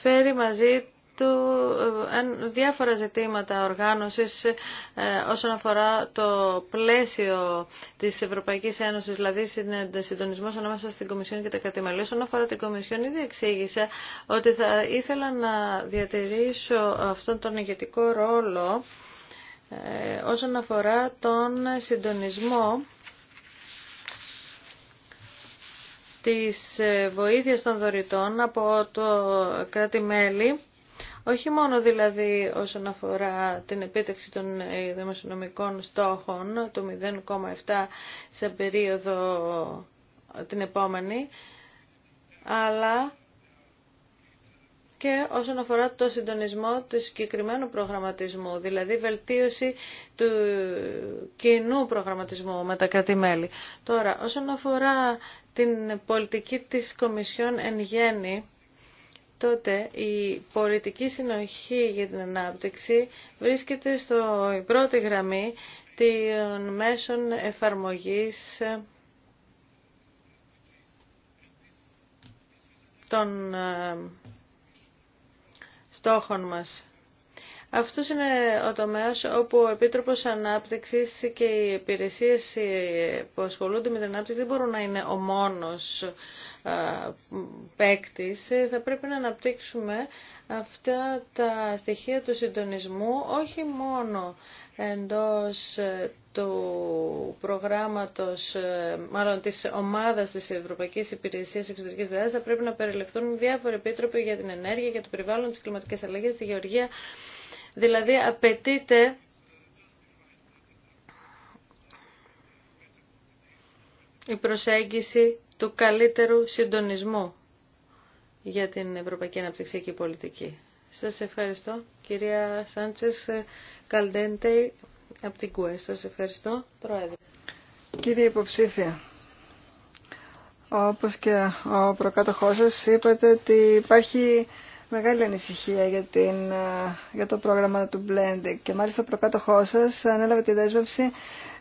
φέρει μαζί του ε, διάφορα ζητήματα οργάνωσης ε, όσον αφορά το πλαίσιο της Ευρωπαϊκής Ένωσης, δηλαδή ε, συντονισμό ανάμεσα στην Κομισιόν και τα κράτη-μέλη Όσον αφορά την Κομισιόν, ήδη εξήγησα ότι θα ήθελα να διατηρήσω αυτόν τον ηγετικό ρόλο όσον αφορά τον συντονισμό της βοήθειας των δωρητών από το κράτη-μέλη όχι μόνο δηλαδή όσον αφορά την επίτευξη των ε, δημοσιονομικών στόχων του 0,7 σε περίοδο ε, την επόμενη, αλλά και όσον αφορά το συντονισμό του συγκεκριμένου προγραμματισμού, δηλαδή βελτίωση του κοινού προγραμματισμού με τα κρατη Τώρα, όσον αφορά την πολιτική της Κομισιόν εν γέννη, τότε η πολιτική συνοχή για την ανάπτυξη βρίσκεται στο πρώτη γραμμή των μέσων εφαρμογής των ε, στόχων μας. Αυτό είναι ο τομέας όπου ο Επίτροπος Ανάπτυξης και οι υπηρεσίες που ασχολούνται με την ανάπτυξη δεν μπορούν να είναι ο μόνος παίκτη, ε, θα πρέπει να αναπτύξουμε αυτά τα στοιχεία του συντονισμού όχι μόνο εντός ε, του προγράμματος, ε, μάλλον της ομάδας της Ευρωπαϊκής Υπηρεσίας Εξωτερικής Δράσης, θα πρέπει να περιληφθούν διάφοροι επίτροποι για την ενέργεια, για το περιβάλλον, τις κλιματικές αλλαγές, τη γεωργία. Δηλαδή απαιτείται η προσέγγιση του καλύτερου συντονισμού για την Ευρωπαϊκή Αναπτυξιακή Πολιτική. Σας ευχαριστώ, κυρία Σάντσες Καλντέντε από την ΚΟΕ. Σας ευχαριστώ, Πρόεδρε. Κύριε Υποψήφια, όπως και ο προκάτοχός σας είπατε ότι υπάρχει μεγάλη ανησυχία για, ε, για το πρόγραμμα του Blending και μάλιστα ο προκατοχό σα ανέλαβε τη δέσμευση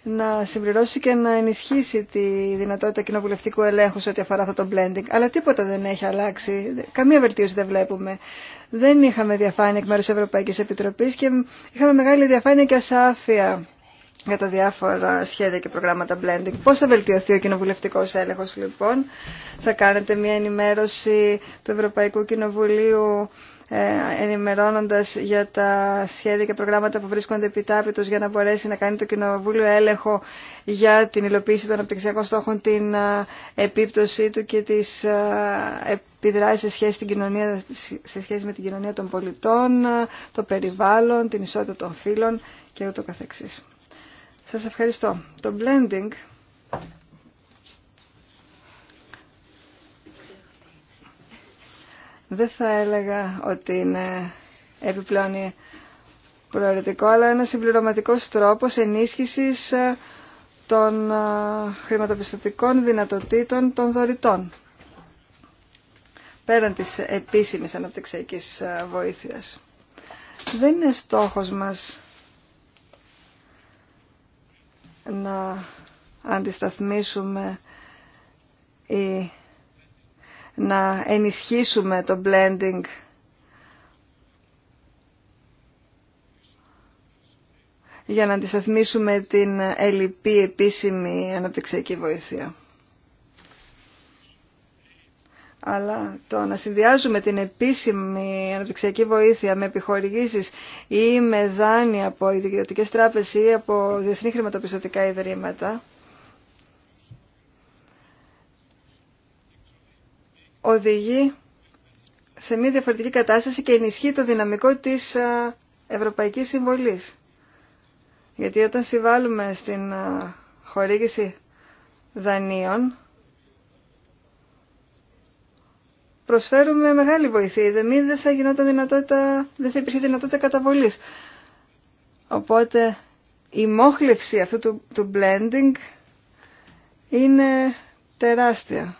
να συμπληρώσει και να ενισχύσει τη δυνατότητα κοινοβουλευτικού ελέγχου σε ό,τι αφορά αυτό το blending. Αλλά τίποτα δεν έχει αλλάξει. Καμία βελτίωση δεν βλέπουμε. Δεν είχαμε διαφάνεια εκ μέρου Ευρωπαϊκή Επιτροπή και είχαμε μεγάλη διαφάνεια και ασάφεια για τα διάφορα σχέδια και προγράμματα blending. Πώς θα βελτιωθεί ο κοινοβουλευτικός έλεγχος λοιπόν. Θα κάνετε μια ενημέρωση του Ευρωπαϊκού Κοινοβουλίου ε, ενημερώνοντας για τα σχέδια και προγράμματα που βρίσκονται επιτάπητος για να μπορέσει να κάνει το Κοινοβούλιο έλεγχο για την υλοποίηση των αναπτυξιακών στόχων, την ε, επίπτωσή του και τις ε, επιδράσεις σε σχέση, την κοινωνία, σε σχέση με την κοινωνία των πολιτών, το περιβάλλον, την ισότητα των φύλων και ούτω καθεξής. Σας ευχαριστώ. Το blending δεν θα έλεγα ότι είναι επιπλέον προαιρετικό, αλλά ένα συμπληρωματικό τρόπος ενίσχυσης ε, των ε, χρηματοπιστωτικών δυνατοτήτων των δωρητών πέραν της επίσημης αναπτυξιακής ε, βοήθειας. Δεν είναι στόχος μας να αντισταθμίσουμε ή να ενισχύσουμε το blending για να αντισταθμίσουμε την ελλειπή επίσημη αναπτυξιακή βοήθεια. Αλλά το να συνδυάζουμε την επίσημη αναπτυξιακή βοήθεια με επιχορηγήσεις ή με δάνεια από ιδιωτικές τράπεζες ή από διεθνή χρηματοπιστωτικά ιδρύματα οδηγεί σε μια διαφορετική κατάσταση και ενισχύει το δυναμικό της Ευρωπαϊκής Συμβολής. Γιατί όταν συμβάλλουμε στην χορήγηση δανείων προσφέρουμε μεγάλη βοηθή. δεν θα γινόταν δυνατότητα, δεν θα υπήρχε δυνατότητα καταβολής. Οπότε η μόχλευση αυτού του, του blending είναι τεράστια.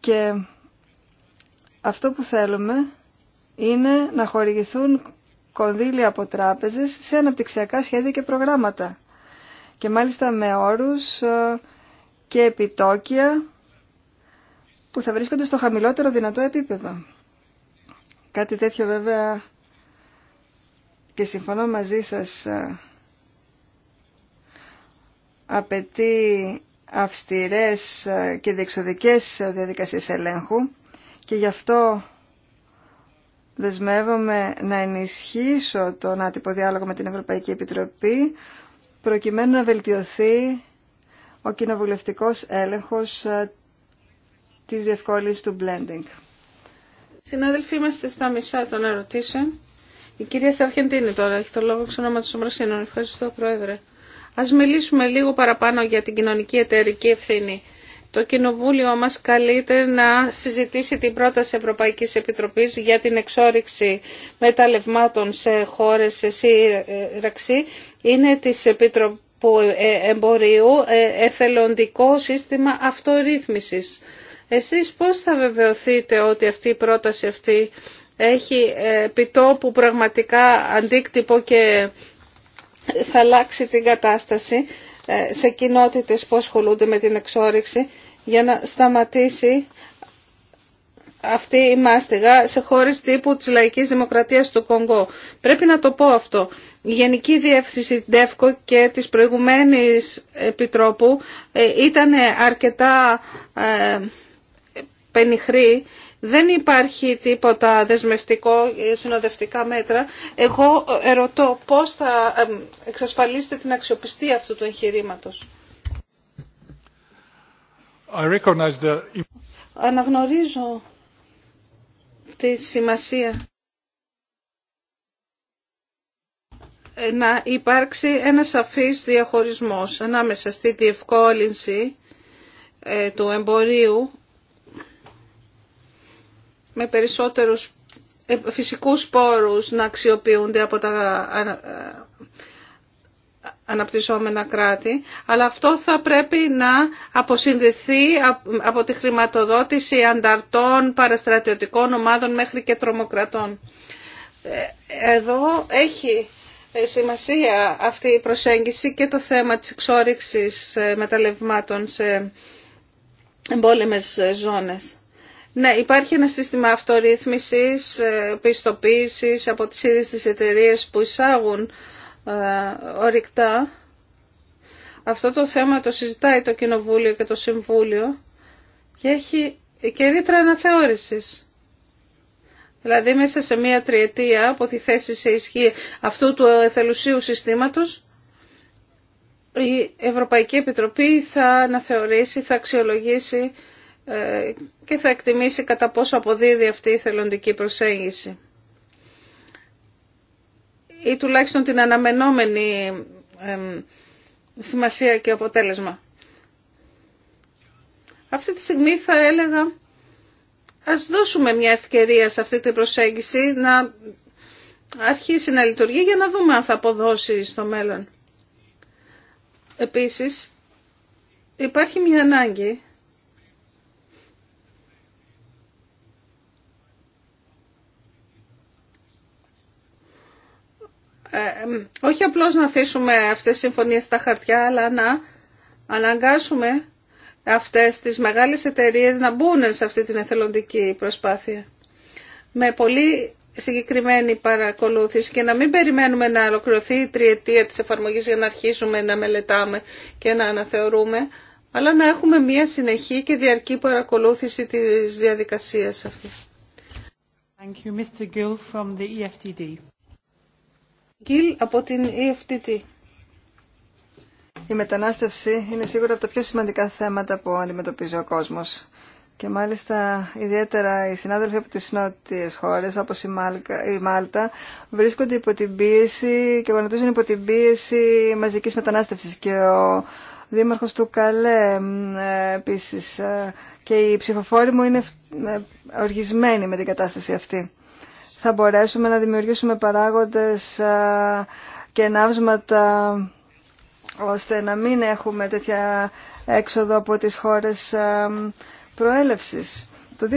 Και αυτό που θέλουμε είναι να χορηγηθούν κονδύλια από τράπεζες σε αναπτυξιακά σχέδια και προγράμματα και μάλιστα με όρους ε, και επιτόκια που θα βρίσκονται στο χαμηλότερο δυνατό επίπεδο. Κάτι τέτοιο βέβαια και συμφωνώ μαζί σας ε, απαιτεί αυστηρές ε, και διεξοδικές διαδικασίες ελέγχου και γι' αυτό δεσμεύομαι να ενισχύσω τον άτυπο διάλογο με την Ευρωπαϊκή Επιτροπή προκειμένου να βελτιωθεί ο κοινοβουλευτικός έλεγχος ε, της διευκόλυνσης του blending. Συνάδελφοι, είμαστε στα μισά των ερωτήσεων. Η κυρία Σαρχεντίνη τώρα έχει το λόγο εξ ονόματος των Πρασίνων. Ευχαριστώ, Πρόεδρε. Ας μιλήσουμε λίγο παραπάνω για την κοινωνική εταιρική ευθύνη. Το Κοινοβούλιο μας καλείται να συζητήσει την πρόταση Ευρωπαϊκής Επιτροπής για την εξόριξη μεταλλευμάτων σε χώρες σε σύραξη είναι της Επιτροπού ε, Εμπορίου ε, εθελοντικό σύστημα αυτορύθμισης. Εσείς πώς θα βεβαιωθείτε ότι αυτή η πρόταση αυτή έχει ε, που πραγματικά αντίκτυπο και θα αλλάξει την κατάσταση σε κοινότητες που ασχολούνται με την εξόριξη για να σταματήσει αυτή η μάστιγα σε χώρες τύπου της λαϊκής δημοκρατίας του Κονγκό. Πρέπει να το πω αυτό. Η Γενική Διεύθυνση ΔΕΦΚΟ και της προηγουμένης Επιτρόπου ε, ήταν αρκετά ε, πενιχρή. Δεν υπάρχει τίποτα δεσμευτικό, ε, συνοδευτικά μέτρα. Εγώ ερωτώ πώς θα εξασφαλίσετε την αξιοπιστία αυτού του εγχειρήματο. Αναγνωρίζω τη σημασία να υπάρξει ένα σαφής διαχωρισμός ανάμεσα στη διευκόλυνση ε, του εμπορίου με περισσότερους ε, φυσικούς πόρους να αξιοποιούνται από τα ε, αναπτυσσόμενα κράτη, αλλά αυτό θα πρέπει να αποσυνδεθεί από τη χρηματοδότηση ανταρτών, παραστρατιωτικών ομάδων μέχρι και τρομοκρατών. Εδώ έχει ε, σημασία αυτή η προσέγγιση και το θέμα της εξόριξης ε, μεταλλευμάτων σε εμπόλεμες ζώνες. Ναι, υπάρχει ένα σύστημα αυτορύθμισης, ε, πιστοποίησης από τις ίδιες τις εταιρείες που εισάγουν ορυκτά. Αυτό το θέμα το συζητάει το Κοινοβούλιο και το Συμβούλιο και έχει και ρήτρα αναθεώρησης Δηλαδή μέσα σε μία τριετία από τη θέση σε ισχύ αυτού του εθελουσίου συστήματος η Ευρωπαϊκή Επιτροπή θα αναθεωρήσει, θα αξιολογήσει ε, και θα εκτιμήσει κατά πόσο αποδίδει αυτή η θελοντική προσέγγιση ή τουλάχιστον την αναμενόμενη σημασία και αποτέλεσμα. Αυτή τη στιγμή θα έλεγα Ας δώσουμε μια ευκαιρία σε αυτή την προσέγγιση να αρχίσει να λειτουργεί για να δούμε αν θα αποδώσει στο μέλλον. Επίσης, υπάρχει μια ανάγκη ε, όχι απλώς να αφήσουμε αυτές τις συμφωνίες στα χαρτιά, αλλά να αναγκάσουμε αυτές τις μεγάλες εταιρείες να μπουν σε αυτή την εθελοντική προσπάθεια. Με πολύ συγκεκριμένη παρακολούθηση και να μην περιμένουμε να ολοκληρωθεί η τριετία της εφαρμογής για να αρχίσουμε να μελετάμε και να αναθεωρούμε, αλλά να έχουμε μια συνεχή και διαρκή παρακολούθηση της διαδικασίας αυτής. Thank e από την EFTD. Η μετανάστευση είναι σίγουρα από τα πιο σημαντικά θέματα που αντιμετωπίζει ο κόσμος. Και μάλιστα ιδιαίτερα οι συνάδελφοι από τι νότιε χώρες όπω η, Μάλτα βρίσκονται υπό την πίεση και γονατίζουν υπό την πίεση μαζική μετανάστευση και ο δήμαρχος του Καλέ ε, επίσης ε, και οι ψηφοφόροι μου είναι ε, οργισμένοι με την κατάσταση αυτή. Θα μπορέσουμε να δημιουργήσουμε παράγοντες και ναύσματα ώστε να μην έχουμε τέτοια έξοδο από τις χώρες ε, προέλευσης. Το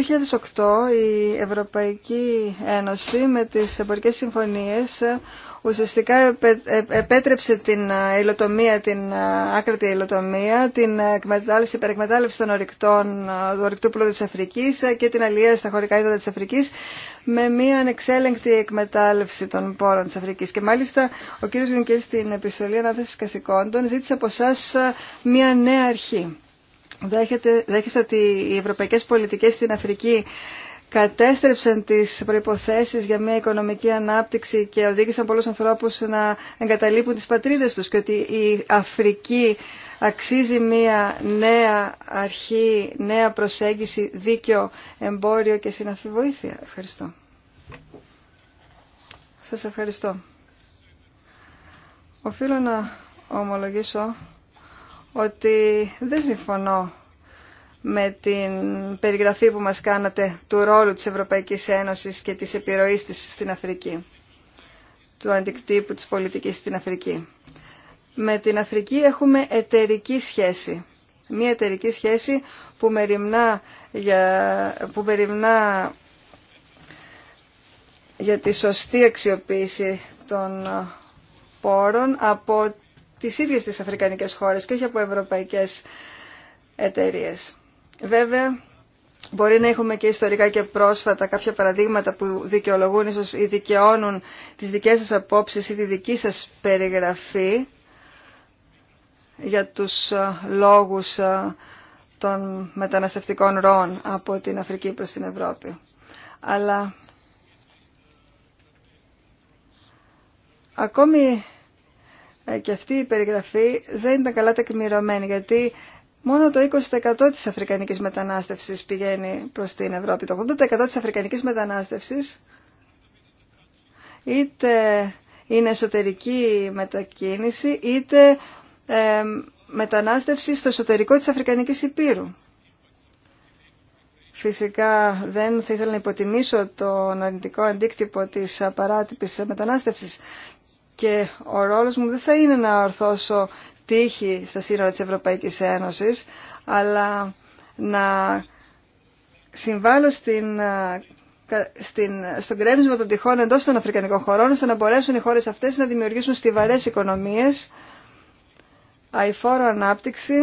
2008 η Ευρωπαϊκή Ένωση με τις εμπορικές συμφωνίες ουσιαστικά ε, επέτρεψε την ε, υλοτομία, την ε, άκρατη υλοτομία, την εκμετάλλευση, υπερεκμετάλλευση των ορυκτών, του ορυκτού πλούτου της Αφρικής και την αλληλεία στα χωρικά είδατα της Αφρικής με μια ανεξέλεγκτη εκμετάλλευση των πόρων της Αφρικής. Και μάλιστα ο κ. Γιουνκέλ στην επιστολή ανάθεσης καθηκόντων ζήτησε από εσά μια νέα αρχή. Δέχεστε ότι οι ευρωπαϊκές πολιτικές στην Αφρική κατέστρεψαν τις προϋποθέσεις για μια οικονομική ανάπτυξη και οδήγησαν πολλούς ανθρώπους να εγκαταλείπουν τις πατρίδες τους και ότι η Αφρική αξίζει μια νέα αρχή, νέα προσέγγιση, δίκαιο, εμπόριο και συναφή βοήθεια. Ευχαριστώ. Σας ευχαριστώ. Οφείλω να ομολογήσω ότι δεν συμφωνώ με την περιγραφή που μας κάνατε του ρόλου της Ευρωπαϊκής Ένωσης και της επιρροής της στην Αφρική, του αντικτύπου της πολιτικής στην Αφρική. Με την Αφρική έχουμε εταιρική σχέση. Μία εταιρική σχέση που μεριμνά για, που για τη σωστή αξιοποίηση των πόρων από τις ίδιες τις αφρικανικές χώρες και όχι από ευρωπαϊκές εταιρείες. Βέβαια, μπορεί να έχουμε και ιστορικά και πρόσφατα κάποια παραδείγματα που δικαιολογούν ίσως ή δικαιώνουν τις δικές σας απόψεις ή τη δική σας περιγραφή για τους ε, λόγους ε, των μεταναστευτικών ροών από την Αφρική προς την Ευρώπη. Αλλά ακόμη ε, και αυτή η περιγραφή δεν ήταν καλά τεκμηρωμένη γιατί Μόνο το 20% της αφρικανικής μετανάστευσης πηγαίνει προς την Ευρώπη. Το 80% της αφρικανικής μετανάστευσης είτε είναι εσωτερική μετακίνηση είτε ε, μετανάστευση στο εσωτερικό της Αφρικανικής Υπήρου. Φυσικά δεν θα ήθελα να υποτιμήσω τον αρνητικό αντίκτυπο της παράτυπης μετανάστευσης και ο ρόλος μου δεν θα είναι να ορθώσω τύχη στα σύνορα της Ευρωπαϊκής Ένωσης, αλλά να συμβάλλω στην, στην, στον κρέμισμα των τυχών εντός των Αφρικανικών χωρών, ώστε να μπορέσουν οι χώρες αυτές να δημιουργήσουν στιβαρές οικονομίες, αηφόρο ανάπτυξη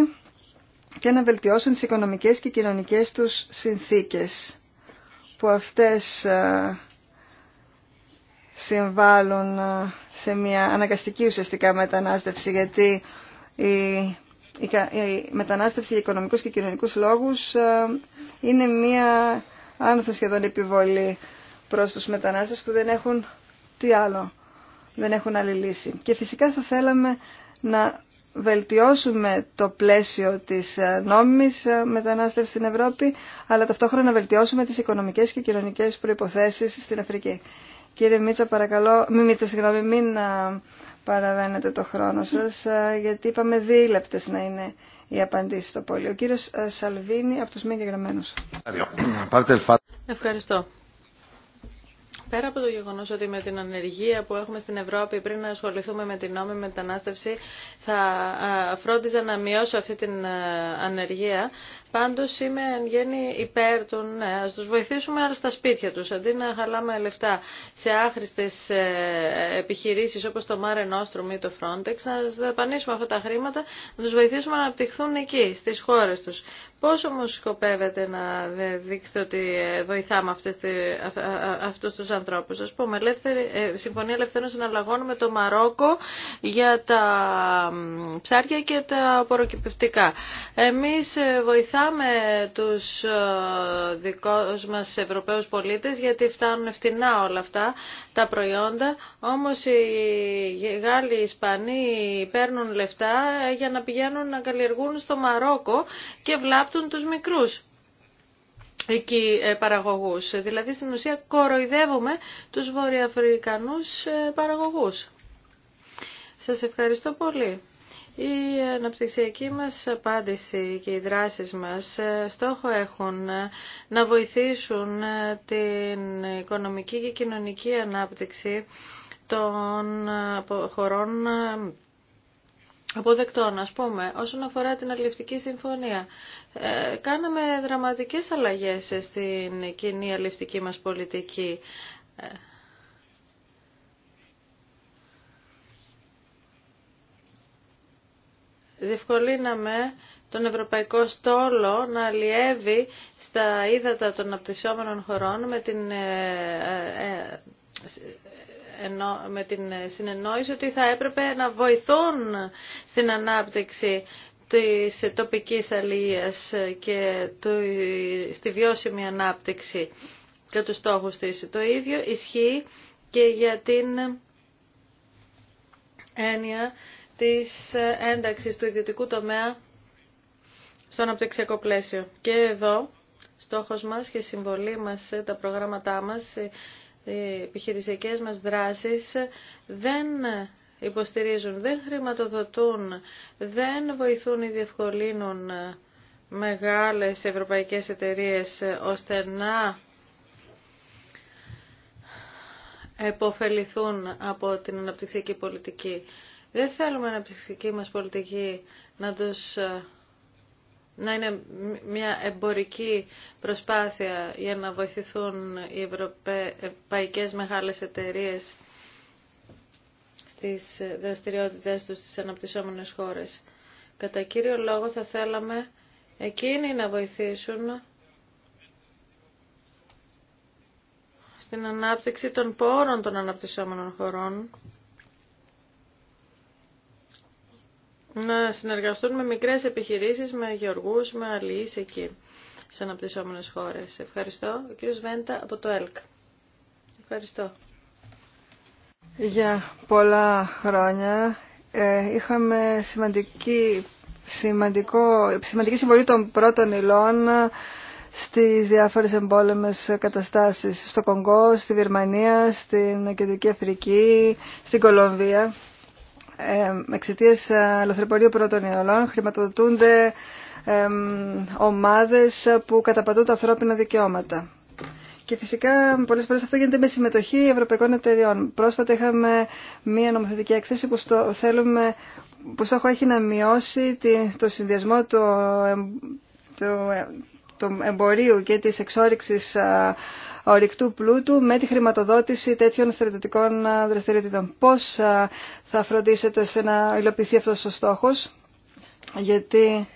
και να βελτιώσουν τις οικονομικές και κοινωνικές τους συνθήκες, που αυτές συμβάλλουν σε μια αναγκαστική ουσιαστικά μετανάστευση, γιατί η μετανάστευση για οικονομικούς και κοινωνικούς λόγους ε, είναι μία άνωθεν σχεδόν επιβολή προς τους μετανάστες που δεν έχουν τι άλλο, δεν έχουν άλλη λύση. Και φυσικά θα θέλαμε να βελτιώσουμε το πλαίσιο της ε, νόμιμης ε, μετανάστευσης στην Ευρώπη, αλλά ταυτόχρονα να βελτιώσουμε τις οικονομικές και κοινωνικές προϋποθέσεις στην Αφρική. Κύριε Μίτσα, παρακαλώ, μην Μίτσα, μην παραβαίνετε το χρόνο σας, ε, γιατί είπαμε δίλεπτες να είναι οι απαντήσεις στο πόλιο. Ο κύριος ε, Σαλβίνη από τους μη Ευχαριστώ. Πέρα από το γεγονό ότι με την ανεργία που έχουμε στην Ευρώπη πριν να ασχοληθούμε με την νόμιμη μετανάστευση θα ε, φρόντιζα να μειώσω αυτή την ανεργία, Πάντως είμαι εν γέννη υπέρ των, ναι, τους βοηθήσουμε αλλά στα σπίτια τους, αντί να χαλάμε λεφτά σε άχρηστες ε, επιχειρήσεις όπως το Mare Nostrum ή το Frontex, να δαπανίσουμε αυτά τα χρήματα, να τους βοηθήσουμε να αναπτυχθούν εκεί, στις χώρες τους. Πώ όμω σκοπεύετε να δείξετε ότι ε, βοηθάμε αυτού αυτούς τους ανθρώπους. πούμε, ελεύθερη, ε, Συμφωνία Ελευθερών Συναλλαγών με το Μαρόκο για τα ψάρια και τα απορροκυπευτικά. Εμείς βοηθάμε βοηθάμε τους ε, δικούς μας Ευρωπαίους πολίτες γιατί φτάνουν φτηνά όλα αυτά τα προϊόντα, όμως οι Γάλλοι, οι Ισπανοί παίρνουν λεφτά ε, για να πηγαίνουν να καλλιεργούν στο Μαρόκο και βλάπτουν τους μικρούς εκεί ε, παραγωγούς. Δηλαδή στην ουσία κοροϊδεύουμε τους βορειοαφρικανούς παραγωγούς. Σας ευχαριστώ πολύ. Η αναπτυξιακή μας απάντηση και οι δράσεις μας ε, στόχο έχουν να βοηθήσουν ε, την οικονομική και κοινωνική ανάπτυξη των ε, χωρών αποδεκτών. Ας πούμε, όσον αφορά την αλληλευτική συμφωνία, κάναμε δραματικές αλλαγές στην κοινή αλληλευτική μας πολιτική. διευκολύναμε τον Ευρωπαϊκό Στόλο να αλλιεύει στα ύδατα των απτυσσόμενων χωρών με την, ε, ε, ε, με την συνεννόηση ότι θα έπρεπε να βοηθούν στην ανάπτυξη της τοπικής αλίας και του, στη βιώσιμη ανάπτυξη και του στόχου της. Το ίδιο ισχύει και για την έννοια της ένταξης του ιδιωτικού τομέα στο αναπτυξιακό πλαίσιο. Και εδώ στόχος μας και συμβολή μας, τα προγράμματά μας, οι επιχειρησιακές μας δράσεις δεν υποστηρίζουν, δεν χρηματοδοτούν, δεν βοηθούν ή διευκολύνουν μεγάλες ευρωπαϊκές εταιρείες ώστε να εποφεληθούν από την αναπτυξιακή πολιτική. Δεν θέλουμε να ψυχική μας πολιτική να τους ε, να είναι μια εμπορική προσπάθεια για να βοηθηθούν οι ευρωπαϊκές μεγάλες εταιρείες στις δραστηριότητες τους στις αναπτυσσόμενες χώρες. Κατά κύριο λόγο θα θέλαμε εκείνοι να βοηθήσουν στην ανάπτυξη των πόρων των αναπτυσσόμενων χωρών να συνεργαστούν με μικρές επιχειρήσεις, με γεωργούς, με αλληλείς εκεί, σε αναπτυσσόμενες χώρες. Ευχαριστώ. Ο κ. Βέντα από το ΕΛΚ. Ευχαριστώ. Για πολλά χρόνια ε, είχαμε σημαντική, σημαντικό, σημαντική συμβολή των πρώτων υλών ε, στις διάφορες εμπόλεμες καταστάσεις στο Κονγκό, στη Βιρμανία, στην Κεντρική Αφρική, στην Κολομβία εξαιτίας ε, λαθρεπορείου πρώτων ιολών χρηματοδοτούνται ομάδες που καταπατούν τα ανθρώπινα δικαιώματα. Και φυσικά πολλέ φορέ αυτό γίνεται με συμμετοχή ευρωπαϊκών εταιριών. Πρόσφατα είχαμε μία νομοθετική έκθεση που, στο, θέλουμε, που στόχο έχει να μειώσει το συνδυασμό του, το το ε, εμπορίου και της εξόριξης ορυκτού πλούτου με τη χρηματοδότηση τέτοιων στρατιωτικών ε, δραστηριοτήτων. Πώς ε, θα φροντίσετε σε να υλοποιηθεί αυτός ο στόχος, γιατί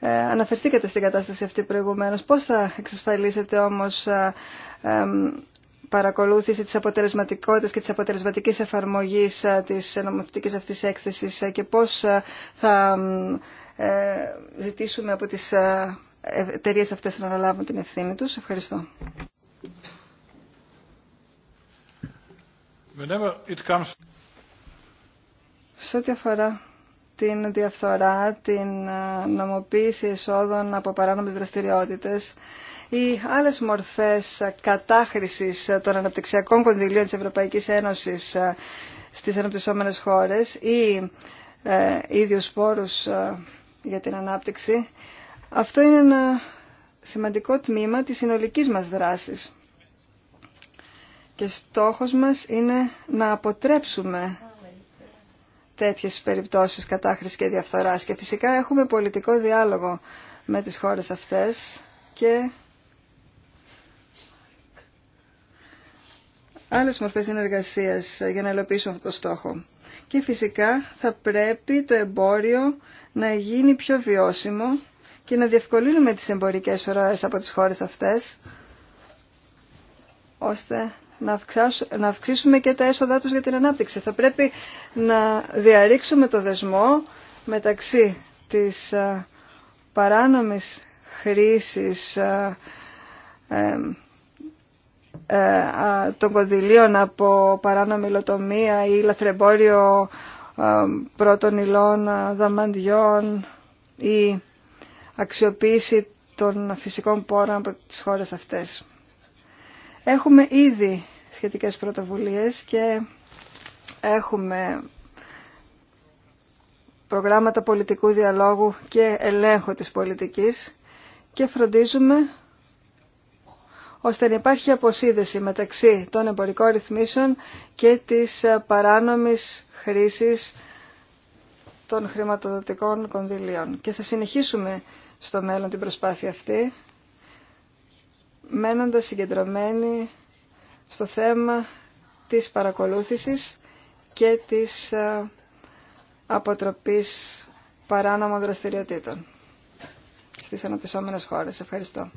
ε, αναφερθήκατε στην κατάσταση αυτή προηγουμένως. Πώς θα εξασφαλίσετε όμως παρακολούθηση της αποτελεσματικότητας και της αποτελεσματικής εφαρμογής της νομοθετικής αυτής έκθεσης και πώς θα ζητήσουμε από τις εταιρείε αυτές να αναλάβουν την ευθύνη τους. Ευχαριστώ. Σε ό,τι αφορά την διαφθορά, την ε, νομοποίηση εσόδων από παράνομες δραστηριότητες ή άλλες μορφές κατάχρησης των αναπτυξιακών κονδυλίων της Ευρωπαϊκής Ένωσης ε, στις αναπτυσσόμενες χώρες ή ε, ίδιους πόρους ε, για την ανάπτυξη, αυτό είναι ένα σημαντικό τμήμα της συνολικής μας δράσης. Και στόχος μας είναι να αποτρέψουμε τέτοιες περιπτώσεις κατάχρησης και διαφθοράς. Και φυσικά έχουμε πολιτικό διάλογο με τις χώρες αυτές και άλλες μορφές συνεργασίας για να ελοπίσουμε αυτό το στόχο. Και φυσικά θα πρέπει το εμπόριο να γίνει πιο βιώσιμο και να διευκολύνουμε τις εμπορικές ροές από τις χώρες αυτές, ώστε να αυξήσουμε και τα έσοδά τους για την ανάπτυξη. Θα πρέπει να διαρρήξουμε το δεσμό μεταξύ της ε, παράνομης χρήσης ε, ε, των κονδυλίων από παράνομη λοτομία ή λαθρεμπόριο πρώτων υλών, δαμαντιών ή αξιοποίηση των φυσικών πόρων από τις χώρες αυτές. Έχουμε ήδη σχετικές πρωτοβουλίες και έχουμε προγράμματα πολιτικού διαλόγου και ελέγχου της πολιτικής και φροντίζουμε ώστε να υπάρχει αποσύνδεση μεταξύ των εμπορικών ρυθμίσεων και της παράνομης χρήσης των χρηματοδοτικών κονδυλίων. Και θα συνεχίσουμε στο μέλλον την προσπάθεια αυτή, μένοντας συγκεντρωμένοι στο θέμα της παρακολούθησης και της ε, αποτροπής παράνομων δραστηριοτήτων στις αναπτυσσόμενες χώρες. Ευχαριστώ.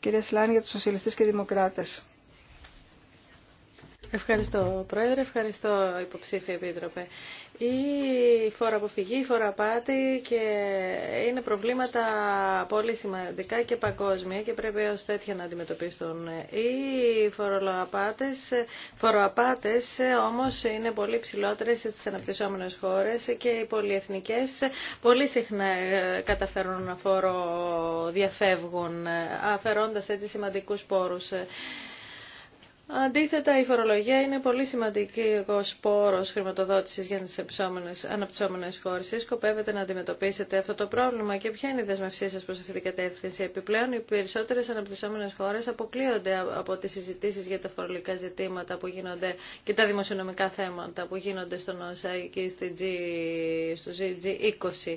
Κυρία Σλάνη για τους σοσιαλιστές και δημοκράτες. Ευχαριστώ, Πρόεδρε. Ευχαριστώ, Υποψήφια Επίτροπε. Η φορά αποφυγή, η φορά και είναι προβλήματα πολύ σημαντικά και παγκόσμια και πρέπει ως τέτοια να αντιμετωπίσουν. Οι φοροαπάτες, φοροαπάτες όμως είναι πολύ ψηλότερες στις αναπτυσσόμενες χώρες και οι πολυεθνικές πολύ συχνά ε, καταφέρουν να φοροδιαφεύγουν αφαιρώντας έτσι σημαντικούς πόρους. Αντίθετα, η φορολογία είναι πολύ σημαντική πόρο χρηματοδότηση για τι αναπτυσσόμενε χώρε. Σκοπεύετε να αντιμετωπίσετε αυτό το πρόβλημα και ποια είναι η δεσμευσή σα προ αυτή την κατεύθυνση. Επιπλέον, οι περισσότερε αναπτυσσόμενε χώρε αποκλείονται από τι συζητήσει για τα φορολογικά ζητήματα που γίνονται και τα δημοσιονομικά θέματα που γίνονται στον ΩΣΑ και στο G20.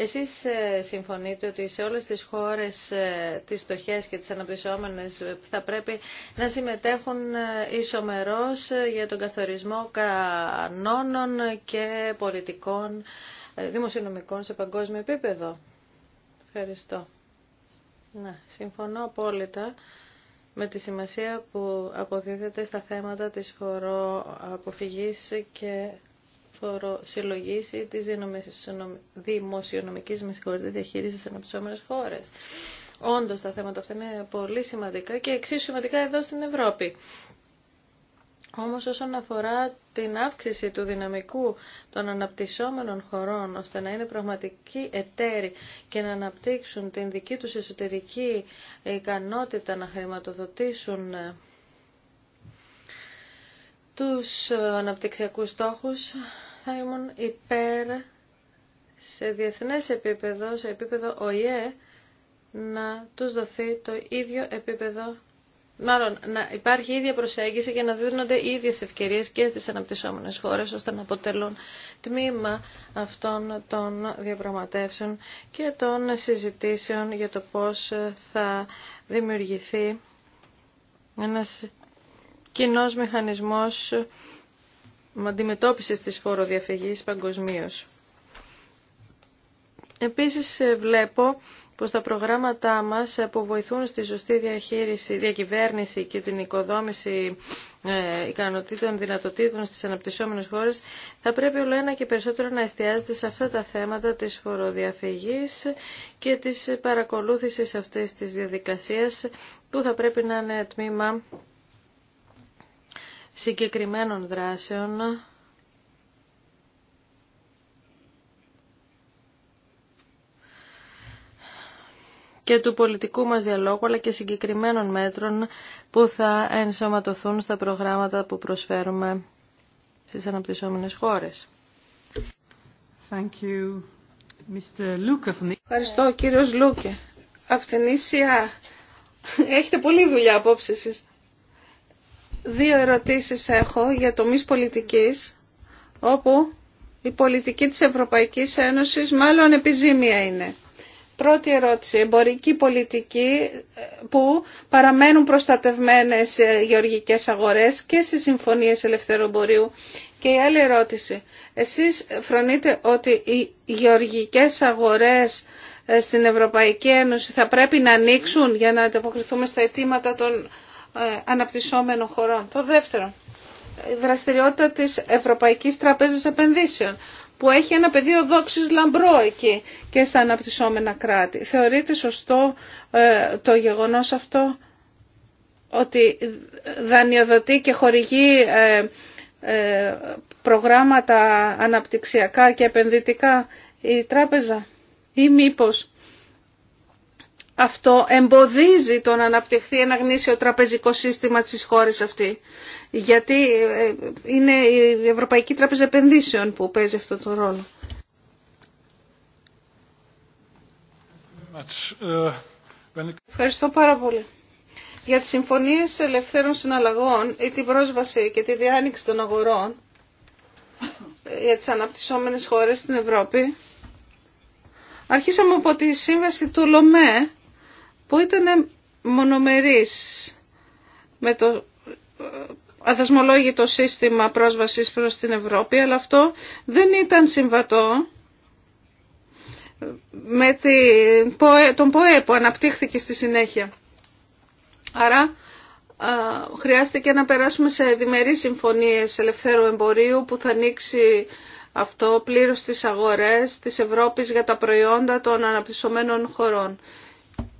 Εσείς ε, συμφωνείτε ότι σε όλες τις χώρες ε, τις στοχές και τις αναπτυσσόμενες θα πρέπει να συμμετέχουν ε, ισομερώς για τον καθορισμό κανόνων και πολιτικών δημοσιονομικών σε παγκόσμιο επίπεδο. Ευχαριστώ. Να, συμφωνώ απόλυτα με τη σημασία που αποδίδεται στα θέματα της φοροαποφυγής και φοροσυλλογήσει τη της διαχείριση με χώρε. Όντω τα θέματα αυτά είναι πολύ σημαντικά και εξίσου σημαντικά εδώ στην Ευρώπη. Όμως όσον αφορά την αύξηση του δυναμικού των αναπτυσσόμενων χωρών ώστε να είναι πραγματικοί εταίροι και να αναπτύξουν την δική τους εσωτερική ικανότητα να χρηματοδοτήσουν ε, τους αναπτυξιακούς στόχους θα ήμουν υπέρ σε διεθνές επίπεδο, σε επίπεδο ΟΗΕ, να τους δοθεί το ίδιο επίπεδο Μάλλον να υπάρχει ίδια προσέγγιση και να δίνονται οι ίδιες ευκαιρίες και στις αναπτυσσόμενες χώρες ώστε να αποτελούν τμήμα αυτών των διαπραγματεύσεων και των συζητήσεων για το πώς θα δημιουργηθεί ένας κοινός μηχανισμός αντιμετώπισης της φοροδιαφυγής παγκοσμίω. Επίσης ε, βλέπω πως τα προγράμματά μας ε, που βοηθούν στη σωστή διαχείριση, διακυβέρνηση και την οικοδόμηση ε, ικανοτήτων, δυνατοτήτων στις αναπτυσσόμενες χώρες θα πρέπει όλο και περισσότερο να εστιάζεται σε αυτά τα θέματα της φοροδιαφυγής και της παρακολούθησης αυτής της διαδικασίας που θα πρέπει να είναι τμήμα συγκεκριμένων δράσεων και του πολιτικού μας διαλόγου αλλά και συγκεκριμένων μέτρων που θα ενσωματωθούν στα προγράμματα που προσφέρουμε στις αναπτυσσόμενες χώρες. Thank you. Mr. Ευχαριστώ κύριος Λούκε. Από την Ίσια έχετε πολλή δουλειά απόψε εσείς. Δύο ερωτήσεις έχω για μής πολιτικής, όπου η πολιτική της Ευρωπαϊκής Ένωσης μάλλον επιζήμια είναι. Πρώτη ερώτηση, εμπορική πολιτική ε, που παραμένουν προστατευμένες ε, γεωργικές αγορές και στις συμφωνίες ελευθεροπορίου. Και η άλλη ερώτηση, εσείς φρονείτε ότι οι γεωργικές αγορές ε, στην Ευρωπαϊκή Ένωση θα πρέπει να ανοίξουν για να ανταποκριθούμε στα αιτήματα των ε, αναπτυσσόμενων χωρών. Το δεύτερο, η δραστηριότητα της Ευρωπαϊκής Τραπέζας Επενδύσεων που έχει ένα πεδίο δόξης λαμπρό εκεί και στα αναπτυσσόμενα κράτη. Θεωρείται σωστό ε, το γεγονός αυτό ότι δανειοδοτεί και χορηγεί ε, προγράμματα αναπτυξιακά και επενδυτικά η τράπεζα ή μήπως αυτό εμποδίζει το να αναπτυχθεί ένα γνήσιο τραπεζικό σύστημα της χώρας αυτή. Γιατί ε, είναι η Ευρωπαϊκή Τράπεζα Επενδύσεων που παίζει αυτό τον ρόλο. Ευχαριστώ πάρα πολύ. Για τις συμφωνίες ελευθέρων συναλλαγών ή την πρόσβαση και τη διάνοιξη των αγορών ε, για τις αναπτυσσόμενες χώρες στην Ευρώπη, αρχίσαμε από τη σύμβαση του ΛΟΜΕ που ήταν μονομερής με το ε, το σύστημα πρόσβασης προς την Ευρώπη, αλλά αυτό δεν ήταν συμβατό με τον ΠΟΕ που αναπτύχθηκε στη συνέχεια. Άρα ε, χρειάστηκε να περάσουμε σε διμερεί συμφωνίες ελευθέρου εμπορίου που θα ανοίξει αυτό πλήρως στις αγορές της Ευρώπης για τα προϊόντα των αναπτυσσομένων χωρών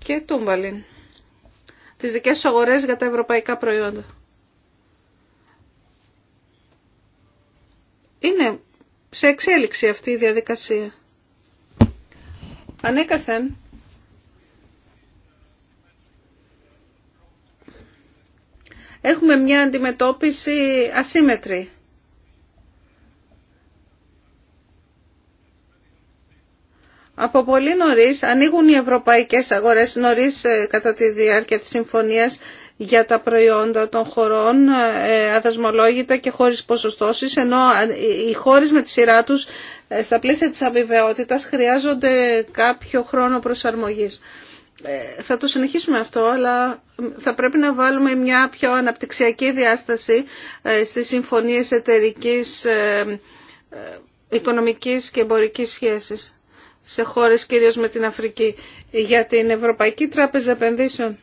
και Τούμπαλιν. Τις δικές τους αγορές για τα ευρωπαϊκά προϊόντα. Είναι σε εξέλιξη αυτή η διαδικασία. Ανέκαθεν, έχουμε μια αντιμετώπιση ασύμετρη από πολύ νωρίς ανοίγουν οι ευρωπαϊκές αγορές νωρίς ε, κατά τη διάρκεια της συμφωνίας για τα προϊόντα των χωρών ε, αδασμολόγητα και χωρίς ποσοστώσεις, ενώ ε, οι χώρες με τη σειρά τους στα πλαίσια της αμοιβαιότητας χρειάζονται κάποιο χρόνο προσαρμογής. Θα το συνεχίσουμε αυτό, αλλά θα πρέπει να βάλουμε μια πιο αναπτυξιακή διάσταση στις συμφωνίες εταιρικής, οικονομικής και εμπορικής σχέσης σε χώρες κυρίως με την Αφρική. Για την Ευρωπαϊκή Τράπεζα Επενδύσεων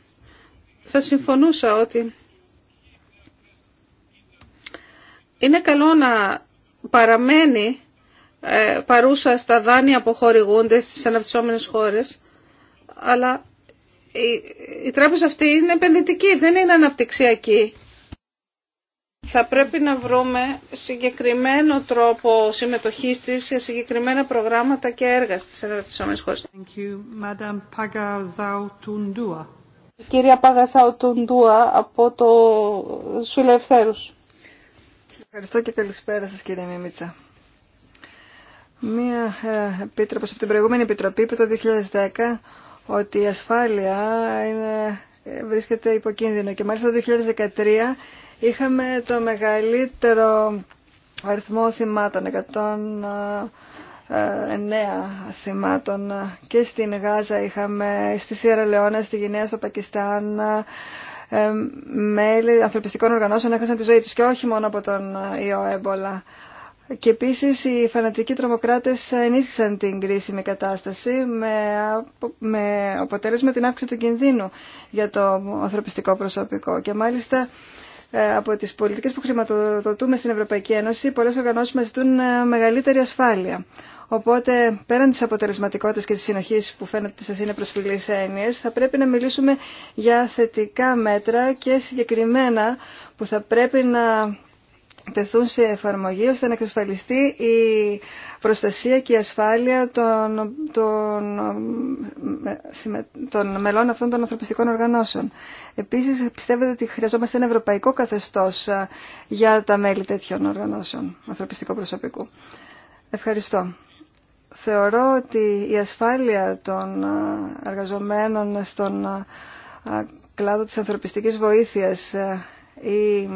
θα συμφωνούσα ότι είναι καλό να παραμένει ε, παρούσα στα δάνεια που χορηγούνται στις αναπτυσσόμενες χώρες, αλλά η, τράπεζα αυτή είναι επενδυτική, δεν είναι αναπτυξιακή θα πρέπει να βρούμε συγκεκριμένο τρόπο συμμετοχής της σε συγκεκριμένα προγράμματα και έργα στις εργατισόμενες χώρες. Thank κυρία Παγασάου Τουντούα από το Σουλευθέρους. Ευχαριστώ και καλησπέρα σας κύριε Μιμίτσα. Μία ε, επίτροπος από την προηγούμενη επιτροπή είπε το 2010 ότι η ασφάλεια είναι, ε, βρίσκεται υποκίνδυνο και μάλιστα το 2013 είχαμε το μεγαλύτερο αριθμό θυμάτων, 109 θυμάτων και στην Γάζα είχαμε, στη Σιέρα Λεώνα, στη Γινέα, στο Πακιστάν, ε, μέλη ανθρωπιστικών οργανώσεων έχασαν τη ζωή τους και όχι μόνο από τον ιό έμπολα. Και επίσης οι φανατικοί τρομοκράτες ενίσχυσαν την κρίσιμη κατάσταση με, με αποτέλεσμα την αύξηση του κινδύνου για το ανθρωπιστικό προσωπικό. Και μάλιστα ε, από τις πολιτικές που χρηματοδοτούμε στην Ευρωπαϊκή Ένωση, πολλές οργανώσεις μας ζητούν ε, μεγαλύτερη ασφάλεια. Οπότε, πέραν της αποτελεσματικότητας και της συνοχής που φαίνεται ότι σας είναι προσφυλής έννοιες, θα πρέπει να μιλήσουμε για θετικά μέτρα και συγκεκριμένα που θα πρέπει να τεθούν σε εφαρμογή ώστε να εξασφαλιστεί η προστασία και η ασφάλεια των, των, μελών αυτών των ανθρωπιστικών οργανώσεων. Επίσης πιστεύετε ότι χρειαζόμαστε ένα ευρωπαϊκό καθεστώς ε, για τα μέλη τέτοιων οργανώσεων ανθρωπιστικού προσωπικού. Ευχαριστώ. Θεωρώ ότι η ασφάλεια των ε, εργαζομένων στον ε, κλάδο της ανθρωπιστικής βοήθειας ή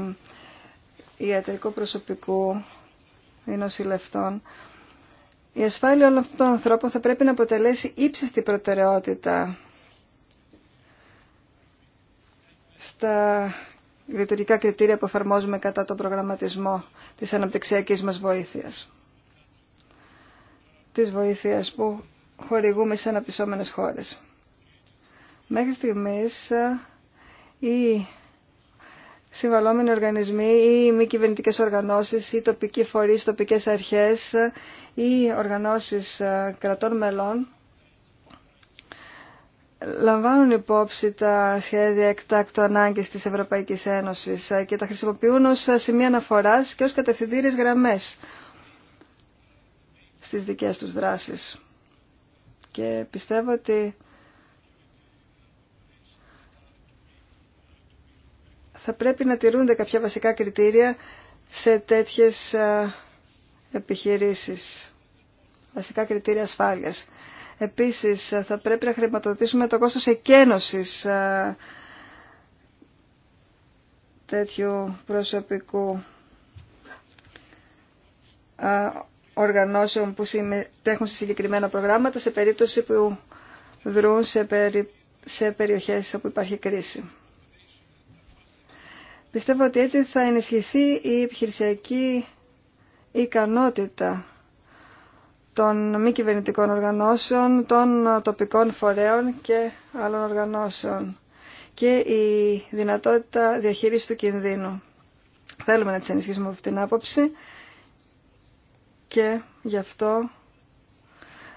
ιατρικού προσωπικού, η νοσηλευτών, η ασφάλεια όλων αυτών των ανθρώπων θα πρέπει να αποτελέσει ύψιστη προτεραιότητα στα λειτουργικά κριτήρια που εφαρμόζουμε κατά τον προγραμματισμό της αναπτυξιακής μας βοήθειας. Της βοήθειας που χορηγούμε σε αναπτυσσόμενες χώρες. Μέχρι στιγμής η συμβαλόμενοι οργανισμοί ή μη κυβερνητικές οργανώσεις ή τοπικοί φορείς, τοπικές αρχές ή οργανώσεις ε, κρατών μελών λαμβάνουν υπόψη τα σχέδια εκτάκτου ανάγκης της Ευρωπαϊκής Ένωσης ε, και τα χρησιμοποιούν ως ε, σημεία αναφοράς και ως κατευθυντήριες γραμμές στις δικές τους δράσεις. Και πιστεύω ότι θα πρέπει να τηρούνται κάποια βασικά κριτήρια σε τέτοιες επιχειρήσεις, βασικά κριτήρια ασφάλειας. Επίσης, θα πρέπει να χρηματοδοτήσουμε το κόστος εκένωσης τέτοιου προσωπικού οργανώσεων που συμμετέχουν σε συγκεκριμένα προγράμματα σε περίπτωση που δρούν σε περιοχές όπου υπάρχει κρίση. Πιστεύω ότι έτσι θα ενισχυθεί η επιχειρησιακή ικανότητα των μη κυβερνητικών οργανώσεων, των τοπικών φορέων και άλλων οργανώσεων και η δυνατότητα διαχείρισης του κινδύνου. Θέλουμε να τις ενισχύσουμε από αυτήν την άποψη και γι' αυτό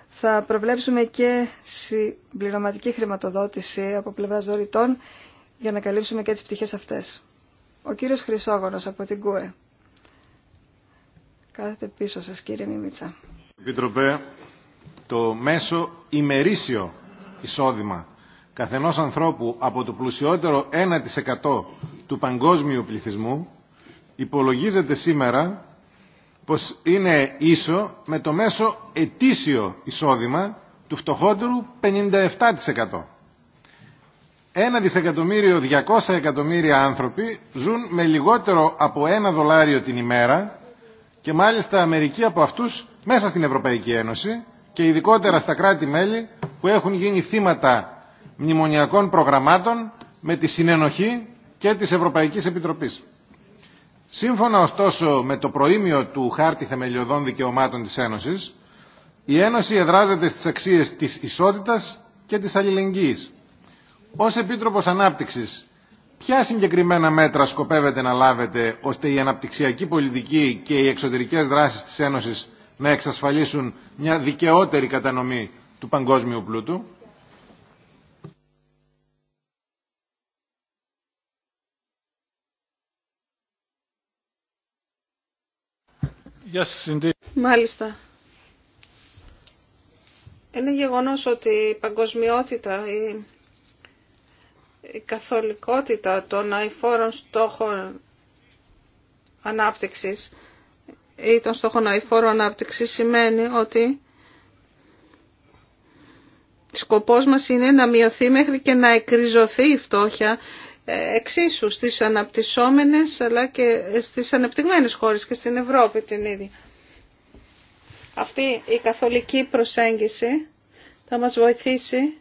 θα προβλέψουμε και συμπληρωματική χρηματοδότηση από πλευράς δωρητών για να καλύψουμε και τις πτυχές αυτές. Ο κύριος Χρυσόγονος από την ΚΟΕ. Κάθετε πίσω σας κύριε Μιμίτσα. Επιτροπέ, το μέσο ημερήσιο εισόδημα καθενός ανθρώπου από το πλουσιότερο 1% του παγκόσμιου πληθυσμού υπολογίζεται σήμερα πως είναι ίσο με το μέσο ετήσιο εισόδημα του φτωχότερου 57%. Ένα δισεκατομμύριο 200 εκατομμύρια άνθρωποι ζουν με λιγότερο από ένα δολάριο την ημέρα και μάλιστα μερικοί από αυτούς μέσα στην Ευρωπαϊκή Ένωση και ειδικότερα στα κράτη-μέλη που έχουν γίνει θύματα μνημονιακών προγραμμάτων με τη συνενοχή και της Ευρωπαϊκής Επιτροπής. Σύμφωνα ωστόσο με το προήμιο του Χάρτη Θεμελιωδών Δικαιωμάτων της Ένωσης, η Ένωση εδράζεται στις αξίες της ισότητας και της αλληλεγγύης. Ως Επίτροπος Ανάπτυξης, ποια συγκεκριμένα μέτρα σκοπεύετε να λάβετε ώστε η αναπτυξιακή πολιτική και οι εξωτερικές δράσεις της Ένωσης να εξασφαλίσουν μια δικαιότερη κατανομή του παγκόσμιου πλούτου. Μάλιστα. Είναι γεγονός ότι η παγκοσμιότητα, η η καθολικότητα των αηφόρων στόχων ανάπτυξης ή των στόχων αηφόρων ανάπτυξης σημαίνει ότι σκοπός μας είναι να μειωθεί μέχρι και να εκριζωθεί η φτώχεια ε, εξίσου στις αναπτυσσόμενες αλλά και στις ανεπτυγμένες χώρες και στην Ευρώπη την ίδια. Αυτή η καθολική προσέγγιση θα μας βοηθήσει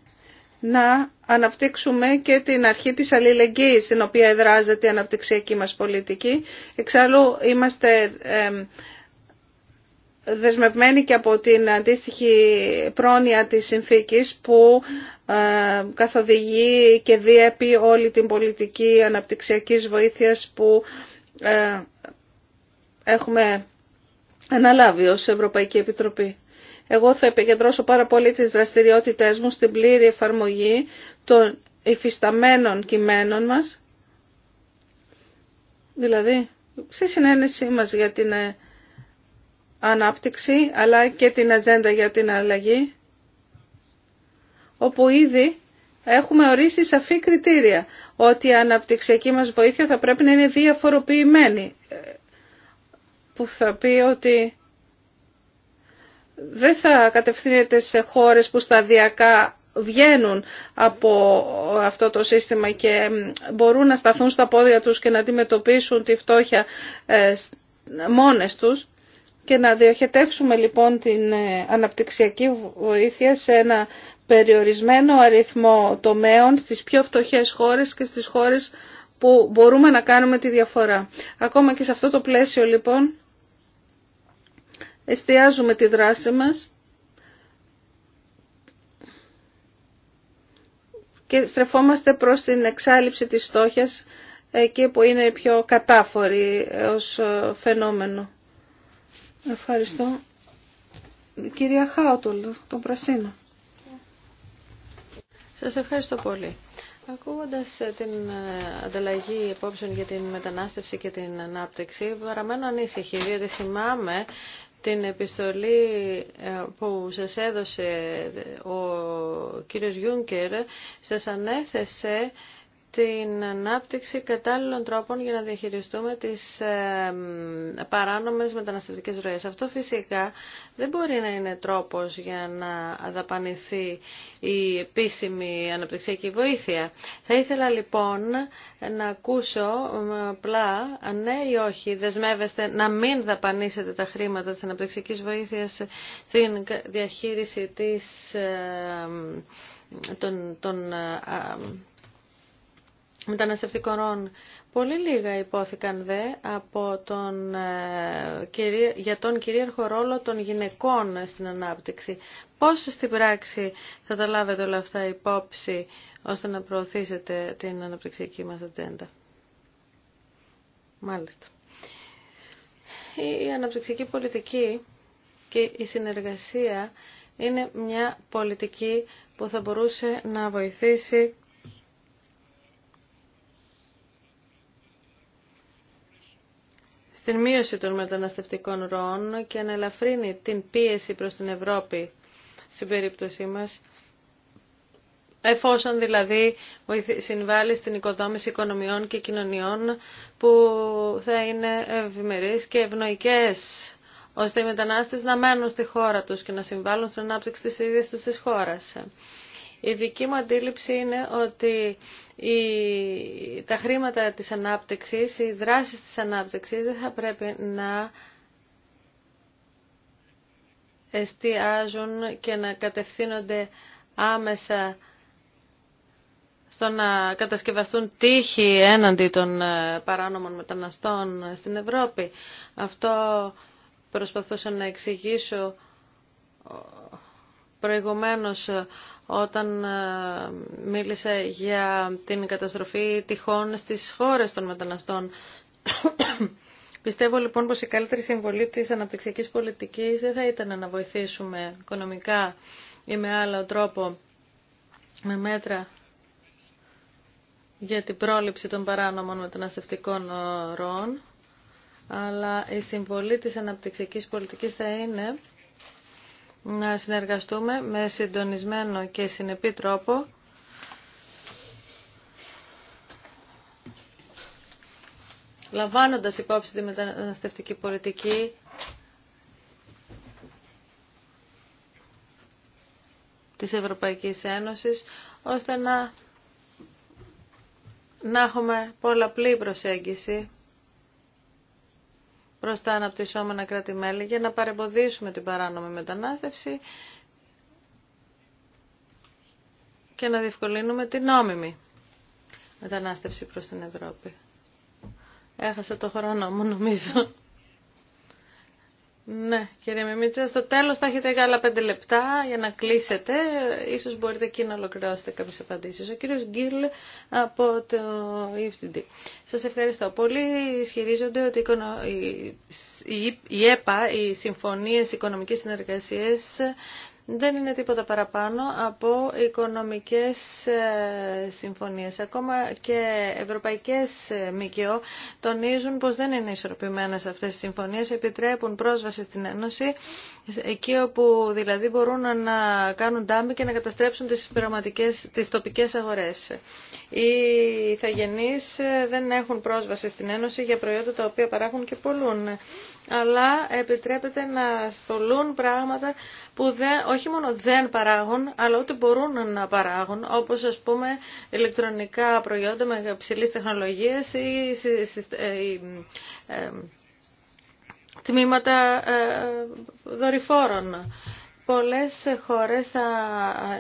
να αναπτύξουμε και την αρχή της αλληλεγγύης στην οποία εδράζεται η αναπτυξιακή μας πολιτική. Εξάλλου είμαστε δεσμευμένοι και από την αντίστοιχη πρόνοια της συνθήκης που ε, καθοδηγεί και διέπει όλη την πολιτική αναπτυξιακής βοήθειας που ε, έχουμε αναλάβει ως Ευρωπαϊκή Επιτροπή. Εγώ θα επικεντρώσω πάρα πολύ τις δραστηριότητές μου στην πλήρη εφαρμογή των υφισταμένων κειμένων μας, δηλαδή στη συνένεση μας για την ε, ανάπτυξη αλλά και την ατζέντα για την αλλαγή, όπου ήδη έχουμε ορίσει σαφή κριτήρια ότι η αναπτυξιακή μας βοήθεια θα πρέπει να είναι διαφοροποιημένη, που θα πει ότι δεν θα κατευθύνεται σε χώρες που σταδιακά βγαίνουν από αυτό το σύστημα και μπορούν να σταθούν στα πόδια τους και να αντιμετωπίσουν τη φτώχεια ε, μόνες τους και να διοχετεύσουμε λοιπόν την ε, αναπτυξιακή βοήθεια σε ένα περιορισμένο αριθμό τομέων στις πιο φτωχές χώρες και στις χώρες που μπορούμε να κάνουμε τη διαφορά. Ακόμα και σε αυτό το πλαίσιο λοιπόν εστιάζουμε τη δράση μας και στρεφόμαστε προς την εξάλληψη της φτώχειας εκεί που είναι πιο κατάφορη ε, ως ε, φαινόμενο. Ευχαριστώ. Κυρία Χάουτολ, τον Πρασίνο. Σας ευχαριστώ πολύ. Ακούγοντας ε, την ανταλλαγή υπόψεων για την μετανάστευση και την ανάπτυξη, παραμένω ανήσυχη, διότι θυμάμαι την επιστολή ε, που σας έδωσε ο κύριος Γιούνκερ, σας ανέθεσε την ανάπτυξη κατάλληλων τρόπων για να διαχειριστούμε τις παράνομες μεταναστευτικές ροές. Αυτό φυσικά δεν μπορεί να είναι τρόπος για να δαπανηθεί η επίσημη αναπτυξιακή βοήθεια. Θα ήθελα λοιπόν να ακούσω απλά ναι ή όχι δεσμεύεστε να μην δαπανίσετε τα χρήματα της αναπτυξιακής βοήθειας στην διαχείριση της, των, των μεταναστευτικών. Πολύ λίγα υπόθηκαν δε από τον, ε, για τον κυρίαρχο ρόλο των γυναικών στην ανάπτυξη. Πώς στην πράξη θα τα λάβετε όλα αυτά υπόψη ώστε να προωθήσετε την αναπτυξιακή μας ατζέντα. Μάλιστα. Η αναπτυξιακή πολιτική και η συνεργασία είναι μια πολιτική που θα μπορούσε να βοηθήσει στην μείωση των μεταναστευτικών ροών και να ελαφρύνει την πίεση προς την Ευρώπη στην περίπτωσή μας, εφόσον δηλαδή συμβάλλει στην οικοδόμηση οικονομιών και κοινωνιών που θα είναι ευημερείς και ευνοϊκές ώστε οι μετανάστες να μένουν στη χώρα τους και να συμβάλλουν στην ανάπτυξη της ίδιας τους της χώρας. Η δική μου αντίληψη είναι ότι τα χρήματα της ανάπτυξης, οι δράσεις της ανάπτυξης δεν θα πρέπει να εστιάζουν και να κατευθύνονται άμεσα στο να κατασκευαστούν τείχη έναντι των ε, παράνομων μεταναστών στην Ευρώπη. Αυτό προσπαθούσα να εξηγήσω προηγουμένως ε, όταν ε, μίλησε για την καταστροφή τυχών στις χώρες των μεταναστών. Πιστεύω λοιπόν πως η καλύτερη συμβολή της αναπτυξιακής πολιτικής δεν θα ήταν να βοηθήσουμε οικονομικά ή με άλλο τρόπο με μέτρα για την πρόληψη των παράνομων μεταναστευτικών ροών, αλλά η συμβολή της αναπτυξιακής πολιτικής θα είναι να συνεργαστούμε με συντονισμένο και συνεπή τρόπο λαμβάνοντας υπόψη τη μεταναστευτική πολιτική της Ευρωπαϊκής Ένωσης, ώστε να, να έχουμε πολλαπλή προσέγγιση προς τα αναπτυσσόμενα κράτη-μέλη για να παρεμποδίσουμε την παράνομη μετανάστευση και να διευκολύνουμε την νόμιμη μετανάστευση προς την Ευρώπη. Έχασα το χρόνο μου νομίζω. Ναι, κύριε Μιμίτσα, στο τέλος θα έχετε άλλα πέντε λεπτά για να κλείσετε. Ίσως μπορείτε εκεί να ολοκληρώσετε κάποιες απαντήσεις. Ο κύριος Γκίλ από το EFTD. Σας ευχαριστώ. Πολλοί ισχυρίζονται ότι η ΕΠΑ, οι Συμφωνίες Οικονομικής Συνεργασίας, δεν είναι τίποτα παραπάνω από οικονομικές ε, συμφωνίες. Ακόμα και ευρωπαϊκές ε, ΜΚΟ τονίζουν πως δεν είναι ισορροπημένες αυτές οι συμφωνίες, επιτρέπουν πρόσβαση στην Ένωση, εκεί όπου δηλαδή μπορούν να κάνουν τάμι και να καταστρέψουν τις, τις τοπικές αγορές. Οι ηθαγενείς ε, δεν έχουν πρόσβαση στην Ένωση για προϊόντα τα οποία παράγουν και πολλούν, αλλά επιτρέπεται να στολούν πράγματα που όχι μόνο δεν παράγουν, αλλά ούτε μπορούν να παράγουν, όπως ας πούμε ηλεκτρονικά προϊόντα με υψηλή τεχνολογία ή ε, ε, τμήματα ε, δορυφόρων. Πολλές χώρες θα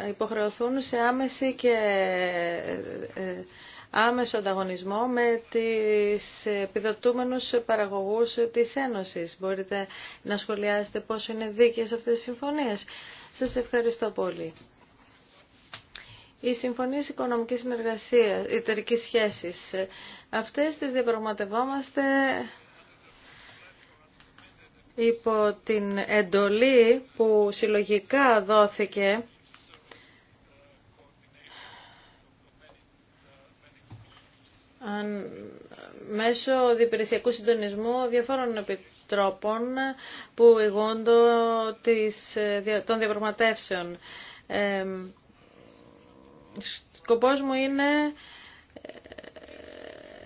υποχρεωθούν σε άμεση και άμεσο ανταγωνισμό με τις επιδοτούμενους παραγωγούς της Ένωσης. Μπορείτε να σχολιάσετε πόσο είναι δίκαιες αυτές οι συμφωνίες. Σας ευχαριστώ πολύ. Οι συμφωνίες οικονομικής συνεργασίας, εταιρικής σχέσεις, αυτές τις διαπραγματευόμαστε υπό την εντολή που συλλογικά δόθηκε μέσω διπηρεσιακού συντονισμού διαφόρων επιτρόπων που ηγούνται των διαπραγματεύσεων. Ε, σκοπός μου είναι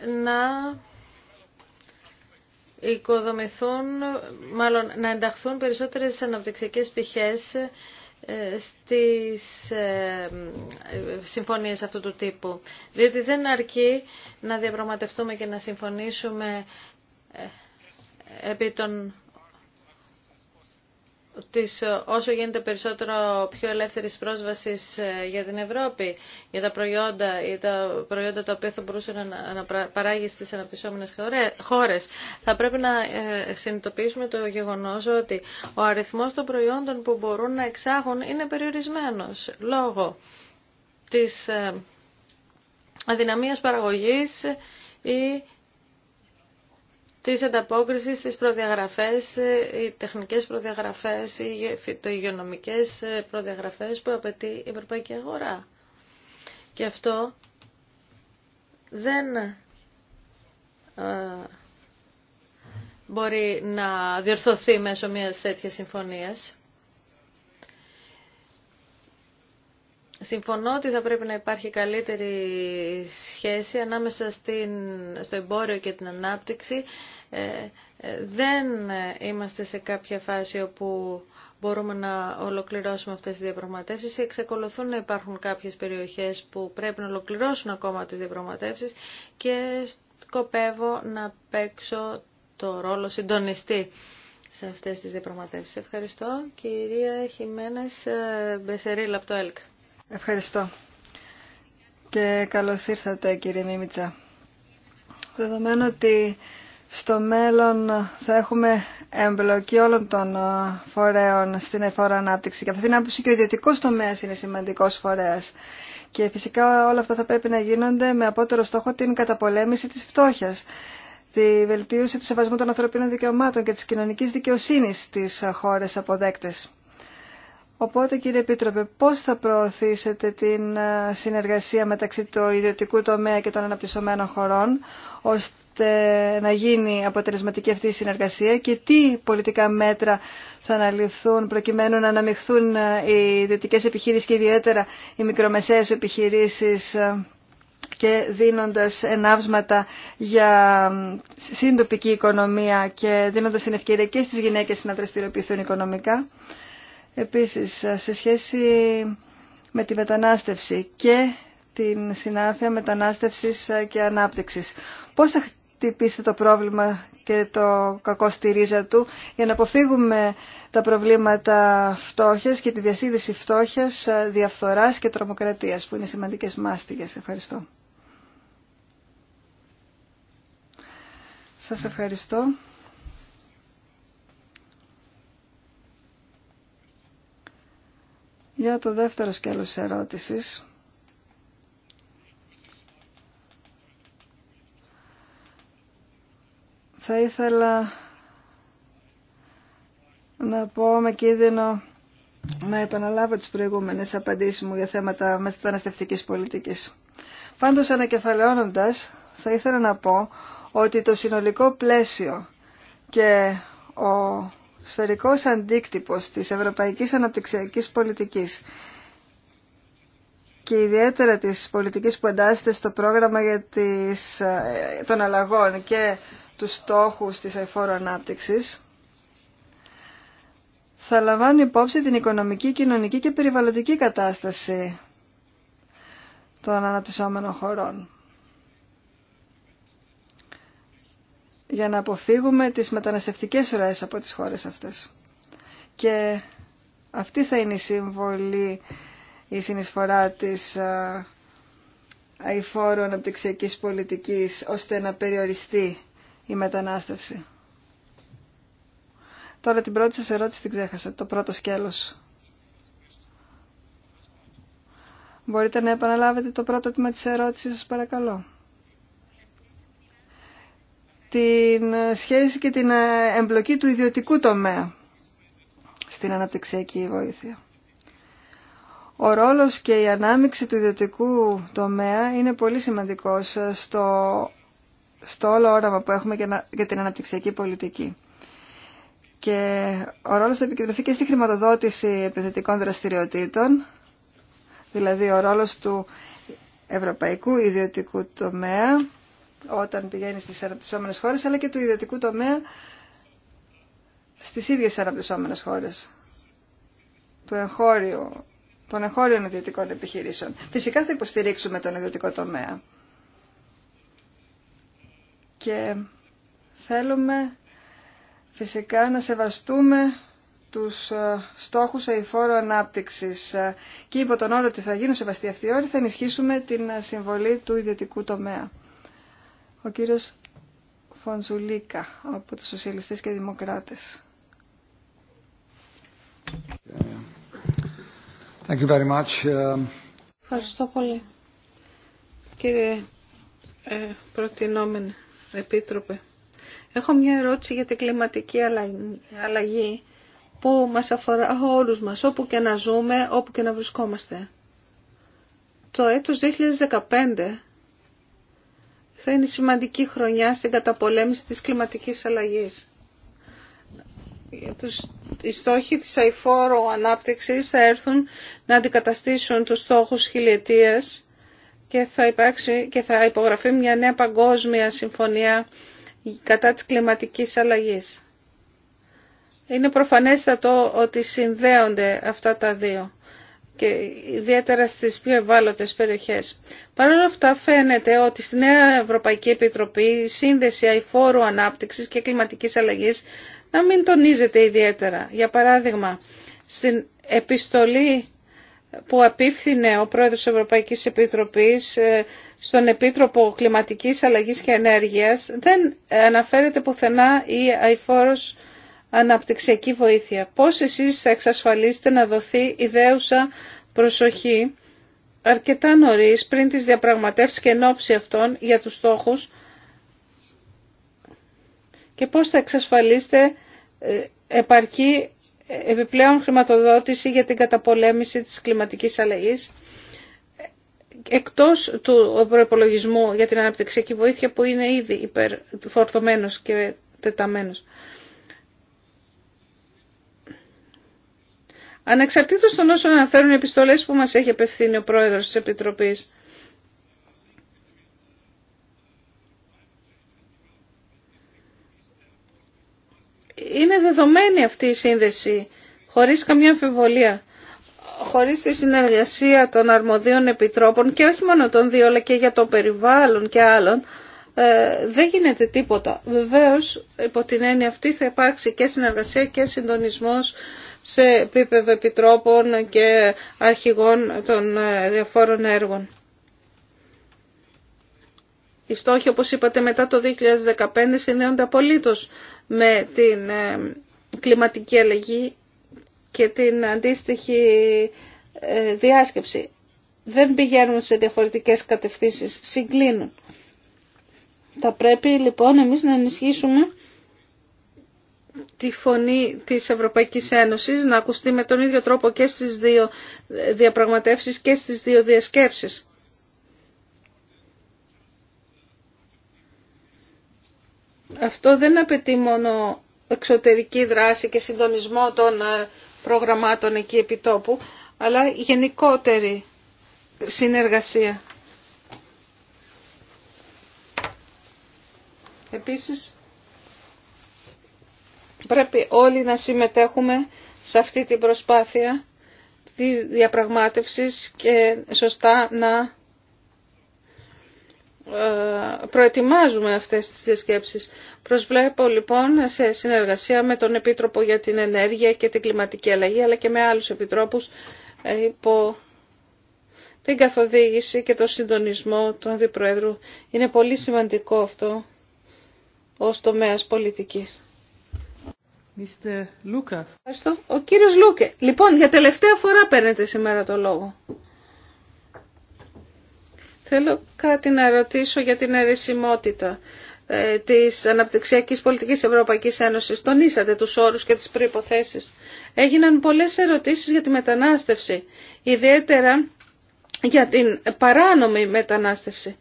ε, να οικοδομηθούν, μάλλον να ενταχθούν περισσότερες αναπτυξιακές πτυχές ε, στις ε, συμφωνίες αυτού του τύπου. Διότι δεν αρκεί να διαπραγματευτούμε και να συμφωνήσουμε ε, επί των της ε, όσο γίνεται περισσότερο πιο ελεύθερης πρόσβασης ε, για την Ευρώπη, για τα προϊόντα, τα προϊόντα τα οποία θα μπορούσε να παράγει στις αναπτυσσόμενες χώρες. Θα πρέπει να ε, συνειδητοποιήσουμε το γεγονός ότι ο αριθμός των προϊόντων που μπορούν να εξάγουν είναι περιορισμένος λόγω της αδυναμίας παραγωγής ή της ανταπόκρισης τις προδιαγραφές, ε, οι τεχνικές προδιαγραφές, οι φυτοϊγειονομικές ε, προδιαγραφές που απαιτεί η ευρωπαϊκή αγορά. Και αυτό δεν ε, μπορεί να διορθωθεί μέσω μιας τέτοιας συμφωνίας. Συμφωνώ ότι θα πρέπει να υπάρχει καλύτερη σχέση ανάμεσα στην, στο εμπόριο και την ανάπτυξη. Ε, ε, δεν είμαστε σε κάποια φάση όπου μπορούμε να ολοκληρώσουμε αυτές τις διαπραγματεύσεις. Εξακολουθούν να υπάρχουν κάποιες περιοχές που πρέπει να ολοκληρώσουν ακόμα τις διαπραγματεύσεις και σκοπεύω να παίξω το ρόλο συντονιστή σε αυτές τις διαπραγματεύσεις. Ευχαριστώ. Κυρία Χιμένες ε, Μπεσερίλα από το ΕΛΚ. Ευχαριστώ. Και καλώς ήρθατε κύριε Μίμητσα. Δεδομένου ότι στο μέλλον θα έχουμε εμπλοκή όλων των φορέων στην εφόρα ανάπτυξη και αυτή την άποψη και ο ιδιωτικό τομέα είναι σημαντικό φορέα. Και φυσικά όλα αυτά θα πρέπει να γίνονται με απότερο στόχο την καταπολέμηση τη φτώχεια, τη βελτίωση του σεβασμού των ανθρωπίνων δικαιωμάτων και τη κοινωνική δικαιοσύνη στι χώρε αποδέκτε. Οπότε κύριε Επίτροπε, πώς θα προωθήσετε την ε, συνεργασία μεταξύ του ιδιωτικού τομέα και των αναπτυσσομένων χωρών, ώστε να γίνει αποτελεσματική αυτή η συνεργασία και τι πολιτικά μέτρα θα αναλυθούν προκειμένου να αναμειχθούν ε, οι ιδιωτικές επιχειρήσεις και ιδιαίτερα οι μικρομεσαίες επιχειρήσεις ε, και δίνοντας ενάυσματα για συντοπική οικονομία και δίνοντας την ευκαιρία και στις γυναίκες να δραστηριοποιηθούν οικονομικά. Επίσης, σε σχέση με τη μετανάστευση και την συνάφεια μετανάστευσης και ανάπτυξης. Πώς θα χτυπήσετε το πρόβλημα και το κακό στη ρίζα του για να αποφύγουμε τα προβλήματα φτώχειας και τη διασύνδεση φτώχειας, διαφθοράς και τρομοκρατίας που είναι σημαντικές μάστιγες. Ευχαριστώ. Σας ευχαριστώ. Για το δεύτερο σκέλος ερώτησης. Θα ήθελα να πω με κίνδυνο να επαναλάβω τις προηγούμενες απαντήσεις μου για θέματα μεταναστευτικής πολιτικής. Πάντως ανακεφαλαιώνοντας θα ήθελα να πω ότι το συνολικό πλαίσιο και ο σφαιρικός αντίκτυπος της ευρωπαϊκής αναπτυξιακής πολιτικής και ιδιαίτερα της πολιτικής που εντάσσεται στο πρόγραμμα για τις, ε, των αλλαγών και τους στόχους της αϊφόρου ανάπτυξης, θα λαμβάνουν υπόψη την οικονομική, κοινωνική και περιβαλλοντική κατάσταση των αναπτυσσόμενων χωρών. για να αποφύγουμε τις μεταναστευτικές ροές από τις χώρες αυτές. Και αυτή θα είναι η συμβολή, η συνεισφορά της αηφόρου αναπτυξιακής πολιτικής, ώστε να περιοριστεί η μετανάστευση. Τώρα την πρώτη σας ερώτηση την ξέχασα, το πρώτο σκέλος. Μπορείτε να επαναλάβετε το πρώτο τμήμα της ερώτησης σας παρακαλώ την σχέση και την ε, εμπλοκή του ιδιωτικού τομέα στην αναπτυξιακή βοήθεια. Ο ρόλος και η ανάμειξη του ιδιωτικού τομέα είναι πολύ σημαντικός ε, στο, στο όλο όραμα που έχουμε για την αναπτυξιακή πολιτική. Και ο ρόλος θα επικεντρωθεί και στη χρηματοδότηση επιθετικών δραστηριοτήτων, δηλαδή ο ρόλος του ευρωπαϊκού ιδιωτικού τομέα όταν πηγαίνει στις αναπτυσσόμενες χώρες, αλλά και του ιδιωτικού τομέα στις ίδιες αναπτυσσόμενες χώρες, του εγχώριου, των εγχώριων ιδιωτικών επιχειρήσεων. Φυσικά θα υποστηρίξουμε τον ιδιωτικό τομέα. Και θέλουμε φυσικά να σεβαστούμε τους ε, στόχους αηφόρου ανάπτυξης ε, και υπό τον όρο ότι θα γίνουν σεβαστοί αυτοί όροι θα ενισχύσουμε την ε, συμβολή του ιδιωτικού τομέα. Ο κύριος Φονζουλίκα από τους Σοσιαλιστές και Δημοκράτες. Uh, Ευχαριστώ πολύ. Κύριε ε, Επίτροπε, έχω μια ερώτηση για την κλιματική αλλαγή που μας αφορά όλους μας, όπου και να ζούμε, όπου και να βρισκόμαστε. Το έτος 2015 θα είναι σημαντική χρονιά στην καταπολέμηση της κλιματικής αλλαγής. Οι στόχοι της αηφόρου ανάπτυξης θα έρθουν να αντικαταστήσουν τους στόχους χιλιετίας και θα, υπάρξει, και θα υπογραφεί μια νέα παγκόσμια συμφωνία κατά της κλιματικής αλλαγής. Είναι προφανέστατο ότι συνδέονται αυτά τα δύο και ιδιαίτερα στις πιο ευάλωτες περιοχές. Παρ' όλα αυτά φαίνεται ότι στη Νέα Ευρωπαϊκή Επιτροπή η σύνδεση αηφόρου ανάπτυξης και κλιματικής αλλαγής να μην τονίζεται ιδιαίτερα. Για παράδειγμα, στην επιστολή που απίφθινε ο πρόεδρος της Ευρωπαϊκής Επιτροπής ε, στον Επίτροπο Κλιματικής Αλλαγής και Ενέργειας δεν αναφέρεται πουθενά η αηφόρος αναπτυξιακή βοήθεια. Πώς εσείς θα εξασφαλίσετε να δοθεί ιδέουσα προσοχή αρκετά νωρίς πριν τις διαπραγματεύσεις και ενόψη αυτών για τους στόχους και πώς θα εξασφαλίσετε ε, επαρκή ε, επιπλέον χρηματοδότηση για την καταπολέμηση της κλιματικής αλλαγής εκτός του προπολογισμού για την αναπτυξιακή βοήθεια που είναι ήδη υπερφορτωμένος και τεταμένος. ανεξαρτήτως των όσων αναφέρουν οι επιστολές που μας έχει απευθύνει ο πρόεδρος της Επιτροπής. Είναι δεδομένη αυτή η σύνδεση, χωρίς καμιά αμφιβολία, χωρίς τη συνεργασία των αρμοδίων επιτρόπων και όχι μόνο των δύο, αλλά και για το περιβάλλον και άλλων, ε, δεν γίνεται τίποτα. Βεβαίως, υπό την έννοια αυτή θα υπάρξει και συνεργασία και συντονισμός σε επίπεδο επιτρόπων και αρχηγών των ε, διαφόρων έργων. Οι στόχοι, όπως είπατε, μετά το 2015 συνδέονται απολύτως με την ε, κλιματική αλλαγή και την αντίστοιχη ε, διάσκεψη. Δεν πηγαίνουν σε διαφορετικές κατευθύνσεις, συγκλίνουν. Θα πρέπει λοιπόν εμείς να ενισχύσουμε τη φωνή της Ευρωπαϊκής Ένωσης να ακουστεί με τον ίδιο τρόπο και στις δύο διαπραγματεύσεις και στις δύο διασκέψεις. Αυτό δεν απαιτεί μόνο εξωτερική δράση και συντονισμό των ε, προγραμμάτων εκεί επιτόπου, αλλά γενικότερη συνεργασία. Επίσης, Πρέπει όλοι να συμμετέχουμε σε αυτή την προσπάθεια τη διαπραγμάτευσης και σωστά να ε, προετοιμάζουμε αυτές τις σκέψεις. Προσβλέπω λοιπόν σε συνεργασία με τον Επίτροπο για την Ενέργεια και την Κλιματική Αλλαγή αλλά και με άλλους επιτρόπους ε, υπό την καθοδήγηση και τον συντονισμό του Αντιπροέδρου. Είναι πολύ σημαντικό αυτό ως τομέας πολιτικής. Ευχαριστώ. Ο κύριος Λούκε. Λοιπόν, για τελευταία φορά παίρνετε σήμερα το λόγο. Θέλω κάτι να ρωτήσω για την αιρεσιμότητα ε, της αναπτυξιακής πολιτικής Ευρωπαϊκής Ένωσης. Τονίσατε τους όρους και τις προϋποθέσεις. Έγιναν πολλές ερωτήσεις για τη μετανάστευση, ιδιαίτερα για την παράνομη μετανάστευση.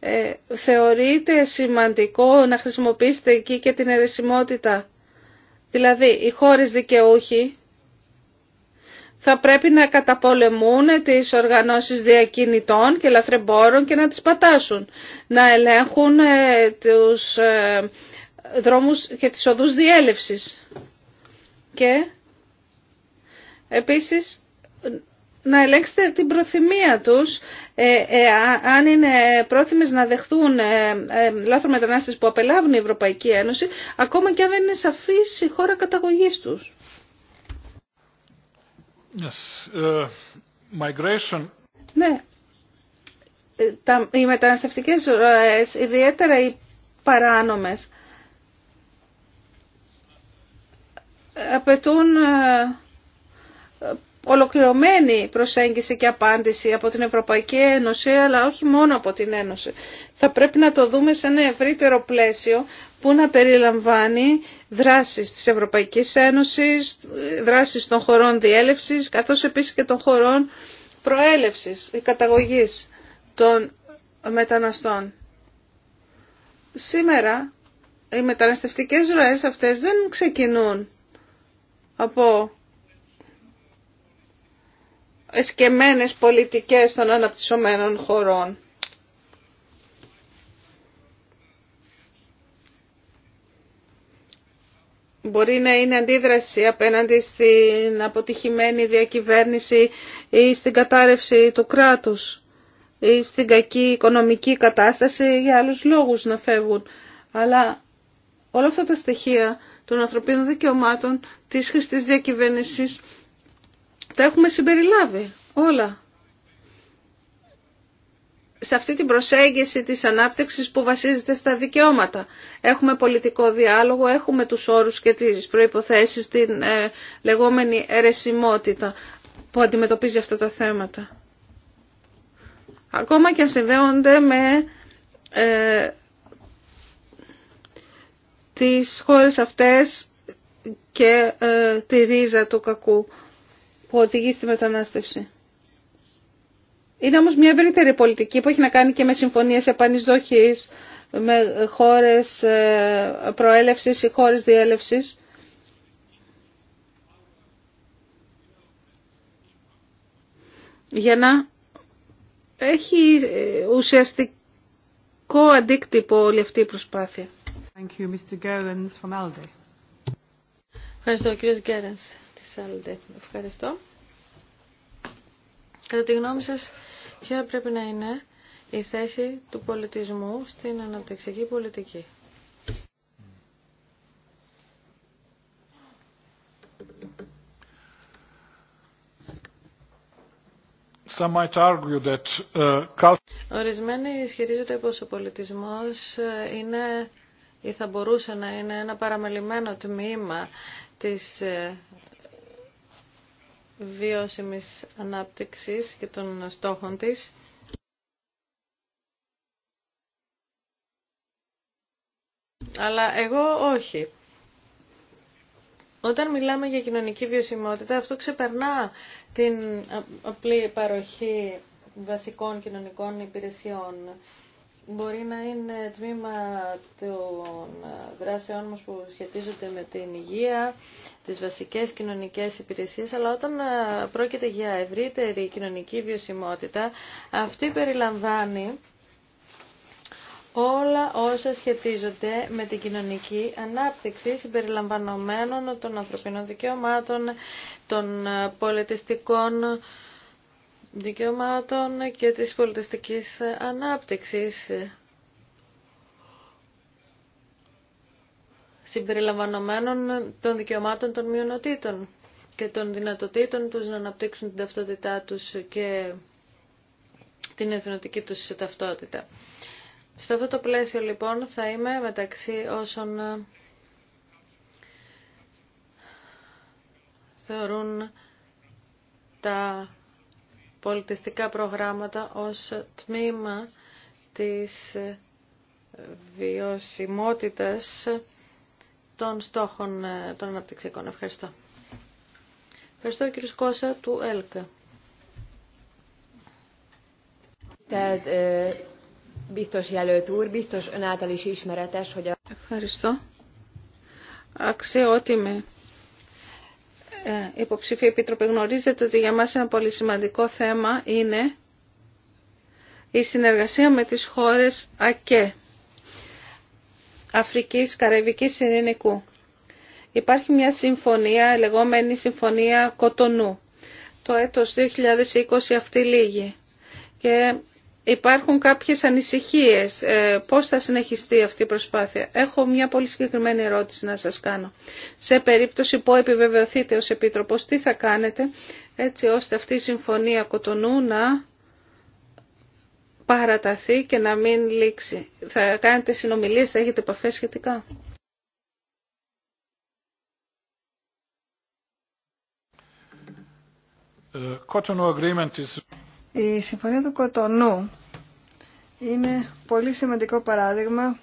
Ε, θεωρείτε σημαντικό να χρησιμοποιήσετε εκεί και την αιρεσιμότητα Δηλαδή, οι χώρες δικαιούχοι θα πρέπει να καταπολεμούν τις οργανώσεις διακινητών και λαθρεμπόρων και να τις πατάσουν, να ελέγχουν ε, τους ε, δρόμους και τις οδούς διέλευσης. Και επίσης να ελέγξετε την προθυμία τους ε, ε, αν είναι πρόθυμες να δεχθούν ε, ε λάθρο μετανάστες που απελάβουν η Ευρωπαϊκή Ένωση ακόμα και αν δεν είναι σαφής η χώρα καταγωγής τους. Yes. migration. Ναι. Τα, οι μεταναστευτικές ροές, ιδιαίτερα οι παράνομες, απαιτούν ολοκληρωμένη προσέγγιση και απάντηση από την Ευρωπαϊκή Ένωση, αλλά όχι μόνο από την Ένωση. Θα πρέπει να το δούμε σε ένα ευρύτερο πλαίσιο που να περιλαμβάνει δράσεις της Ευρωπαϊκής Ένωσης, δράσεις των χωρών διέλευσης, καθώς επίσης και των χωρών προέλευσης, η καταγωγής των μεταναστών. Σήμερα οι μεταναστευτικές ροές αυτές δεν ξεκινούν από εσκεμμένες πολιτικές των αναπτυσσομένων χωρών. Μπορεί να είναι αντίδραση απέναντι στην αποτυχημένη διακυβέρνηση ή στην κατάρρευση του κράτους ή στην κακή οικονομική κατάσταση για άλλους λόγους να φεύγουν. Αλλά όλα αυτά τα στοιχεία των ανθρωπίνων δικαιωμάτων, της χρηστής διακυβέρνησης τα έχουμε συμπεριλάβει όλα. Σε αυτή την προσέγγιση της ανάπτυξης που βασίζεται στα δικαιώματα. Έχουμε πολιτικό διάλογο, έχουμε τους όρους και τις προϋποθέσεις, την ε, λεγόμενη ερεσιμότητα που αντιμετωπίζει αυτά τα θέματα. Ακόμα και αν συνδέονται με ε, τις χώρες αυτές και ε, τη ρίζα του κακού που οδηγεί στη μετανάστευση. Είναι όμως μια ευρύτερη πολιτική που έχει να κάνει και με συμφωνίες επανεισδοχής, με χώρες ε, προέλευσης ή χώρες διέλευσης. Για να έχει ε, ουσιαστικό αντίκτυπο όλη αυτή η προσπάθεια. Thank you, Mr. Ευχαριστώ κύριος Γκέρενς. Ευχαριστώ. Κατά τη γνώμη σας, ποια πρέπει να είναι η θέση του πολιτισμού στην αναπτυξιακή πολιτική. Uh, Ορισμένοι ισχυρίζονται πως ο πολιτισμός ε, είναι ή θα μπορούσε να είναι ένα παραμελημένο τμήμα της ε, βιώσιμης ανάπτυξης και των στόχων της. Αλλά εγώ όχι. Όταν μιλάμε για κοινωνική βιωσιμότητα, αυτό ξεπερνά την απλή παροχή βασικών κοινωνικών υπηρεσιών μπορεί να είναι τμήμα των ε, δράσεών μας που σχετίζονται με την υγεία, τις βασικές κοινωνικές υπηρεσίες, αλλά όταν ε, πρόκειται για ευρύτερη κοινωνική βιωσιμότητα, αυτή περιλαμβάνει όλα όσα σχετίζονται με την κοινωνική ανάπτυξη συμπεριλαμβανομένων των ανθρωπινών δικαιωμάτων, των ε, πολιτιστικών δικαιωμάτων και της πολιτιστικής ανάπτυξης. συμπεριλαμβανομένων των δικαιωμάτων των μειονοτήτων και των δυνατοτήτων τους να αναπτύξουν την ταυτότητά τους και την εθνοτική τους ταυτότητα. Σε αυτό το πλαίσιο λοιπόν θα είμαι μεταξύ όσων θεωρούν τα πολιτιστικά προγράμματα ως τμήμα της βιωσιμότητας των στόχων των αναπτυξιακών. Ευχαριστώ. Ευχαριστώ κύριε Σκώσα του ΕΛΚΑ. Ευχαριστώ. Αξιότιμε ε, Υποψηφία επίτροποι, γνωρίζετε ότι για μας ένα πολύ σημαντικό θέμα είναι η συνεργασία με τις χώρες ΑΚΕ, Αφρικής, Καραϊβικής, Ειρηνικού. Υπάρχει μια συμφωνία, λεγόμενη Συμφωνία Κοτονού. Το έτος 2020 αυτή λίγη. Και Υπάρχουν κάποιες ανησυχίες ε, πώς θα συνεχιστεί αυτή η προσπάθεια. Έχω μια πολύ συγκεκριμένη ερώτηση να σας κάνω. Σε περίπτωση που επιβεβαιωθείτε ως Επίτροπος, τι θα κάνετε έτσι ώστε αυτή η συμφωνία Κοτονού να παραταθεί και να μην λήξει. Θα κάνετε συνομιλίες, θα έχετε επαφές σχετικά. Ε, Cotonou Agreement is... Η Συμφωνία του Κοτονού είναι πολύ σημαντικό παράδειγμα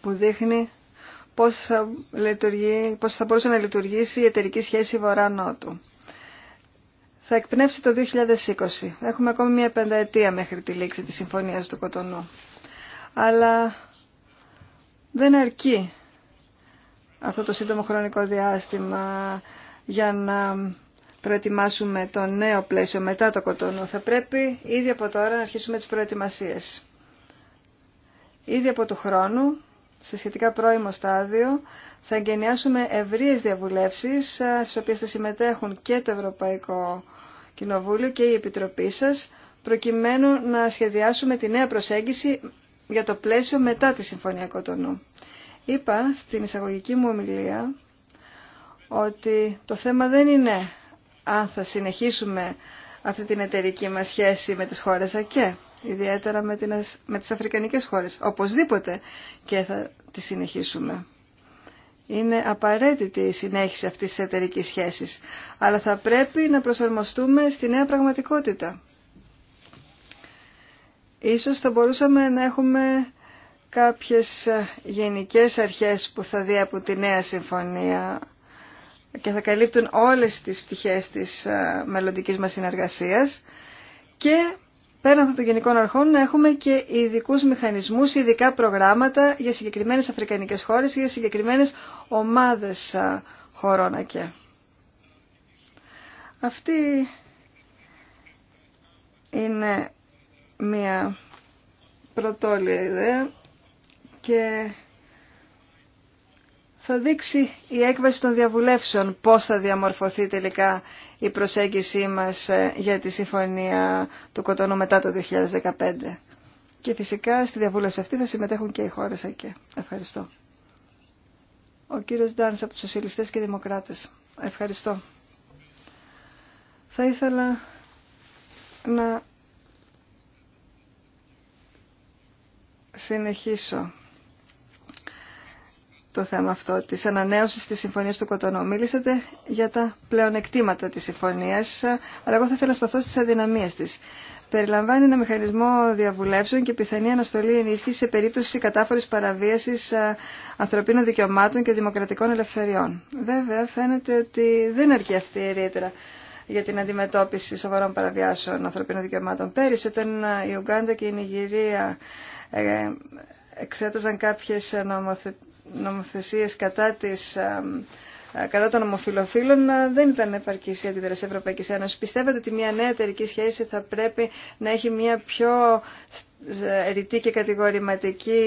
που δείχνει πώς θα, πώς θα μπορούσε να λειτουργήσει η εταιρική σχέση Βορρά-Νότου. Θα εκπνεύσει το 2020. Έχουμε ακόμη μια πενταετία μέχρι τη λήξη της Συμφωνίας του Κοτονού. Αλλά δεν αρκεί αυτό το σύντομο χρονικό διάστημα για να προετοιμάσουμε το νέο πλαίσιο μετά το κοτόνο. Θα πρέπει ήδη από τώρα να αρχίσουμε τις προετοιμασίες. Ήδη από το χρόνο, σε σχετικά πρώιμο στάδιο, θα εγκαινιάσουμε ευρείες διαβουλεύσεις, ε, στις οποίες θα συμμετέχουν και το Ευρωπαϊκό Κοινοβούλιο και η Επιτροπή σας, προκειμένου να σχεδιάσουμε τη νέα προσέγγιση για το πλαίσιο μετά τη Συμφωνία Κοτονού. Είπα στην εισαγωγική μου ομιλία ότι το θέμα δεν είναι αν θα συνεχίσουμε αυτή την εταιρική μας σχέση με τις χώρες ΑΚΕ, ιδιαίτερα με, την, με τις αφρικανικές χώρες. Οπωσδήποτε και θα τη συνεχίσουμε. Είναι απαραίτητη η συνέχιση αυτής της εταιρική σχέσης, αλλά θα πρέπει να προσαρμοστούμε στη νέα πραγματικότητα. Ίσως θα μπορούσαμε να έχουμε κάποιες γενικές αρχές που θα διέπουν τη νέα συμφωνία και θα καλύπτουν όλες τις πτυχές της ε, μελλοντικής μας συνεργασίας και πέραν από των γενικών αρχών να έχουμε και ειδικούς μηχανισμούς, ειδικά προγράμματα για συγκεκριμένες αφρικανικές χώρες για συγκεκριμένες ομάδες ε, χωρών Αυτή είναι μια πρωτόλια ιδέα και θα δείξει η έκβαση των διαβουλεύσεων πώς θα διαμορφωθεί τελικά η προσέγγιση μας ε, για τη Συμφωνία του Κοτονού μετά το 2015. Και φυσικά στη διαβούλευση αυτή θα συμμετέχουν και οι χώρες ΑΚΕ. Ευχαριστώ. Ο κύριος Ντάνς από τους Σοσιαλιστές και Δημοκράτες. Ευχαριστώ. Θα ήθελα να συνεχίσω το θέμα αυτό της ανανέωσης της Συμφωνίας του Κοτονού. Μίλησατε για τα πλεονεκτήματα της Συμφωνίας, αλλά εγώ θα ήθελα να σταθώ στις αδυναμίες της. Περιλαμβάνει ένα μηχανισμό διαβουλεύσεων και πιθανή αναστολή ενίσχυση σε περίπτωση κατάφορη παραβίαση ε, ανθρωπίνων δικαιωμάτων και δημοκρατικών ελευθεριών. Βέβαια, φαίνεται ότι δεν αρκεί αυτή η ρήτρα για την αντιμετώπιση σοβαρών παραβιάσεων ανθρωπίνων δικαιωμάτων. Πέρυσι, όταν ε, η Ουγγάντα και η Νιγηρία ε, εξέταζαν κάποιε νομοθε νομοθεσίες κατά ε, κατά των ομοφιλοφίλων ε, δεν ήταν επαρκή η αντίδραση Ευρωπαϊκή Ένωση. Πιστεύετε ότι μια νέα εταιρική σχέση θα πρέπει να έχει μια πιο ρητή και κατηγορηματική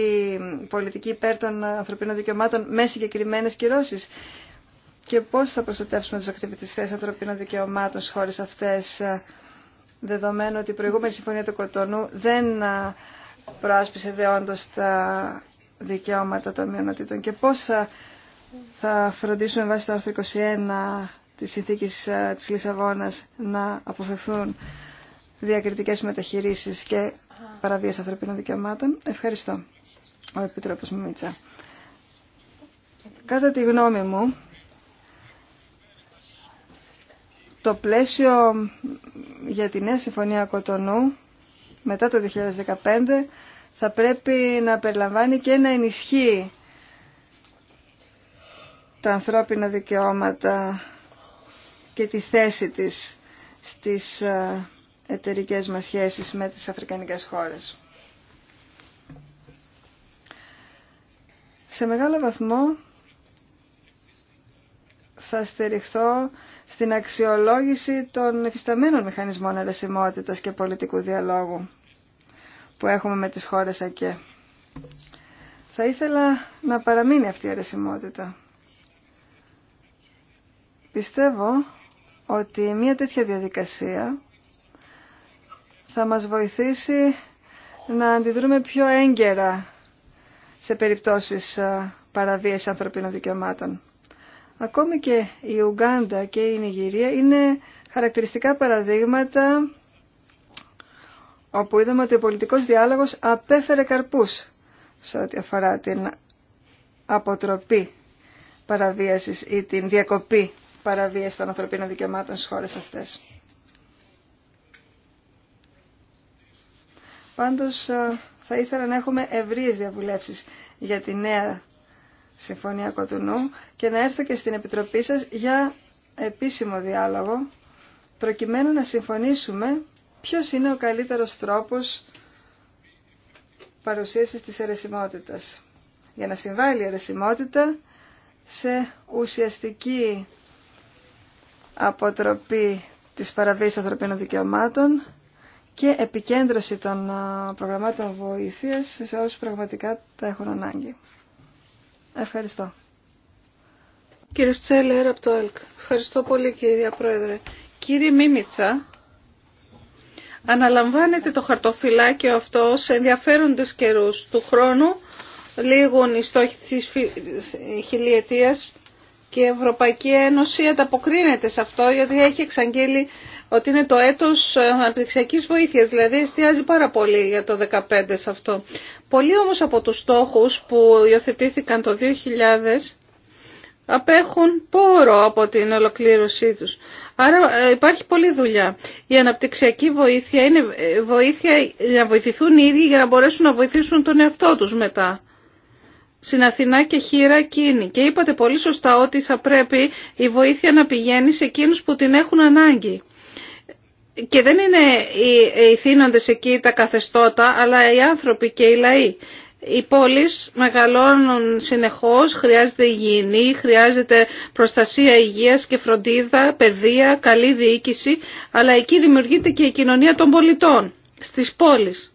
πολιτική υπέρ των ανθρωπίνων δικαιωμάτων με συγκεκριμένε κυρώσει. Και πώ θα προστατεύσουμε του ακτιβιστέ ανθρωπίνων δικαιωμάτων στι χώρε αυτέ, ε, δεδομένου ότι η προηγούμενη συμφωνία του Κοτονού δεν προάσπισε δεόντω τα δικαιώματα των μειονοτήτων και πώς θα, θα φροντίσουμε βάσει το άρθρο 21 της συνθήκη ε, της Λισαβόνας να αποφευθούν διακριτικές μεταχειρήσεις και παραβίαση ανθρωπίνων δικαιωμάτων. Ευχαριστώ, ο Επιτρόπος Μιμίτσα. Κατά τη γνώμη μου, το πλαίσιο για τη νέα συμφωνία Κοτονού μετά το 2015 θα πρέπει να περιλαμβάνει και να ενισχύει τα ανθρώπινα δικαιώματα και τη θέση της στις ε, εταιρικές μας σχέσεις με τις αφρικανικές χώρες. Σε μεγάλο βαθμό θα στηριχθώ στην αξιολόγηση των εφισταμένων μηχανισμών αρεσιμότητας και πολιτικού διαλόγου που έχουμε με τις χώρες ΑΚΕ. Θα ήθελα να παραμείνει αυτή η αρεσιμότητα. Πιστεύω ότι μια τέτοια διαδικασία θα μας βοηθήσει να αντιδρούμε πιο έγκαιρα σε περιπτώσεις παραβίαση ανθρωπίνων δικαιωμάτων. Ακόμη και η Ουγγάντα και η Νιγηρία είναι χαρακτηριστικά παραδείγματα όπου είδαμε ότι ο πολιτικός διάλογος απέφερε καρπούς σε ό,τι αφορά την αποτροπή παραβίασης ή την διακοπή παραβίασης των ανθρωπίνων δικαιωμάτων στις χώρες αυτές. Πάντως ε, θα ήθελα να έχουμε ευρείες διαβουλεύσεις για τη νέα Συμφωνία Κοτουνού και να έρθω και στην Επιτροπή σας για επίσημο διάλογο προκειμένου να συμφωνήσουμε ποιος είναι ο καλύτερος τρόπος παρουσίασης της αιρεσιμότητας. Για να συμβάλλει η αιρεσιμότητα σε ουσιαστική αποτροπή της παραβίασης ανθρωπίνων δικαιωμάτων και επικέντρωση των προγραμμάτων βοήθειας σε όσους πραγματικά τα έχουν ανάγκη. Ευχαριστώ. Κύριε Τσέλερ από το ΕΛΚ. Ευχαριστώ πολύ κύριε Πρόεδρε. Κύριε Μίμητσα, Αναλαμβάνεται το χαρτοφυλάκιο αυτό σε ενδιαφέροντες καιρούς του χρόνου, λίγουν οι στόχοι της χιλιετίας και η Ευρωπαϊκή Ένωση ανταποκρίνεται σε αυτό γιατί έχει εξαγγείλει ότι είναι το έτος αναπτυξιακής βοήθειας, δηλαδή εστιάζει πάρα πολύ για το 2015 σε αυτό. Πολλοί όμως από τους στόχους που υιοθετήθηκαν το 2000 απέχουν πόρο από την ολοκλήρωσή τους. Άρα ε, υπάρχει πολλή δουλειά. Η αναπτυξιακή βοήθεια είναι ε, βοήθεια για να βοηθηθούν οι ίδιοι για να μπορέσουν να βοηθήσουν τον εαυτό τους μετά. Στην Αθηνά και χείρα εκείνη. Και είπατε πολύ σωστά ότι θα πρέπει η βοήθεια να πηγαίνει σε εκείνους που την έχουν ανάγκη. Και δεν είναι οι θύνοντες εκεί τα καθεστώτα, αλλά οι άνθρωποι και οι λαοί οι πόλεις μεγαλώνουν συνεχώς, χρειάζεται υγιεινή, χρειάζεται προστασία υγείας και φροντίδα, παιδεία, καλή διοίκηση, αλλά εκεί δημιουργείται και η κοινωνία των πολιτών, στις πόλεις.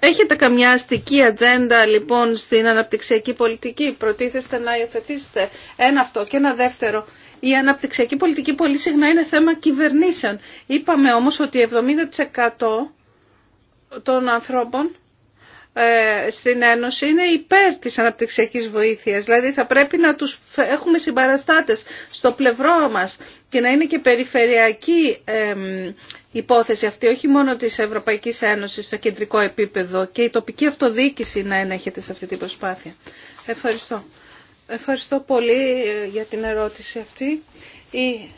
Έχετε καμιά αστική ατζέντα λοιπόν στην αναπτυξιακή πολιτική, προτίθεστε να υιοθετήσετε ένα αυτό και ένα δεύτερο. Η αναπτυξιακή πολιτική πολύ συχνά είναι θέμα κυβερνήσεων. Είπαμε όμως ότι 70% των ανθρώπων ε, στην Ένωση είναι υπέρ της αναπτυξιακής βοήθειας. Δηλαδή θα πρέπει να τους έχουμε συμπαραστάτες στο πλευρό μας και να είναι και περιφερειακή υπόθεση αυτή, όχι μόνο της Ευρωπαϊκής Ένωσης στο κεντρικό επίπεδο και η τοπική αυτοδιοίκηση να ενέχεται σε αυτή την προσπάθεια. Ευχαριστώ. Ευχαριστώ πολύ ε, για την ερώτηση αυτή. Η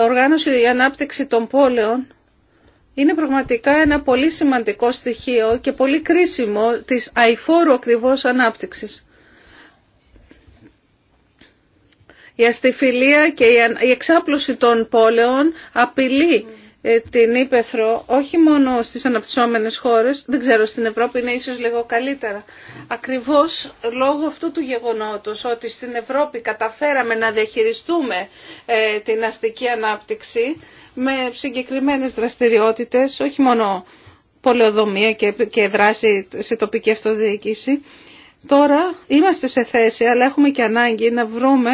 οργάνωση η ανάπτυξη των πόλεων είναι πραγματικά ένα πολύ σημαντικό στοιχείο και πολύ κρίσιμο της αηφόρου ακριβώς ανάπτυξης. Η αστιφιλία και η εξάπλωση των πόλεων απειλεί ε, την Ήπεθρο, όχι μόνο στις αναπτυσσόμενες χώρες, δεν ξέρω, στην Ευρώπη είναι ίσως λίγο καλύτερα. Ακριβώς λόγω αυτού του γεγονότος ότι στην Ευρώπη καταφέραμε να διαχειριστούμε ε, την αστική ανάπτυξη με συγκεκριμένες δραστηριότητες, όχι μόνο πολεοδομία και δράση σε τοπική αυτοδιοίκηση. Τώρα είμαστε σε θέση, αλλά έχουμε και ανάγκη να βρούμε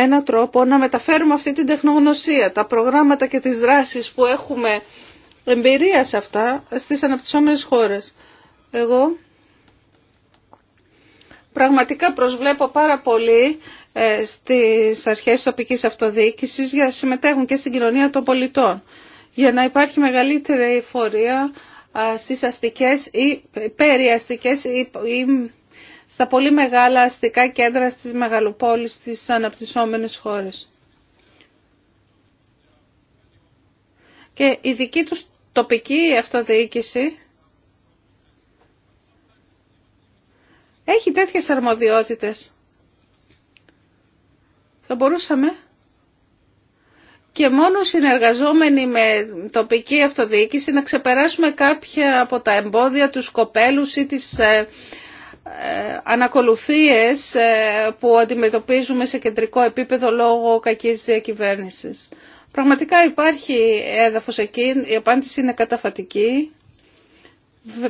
έναν τρόπο να μεταφέρουμε αυτή την τεχνογνωσία, τα προγράμματα και τις δράσεις που έχουμε εμπειρία σε αυτά στις αναπτυσσόμενες χώρες. Εγώ πραγματικά προσβλέπω πάρα πολύ ε, στις αρχές της τοπικής αυτοδιοίκησης για να συμμετέχουν και στην κοινωνία των πολιτών για να υπάρχει μεγαλύτερη εφορία στις αστικές ή ε, περιαστικές στα πολύ μεγάλα αστικά κέντρα στις μεγαλοπόλεις στις αναπτυσσόμενες χώρες. Και η δική τους τοπική αυτοδιοίκηση έχει τέτοιες αρμοδιότητες. Θα μπορούσαμε και μόνο συνεργαζόμενοι με τοπική αυτοδιοίκηση να ξεπεράσουμε κάποια από τα εμπόδια, τους κοπέλους ή τις ε, ε, ανακολουθίες ε, που αντιμετωπίζουμε σε κεντρικό επίπεδο λόγω κακής διακυβέρνησης. Πραγματικά υπάρχει έδαφος εκεί, η απάντηση είναι καταφατική.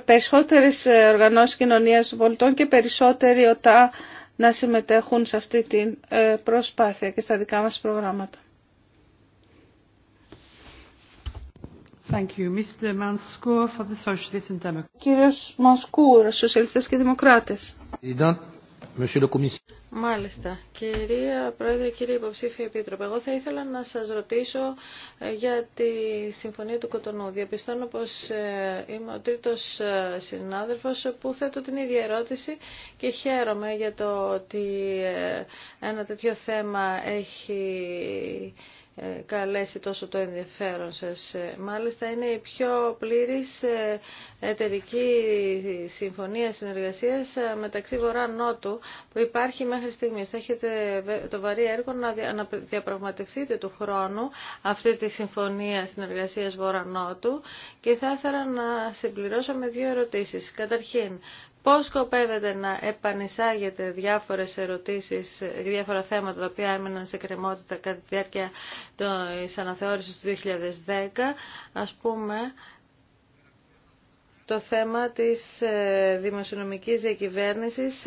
Περισσότερες οργανώσεις κοινωνίας πολιτών και περισσότεροι οτά να συμμετέχουν σε αυτή την ε, προσπάθεια και στα δικά μας προγράμματα. Thank you. Mr. Μανσκούρ, Σοσιαλιστές και Δημοκράτες. Μάλιστα. Κυρία Πρόεδρε, κύριε Υποψήφια Επίτροπε, εγώ θα ήθελα να σας ρωτήσω ε, για τη Συμφωνία του Κοτονού. Διαπιστώνω πως ε, είμαι ο τρίτος ε, συνάδελφος που θέτω την ίδια ερώτηση και χαίρομαι για το ότι ένα τέτοιο θέμα έχει ε, καλέσει τόσο το ενδιαφέρον σας. Ε, μάλιστα είναι η πιο πλήρης ε, εταιρική συμφωνία συνεργασίας μεταξύ Βορρά-Νότου που υπάρχει μέχρι στιγμής. Θα έχετε το βαρύ έργο να διαπραγματευτείτε του χρόνου αυτή τη συμφωνία συνεργασίας Βορρά-Νότου και θα ήθελα να συμπληρώσω με δύο ερωτήσεις. Καταρχήν, Πώς σκοπεύετε να επανεισάγετε διάφορες ερωτήσεις, διάφορα θέματα τα οποία έμειναν σε κρεμότητα κατά τη διάρκεια της αναθεώρησης του 2010, ας πούμε το θέμα της ε, δημοσιονομικής διακυβέρνησης,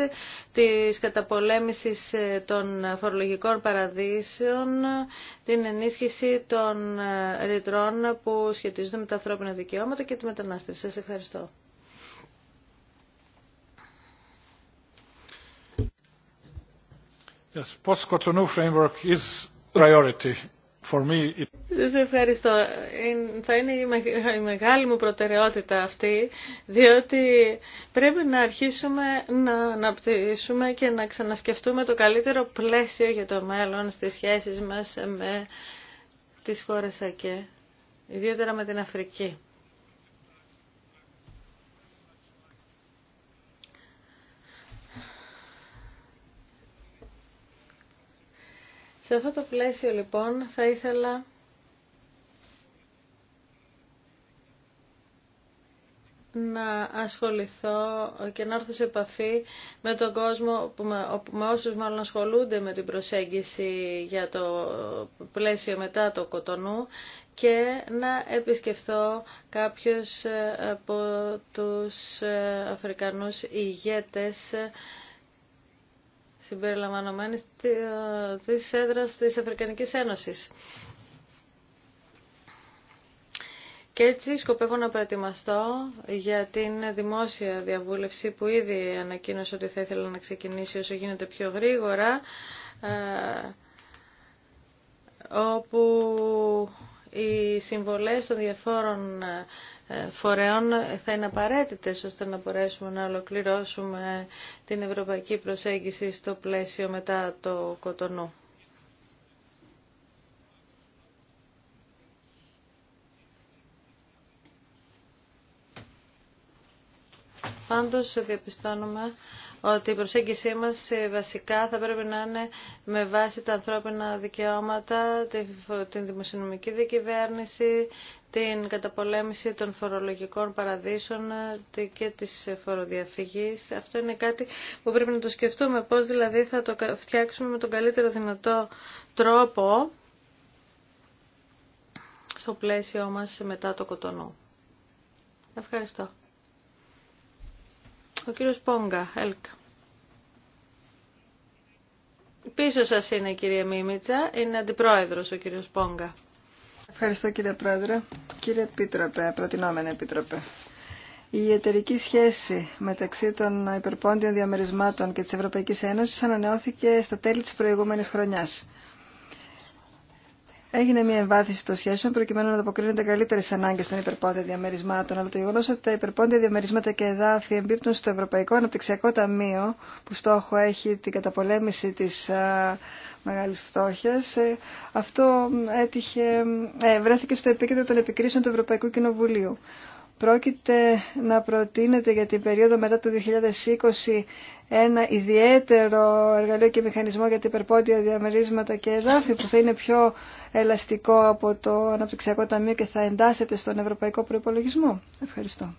της καταπολέμησης ε, των φορολογικών παραδείσεων, την ενίσχυση των ε, ρητρών που σχετίζονται με τα ανθρώπινα δικαιώματα και τη μετανάστευση. Σας ευχαριστώ. Yes, Σας ευχαριστώ. Θα είναι η μεγάλη μου προτεραιότητα αυτή, διότι πρέπει να αρχίσουμε να αναπτύσσουμε και να ξανασκεφτούμε το καλύτερο πλαίσιο για το μέλλον στις σχέσεις μας με τις χώρες ΑΚΕ, ιδιαίτερα με την Αφρική. Σε αυτό το πλαίσιο λοιπόν θα ήθελα να ασχοληθώ και να έρθω σε επαφή με τον κόσμο, που με όσους μάλλον ασχολούνται με την προσέγγιση για το πλαίσιο μετά το κοτονού και να επισκεφθώ κάποιους από τους ε, Αφρικανούς ηγέτες συμπεριλαμβανομένης της έδρας της Αφρικανικής Ένωσης. Και έτσι σκοπεύω να προετοιμαστώ για την δημόσια διαβούλευση που ήδη ανακοίνωσε ότι θα ήθελα να ξεκινήσει όσο γίνεται πιο γρήγορα, ε, όπου οι συμβολές των διαφόρων ε, φορέων θα είναι απαραίτητε ώστε να μπορέσουμε να ολοκληρώσουμε την ευρωπαϊκή προσέγγιση στο πλαίσιο μετά το κοτονού. Πάντως διαπιστώνουμε ότι η προσέγγιση μας ε, βασικά θα πρέπει να είναι με βάση τα ανθρώπινα δικαιώματα, την δημοσιονομική διακυβέρνηση, την καταπολέμηση των φορολογικών παραδείσων ε, και της φοροδιαφυγής. Αυτό είναι κάτι που πρέπει να το σκεφτούμε, πώς δηλαδή θα το φτιάξουμε με τον καλύτερο δυνατό τρόπο στο πλαίσιο μας μετά το κοτονού. Ευχαριστώ. Ο κύριος Πόγκα, ΕΛΚΑ. Πίσω σας είναι η κυρία Μίμητσα, είναι αντιπρόεδρος ο κύριος Πόγκα. Ευχαριστώ κύριε Πρόεδρε. Κύριε Επίτροπε, προτινόμενη Επίτροπε. Η εταιρική σχέση μεταξύ των υπερπόντιων διαμερισμάτων και της Ευρωπαϊκής Ένωσης ανανεώθηκε στα τέλη της προηγούμενης χρονιάς. Έγινε μια εμβάθυνση των σχέσεων προκειμένου να αποκρίνονται καλύτερε ανάγκε των υπερπόντια διαμερισμάτων. Αλλά το γεγονό ότι τα υπερπόντια διαμερίσματα και εδάφη εμπίπτουν στο Ευρωπαϊκό Αναπτυξιακό Ταμείο, που στόχο έχει την καταπολέμηση τη μεγάλη φτώχεια, ε, αυτό έτυχε, ε, βρέθηκε στο επίκεντρο των επικρίσεων του Ευρωπαϊκού Κοινοβουλίου πρόκειται να προτείνεται για την περίοδο μετά το 2020 ένα ιδιαίτερο εργαλείο και μηχανισμό για την υπερπόντια διαμερίσματα και εδάφη που θα είναι πιο ελαστικό από το Αναπτυξιακό Ταμείο και θα εντάσσεται στον Ευρωπαϊκό Προϋπολογισμό. Ευχαριστώ.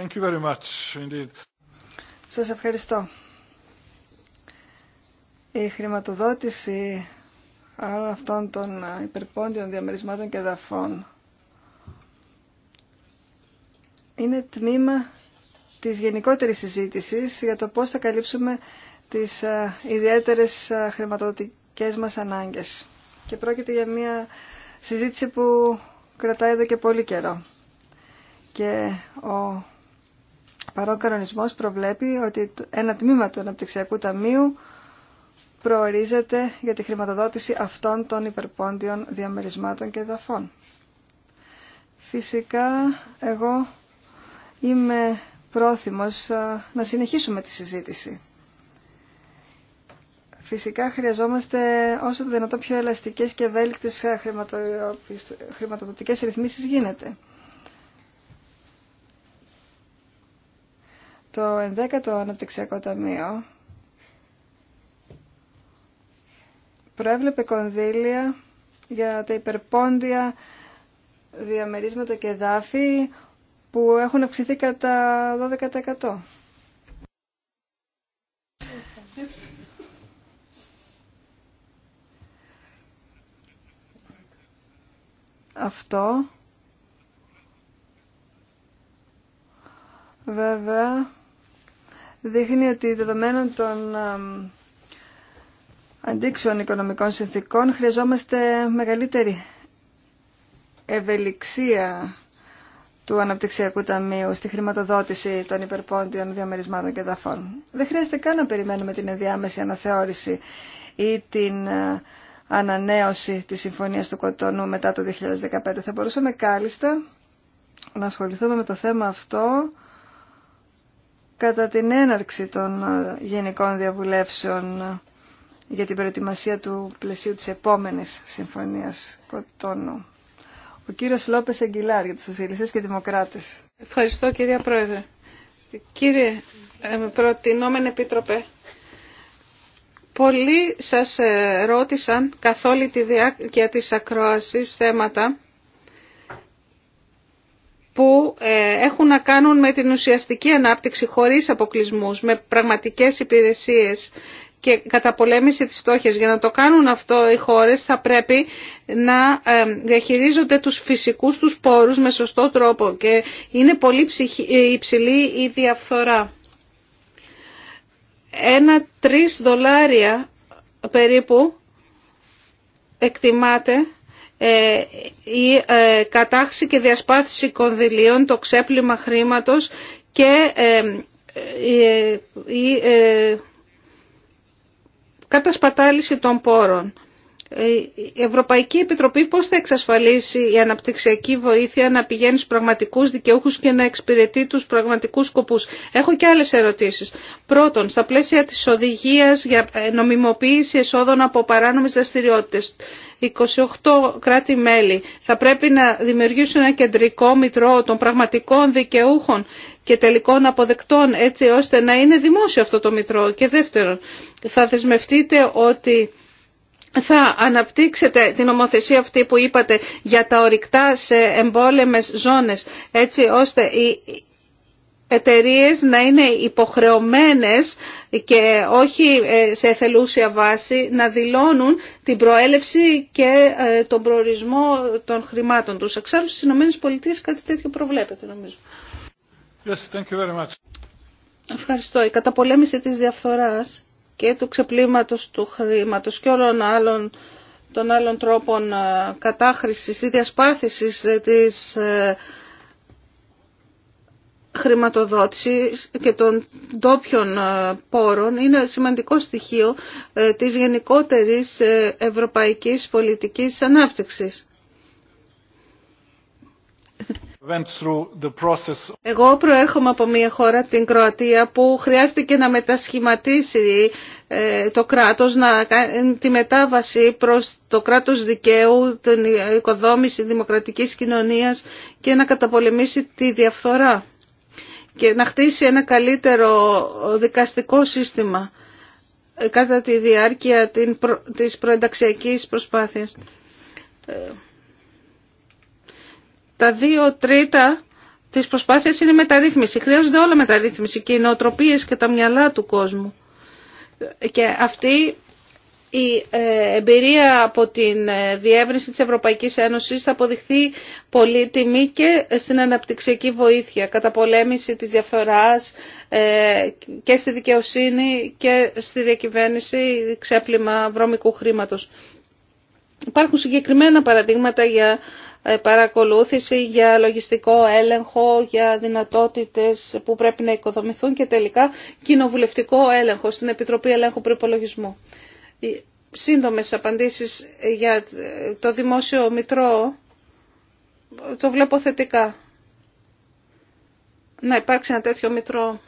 Thank you very much indeed. Σας ευχαριστώ. Η χρηματοδότηση άλλων αυτών των υπερπόντιων διαμερισμάτων και δαφών είναι τμήμα της γενικότερης συζήτησης για το πώς θα καλύψουμε τις ε, ιδιαίτερες ε, χρηματοδοτικές μας ανάγκες. Και πρόκειται για μια συζήτηση που κρατάει εδώ και πολύ καιρό. Και ο παρόν κανονισμός προβλέπει ότι ένα τμήμα του Αναπτυξιακού Ταμείου προορίζεται για τη χρηματοδότηση αυτών των υπερπόντιων διαμερισμάτων και εδαφών. Φυσικά, εγώ είμαι πρόθυμος να συνεχίσουμε τη συζήτηση. Φυσικά χρειαζόμαστε όσο το δυνατό πιο ελαστικές και ευέλικτες χρηματοδοτικές ρυθμίσεις γίνεται. Το 11ο Αναπτυξιακό Ταμείο προέβλεπε κονδύλια για τα υπερπόντια διαμερίσματα και δάφη που έχουν αυξηθεί κατά 12%. Αυτό βέβαια δείχνει ότι δεδομένων των αντίξεων οικονομικών συνθήκων χρειαζόμαστε μεγαλύτερη ευελιξία του Αναπτυξιακού Ταμείου στη χρηματοδότηση των υπερπόντιων διαμερισμάτων και δαφών. Δεν χρειάζεται καν να περιμένουμε την ενδιάμεση αναθεώρηση ή την ε, ανανέωση της Συμφωνίας του Κοτονού μετά το 2015. Θα μπορούσαμε κάλλιστα να ασχοληθούμε με το θέμα αυτό κατά την έναρξη των ε, γενικών διαβουλεύσεων για την προετοιμασία του πλαισίου της επόμενης συμφωνίας Κοτόνου. Ο κύριος Λόπες Αγγιλάρ για τους Σοσιαλιστές και Δημοκράτες. Ευχαριστώ κυρία Πρόεδρε. Κύριε ε, προτινόμενε επίτροπε, πολλοί σας ε, ρώτησαν καθ' όλη τη διάρκεια της ακρόασης θέματα που ε, έχουν να κάνουν με την ουσιαστική ανάπτυξη χωρίς αποκλεισμούς, με πραγματικές υπηρεσίες και καταπολέμηση της φτώχειας. Για να το κάνουν αυτό οι χώρες θα πρέπει να διαχειρίζονται τους φυσικούς τους πόρους με σωστό τρόπο και είναι πολύ ε, υψηλή η διαφθορά. Ένα τρεις δολάρια περίπου εκτιμάται ε, η ε, κατάξη και διασπάθηση κονδυλίων, το ξέπλυμα χρήματος και κατασπατάληση των πόρων. Ε, η Ευρωπαϊκή Επιτροπή πώς θα εξασφαλίσει η αναπτυξιακή βοήθεια να πηγαίνει στους πραγματικούς δικαιούχους και να εξυπηρετεί τους πραγματικούς σκοπούς. Έχω και άλλες ερωτήσεις. Πρώτον, στα πλαίσια της οδηγίας για ε, νομιμοποίηση εσόδων από παράνομες δραστηριότητε. 28 κράτη-μέλη θα πρέπει να δημιουργήσουν ένα κεντρικό μητρό των πραγματικών δικαιούχων και τελικών αποδεκτών έτσι ώστε να είναι δημόσιο αυτό το Μητρό. Και δεύτερον, θα δεσμευτείτε ότι θα αναπτύξετε την ομοθεσία αυτή που είπατε για τα ορυκτά σε εμπόλεμες ζώνες έτσι ώστε οι εταιρείε να είναι υποχρεωμένες και όχι ε, σε εθελούσια βάση να δηλώνουν την προέλευση και ε, τον προορισμό των χρημάτων τους. Εξάλλου στις ΗΠΑ κάτι τέτοιο προβλέπεται νομίζω. Ευχαριστώ. Η καταπολέμηση της διαφθοράς και του ξεπλήματος του χρήματος και όλων άλλων των άλλων τρόπων ε, κατάχρησης ή διασπάθησης ε, της ε, χρηματοδότησης και των ντόπιων πόρων είναι σημαντικό στοιχείο της γενικότερης ευρωπαϊκής πολιτικής ανάπτυξης. Εγώ προέρχομαι από μια χώρα, την Κροατία, που χρειάστηκε να μετασχηματίσει ε, το κράτος, να κάνει τη μετάβαση προς το κράτος δικαίου, την οικοδόμηση δημοκρατικής κοινωνίας και να καταπολεμήσει τη διαφθορά και να χτίσει ένα καλύτερο δικαστικό σύστημα ε, κατά τη διάρκεια της προενταξιακής προσπάθειας. Ε, τα δύο τρίτα της προσπάθειας είναι μεταρρύθμιση. Χρειάζονται όλα μεταρρύθμιση και οι νοοτροπίες και τα μυαλά του κόσμου. Και αυτή η ε, εμπειρία από την ε, διεύρυνση της Ευρωπαϊκής Ένωσης θα αποδειχθεί πολύτιμη και στην αναπτυξιακή βοήθεια, κατά πολέμηση της διαφθοράς ε, και στη δικαιοσύνη και στη διακυβέρνηση ξέπλυμα βρώμικου χρήματος. Υπάρχουν συγκεκριμένα παραδείγματα για ε, παρακολούθηση, για λογιστικό έλεγχο, για δυνατότητες που πρέπει να οικοδομηθούν και τελικά κοινοβουλευτικό έλεγχο στην Επιτροπή Ελέγχου Προπολογισμού. Σύντομες απαντήσεις για το δημόσιο μητρό, το βλέπω θετικά. Να υπάρξει ένα τέτοιο μητρό.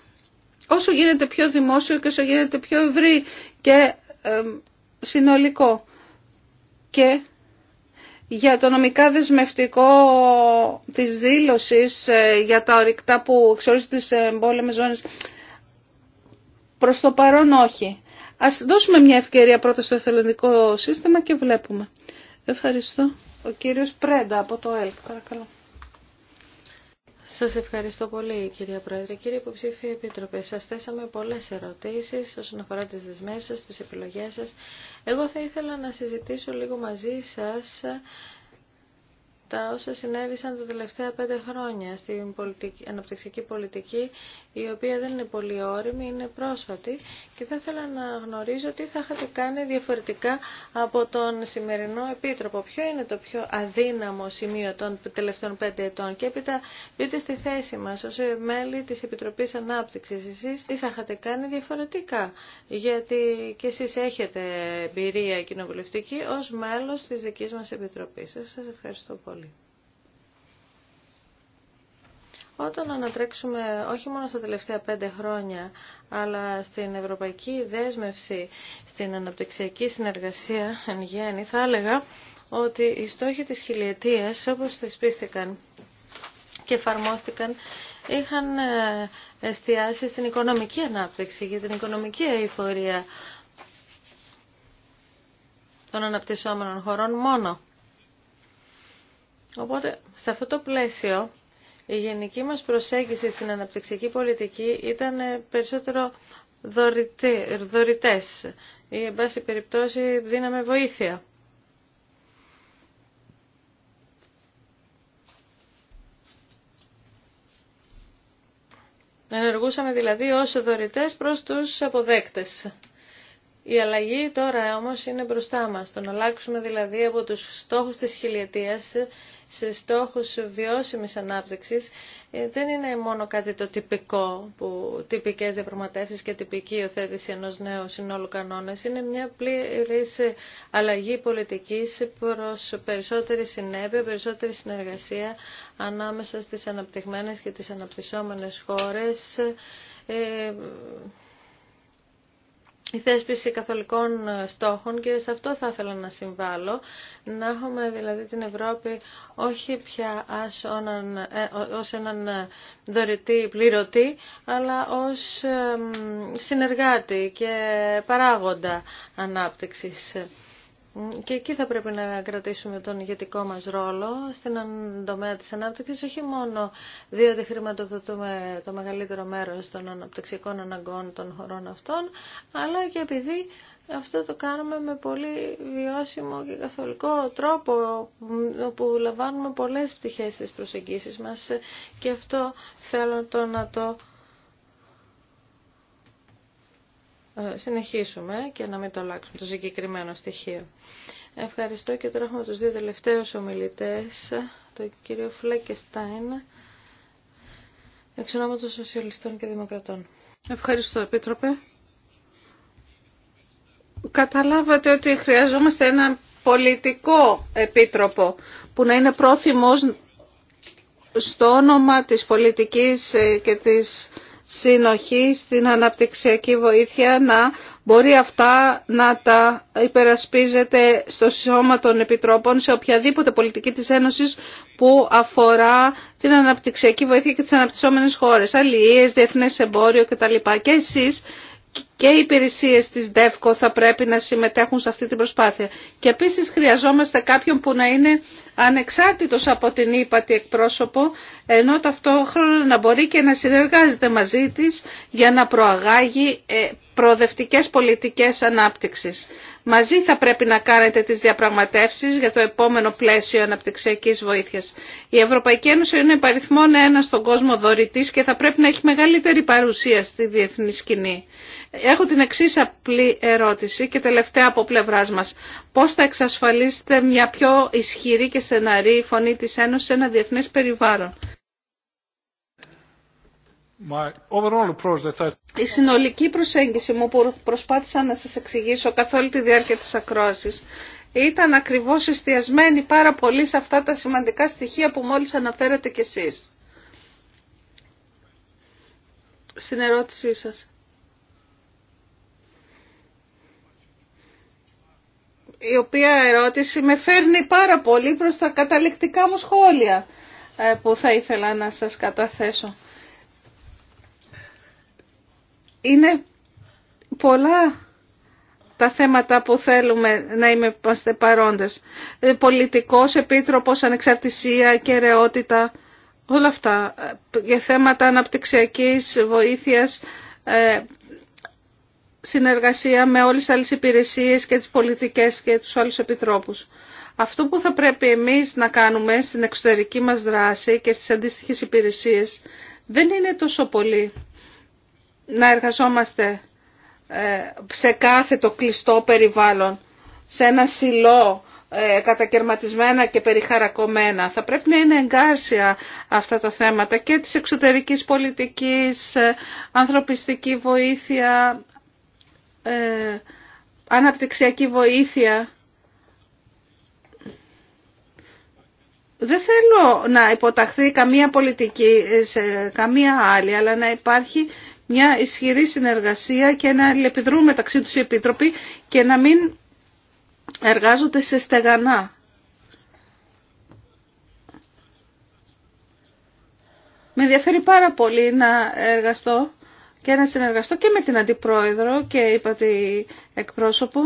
Όσο γίνεται πιο δημόσιο και όσο γίνεται πιο ευρύ και συνολικό. Και για το νομικά δεσμευτικό της δήλωσης ε, για τα ορυκτά που εξορίζονται σε εμπόλεμες ζώνες. Προς το παρόν όχι. Ας δώσουμε μια ευκαιρία πρώτα στο εθελοντικό σύστημα και βλέπουμε. Ευχαριστώ. Ο κύριος Πρέντα από το ΕΛΚ, παρακαλώ. Σας ευχαριστώ πολύ κυρία Πρόεδρε. Κύριε Υποψήφια Επίτροπε, σας θέσαμε πολλές ερωτήσεις όσον αφορά τις δεσμεύσεις σας, τις επιλογές σας. Εγώ θα ήθελα να συζητήσω λίγο μαζί σας τα όσα συνέβησαν τα τελευταία πέντε χρόνια στην πολιτική, αναπτυξιακή πολιτική, η οποία δεν είναι πολύ όρημη, είναι πρόσφατη και θα ήθελα να γνωρίζω τι θα είχατε κάνει διαφορετικά από τον σημερινό Επίτροπο. Ποιο είναι το πιο αδύναμο σημείο των τελευταίων πέντε ετών και έπειτα μπείτε στη θέση μας ως μέλη της Επιτροπής Ανάπτυξης. Εσείς τι θα είχατε κάνει διαφορετικά, γιατί και εσείς έχετε εμπειρία κοινοβουλευτική ως μέλος της δικής μας Επιτροπής. Σας ευχαριστώ πολύ. Όταν ανατρέξουμε όχι μόνο στα τελευταία πέντε χρόνια, αλλά στην ευρωπαϊκή δέσμευση, στην αναπτυξιακή συνεργασία εν γέννη, θα έλεγα ότι οι στόχοι της χιλιετίας, όπως θεσπίστηκαν και εφαρμόστηκαν, είχαν ε, εστιάσει στην οικονομική ανάπτυξη, για την οικονομική αηφορία των αναπτυσσόμενων χωρών μόνο. Οπότε, σε αυτό το πλαίσιο, η γενική μας προσέγγιση στην αναπτυξιακή πολιτική ήταν ε, περισσότερο δωρητές ή, εν πάση περιπτώσει, δίναμε βοήθεια. Ενεργούσαμε δηλαδή ως δωρητές προς τους αποδέκτες. Η αλλαγή τώρα όμως είναι μπροστά μας. Το να αλλάξουμε δηλαδή από τους στόχους της χιλιετίας σε στόχους βιώσιμης ανάπτυξης ε, δεν είναι μόνο κάτι το τυπικό, που τυπικές διαπραγματεύσει και τυπική υιοθέτηση ενός νέου συνόλου κανόνες. Είναι μια πλήρης αλλαγή πολιτικής προς περισσότερη συνέπεια, περισσότερη συνεργασία ανάμεσα στις αναπτυγμένες και τις αναπτυσσόμενες χώρες ε, η θέσπιση καθολικών ε, στόχων και σε αυτό θα ήθελα να συμβάλλω. Να έχουμε δηλαδή την Ευρώπη όχι πια ε, ως έναν, ως ε, έναν δωρητή πληρωτή, αλλά ως συνεργάτη και παράγοντα ανάπτυξης. Και εκεί θα πρέπει να κρατήσουμε τον ηγετικό μας ρόλο στην τομέα της ανάπτυξης, όχι μόνο διότι χρηματοδοτούμε το μεγαλύτερο μέρος των αναπτυξιακών αναγκών των χωρών αυτών, αλλά και επειδή αυτό το κάνουμε με πολύ βιώσιμο και καθολικό τρόπο όπου λαμβάνουμε πολλές πτυχές στις προσεγγίσεις μας και αυτό θέλω το να το Ε, συνεχίσουμε και να μην το αλλάξουμε το συγκεκριμένο στοιχείο. Ευχαριστώ και τώρα έχουμε τους δύο τελευταίους ομιλητές, τον κύριο Φλέκεστάιν, εξ ονόματος Σοσιαλιστών και Δημοκρατών. Ευχαριστώ, Επίτροπε. Καταλάβατε ότι χρειαζόμαστε ένα πολιτικό επίτροπο που να είναι πρόθυμος στο όνομα της πολιτικής ε, και της συνοχή στην αναπτυξιακή βοήθεια να μπορεί αυτά να τα υπερασπίζεται στο σώμα των επιτρόπων σε οποιαδήποτε πολιτική της Ένωσης που αφορά την αναπτυξιακή βοήθεια και τις αναπτυσσόμενες χώρες, αλληλίες, διεθνές εμπόριο κτλ. Και εσείς και οι υπηρεσίες της ΔΕΦΚΟ θα πρέπει να συμμετέχουν σε αυτή την προσπάθεια. Και επίσης χρειαζόμαστε κάποιον που να είναι ανεξάρτητος από την ύπατη εκπρόσωπο ενώ ταυτόχρονα να μπορεί και να συνεργάζεται μαζί της για να προαγάγει ε, προοδευτικές πολιτικές ανάπτυξης. Μαζί θα πρέπει να κάνετε τις διαπραγματεύσεις για το επόμενο πλαίσιο αναπτυξιακής βοήθειας. Η Ευρωπαϊκή Ένωση είναι παριθμόν ένα στον κόσμο δωρητής και θα πρέπει να έχει μεγαλύτερη παρουσία στη διεθνή σκηνή. Έχω την εξής απλή ερώτηση και τελευταία από πλευρά μας. Πώς θα εξασφαλίσετε μια πιο ισχυρή και στεναρή φωνή της Ένωσης σε ένα διεθνές περιβάλλον. Η συνολική προσέγγιση μου που προσπάθησα να σας εξηγήσω καθ' όλη τη διάρκεια της ακρόασης ήταν ακριβώς εστιασμένη πάρα πολύ σε αυτά τα σημαντικά στοιχεία που μόλις αναφέρατε κι εσείς. Στην ερώτησή σας. Η οποία ερώτηση με φέρνει πάρα πολύ προς τα καταληκτικά μου σχόλια ε, που θα ήθελα να σας καταθέσω είναι πολλά τα θέματα που θέλουμε να είμαστε παρόντες. Ε, πολιτικός, επίτροπος, ανεξαρτησία, κεραιότητα, όλα αυτά. Ε, για θέματα αναπτυξιακής βοήθειας, ε, συνεργασία με όλες τις άλλες υπηρεσίες και τις πολιτικές και τους άλλους επιτρόπους. Αυτό που θα πρέπει εμείς να κάνουμε στην εξωτερική μας δράση και στις αντίστοιχες υπηρεσίες δεν είναι τόσο πολύ να εργαζόμαστε ε, σε κάθε το κλειστό περιβάλλον, σε ένα σιλό ε, κατακαιρματισμένα και περιχαρακωμένα. Θα πρέπει να είναι εγκάρσια αυτά τα θέματα και της εξωτερικής πολιτικής, ε, ανθρωπιστική βοήθεια, αναπτυξιακή βοήθεια. Δεν θέλω να υποταχθεί καμία πολιτική σε καμία άλλη, αλλά να υπάρχει μια ισχυρή συνεργασία και να αλληλεπιδρούν μεταξύ τους οι επίτροποι και να μην εργάζονται σε στεγανά. Με ενδιαφέρει πάρα πολύ να εργαστώ και να συνεργαστώ και με την Αντιπρόεδρο και είπα τη εκπρόσωπο.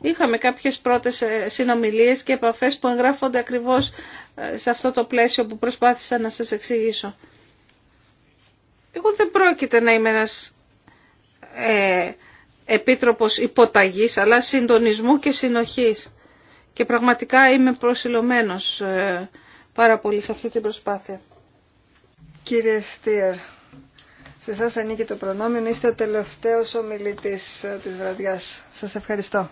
Είχαμε κάποιες πρώτες ε, συνομιλίες και επαφές που εγγράφονται ακριβώς σε αυτό το πλαίσιο που προσπάθησα να σας εξηγήσω. Εγώ δεν πρόκειται να είμαι ένας ε, επίτροπος υποταγής, αλλά συντονισμού και συνοχής. Και πραγματικά είμαι προσιλωμένος ε, πάρα πολύ σε αυτή την προσπάθεια. Κύριε Στίερ, σε εσάς ανήκει το προνόμιο, είστε ο τελευταίος ομιλητής ε, της βραδιάς. Σας ευχαριστώ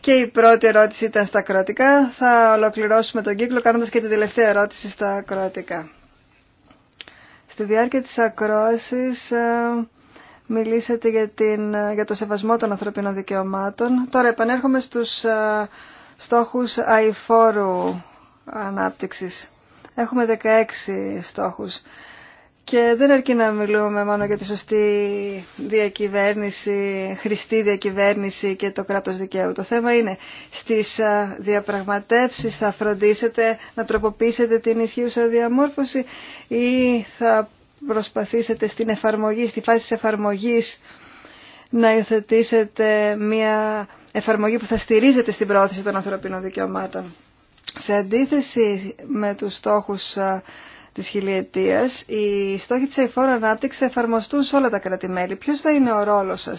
και η πρώτη ερώτηση ήταν στα κροατικά. Θα ολοκληρώσουμε τον κύκλο κάνοντας και την τελευταία ερώτηση στα κροατικά. Στη διάρκεια της ακρόασης ε, μιλήσατε για, την, ε, για το σεβασμό των ανθρωπίνων δικαιωμάτων. Τώρα επανέρχομαι στους ε, στόχους αηφόρου ανάπτυξης. Έχουμε 16 στόχους. Και δεν αρκεί να μιλούμε μόνο για τη σωστή διακυβέρνηση, χρηστή διακυβέρνηση και το κράτος δικαίου. Το θέμα είναι στις διαπραγματεύσεις θα φροντίσετε να τροποποιήσετε την ισχύουσα διαμόρφωση ή θα προσπαθήσετε στην εφαρμογή, στη φάση της εφαρμογής να υιοθετήσετε μια εφαρμογή που θα στηρίζεται στην πρόθεση των ανθρωπίνων δικαιωμάτων. Σε αντίθεση με τους στόχους Τη χιλιετία, οι στόχοι τη αηφόρου ανάπτυξη θα εφαρμοστούν σε όλα τα κράτη-μέλη. Ποιο θα είναι ο ρόλο σα,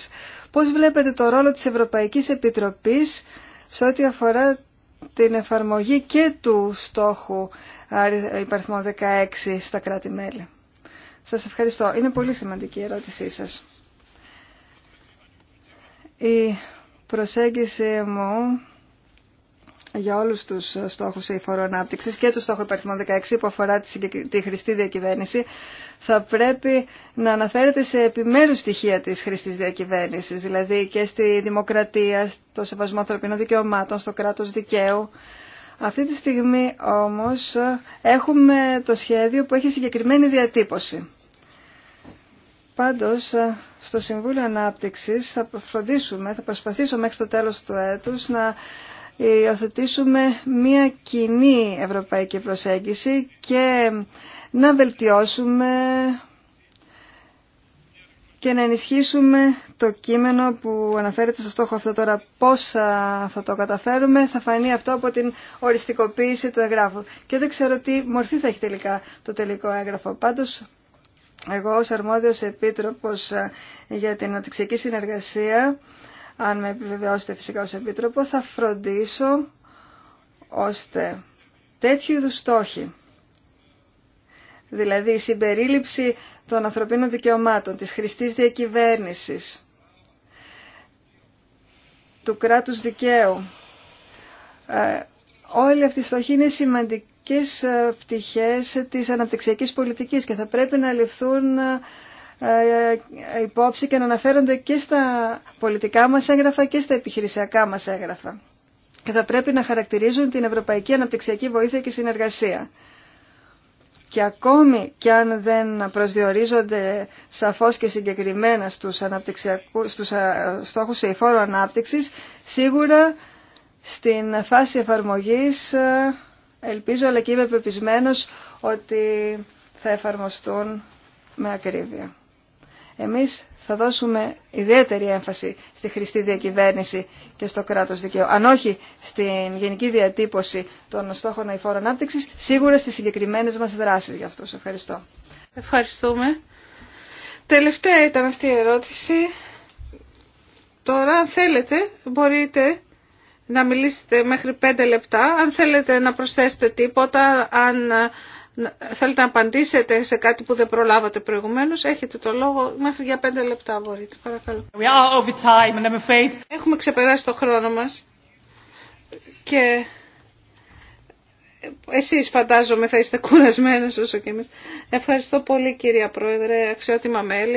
Πώ βλέπετε το ρόλο τη Ευρωπαϊκή Επιτροπή σε ό,τι αφορά την εφαρμογή και του στόχου υπαριθμό 16 στα κράτη-μέλη. Σας ευχαριστώ. Είναι πολύ σημαντική η ερώτησή σας. Η προσέγγιση μου για όλους τους στόχους αηφόρου ανάπτυξης και του στόχου υπαριθμών 16 που αφορά τη χρηστή διακυβέρνηση θα πρέπει να αναφέρεται σε επιμέρους στοιχεία της χρηστής διακυβέρνησης, δηλαδή και στη δημοκρατία, στο σεβασμό ανθρωπίνων δικαιωμάτων, στο κράτος δικαίου. Αυτή τη στιγμή όμως έχουμε το σχέδιο που έχει συγκεκριμένη διατύπωση. Πάντως, στο Συμβούλιο Ανάπτυξης θα φροντίσουμε, θα προσπαθήσω μέχρι το τέλος του έτους να υιοθετήσουμε μια κοινή ευρωπαϊκή προσέγγιση και να βελτιώσουμε και να ενισχύσουμε το κείμενο που αναφέρεται στο στόχο αυτό τώρα. Πώς θα το καταφέρουμε θα φανεί αυτό από την οριστικοποίηση του εγγράφου. Και δεν ξέρω τι μορφή θα έχει τελικά το τελικό έγγραφο. Πάντως, εγώ ως αρμόδιος επίτροπος για την αναπτυξιακή συνεργασία αν με επιβεβαιώσετε φυσικά ως Επίτροπο, θα φροντίσω ώστε τέτοιου είδου στόχοι, δηλαδή η συμπερίληψη των ανθρωπίνων δικαιωμάτων, της χρηστής διακυβέρνησης, του κράτους δικαίου, ε, όλοι αυτοί οι στόχοι είναι σημαντικές ε, πτυχές της αναπτυξιακής πολιτικής και θα πρέπει να ληφθούν ε, ε, ε, υπόψη και να αναφέρονται και στα πολιτικά μας έγγραφα και στα επιχειρησιακά μας έγγραφα. Και θα πρέπει να χαρακτηρίζουν την Ευρωπαϊκή Αναπτυξιακή Βοήθεια και Συνεργασία. Και ακόμη και αν δεν προσδιορίζονται σαφώς και συγκεκριμένα στους, αναπτυξιακούς, στους ε, στόχους υφόρο ανάπτυξης, σίγουρα στην φάση εφαρμογής ελπίζω αλλά και είμαι πεπισμένος ότι θα εφαρμοστούν με ακρίβεια. Εμείς θα δώσουμε ιδιαίτερη έμφαση στη χρηστή διακυβέρνηση και στο κράτος δικαίου. Αν όχι στην γενική διατύπωση των στόχων αηφόρων ανάπτυξης, σίγουρα στις συγκεκριμένες μας δράσεις για αυτούς. Ευχαριστώ. Ευχαριστούμε. Τελευταία ήταν αυτή η ερώτηση. Τώρα, αν θέλετε, μπορείτε να μιλήσετε μέχρι πέντε λεπτά. Αν θέλετε να προσθέσετε τίποτα, αν Θέλετε να απαντήσετε σε κάτι που δεν προλάβατε προηγουμένως. Έχετε το λόγο μέχρι για πέντε λεπτά μπορείτε. Παρακαλώ. Έχουμε ξεπεράσει το χρόνο μας και εσείς φαντάζομαι θα είστε κουρασμένοι όσο και εμείς. Ευχαριστώ πολύ κυρία Πρόεδρε, αξιότιμα μέλη.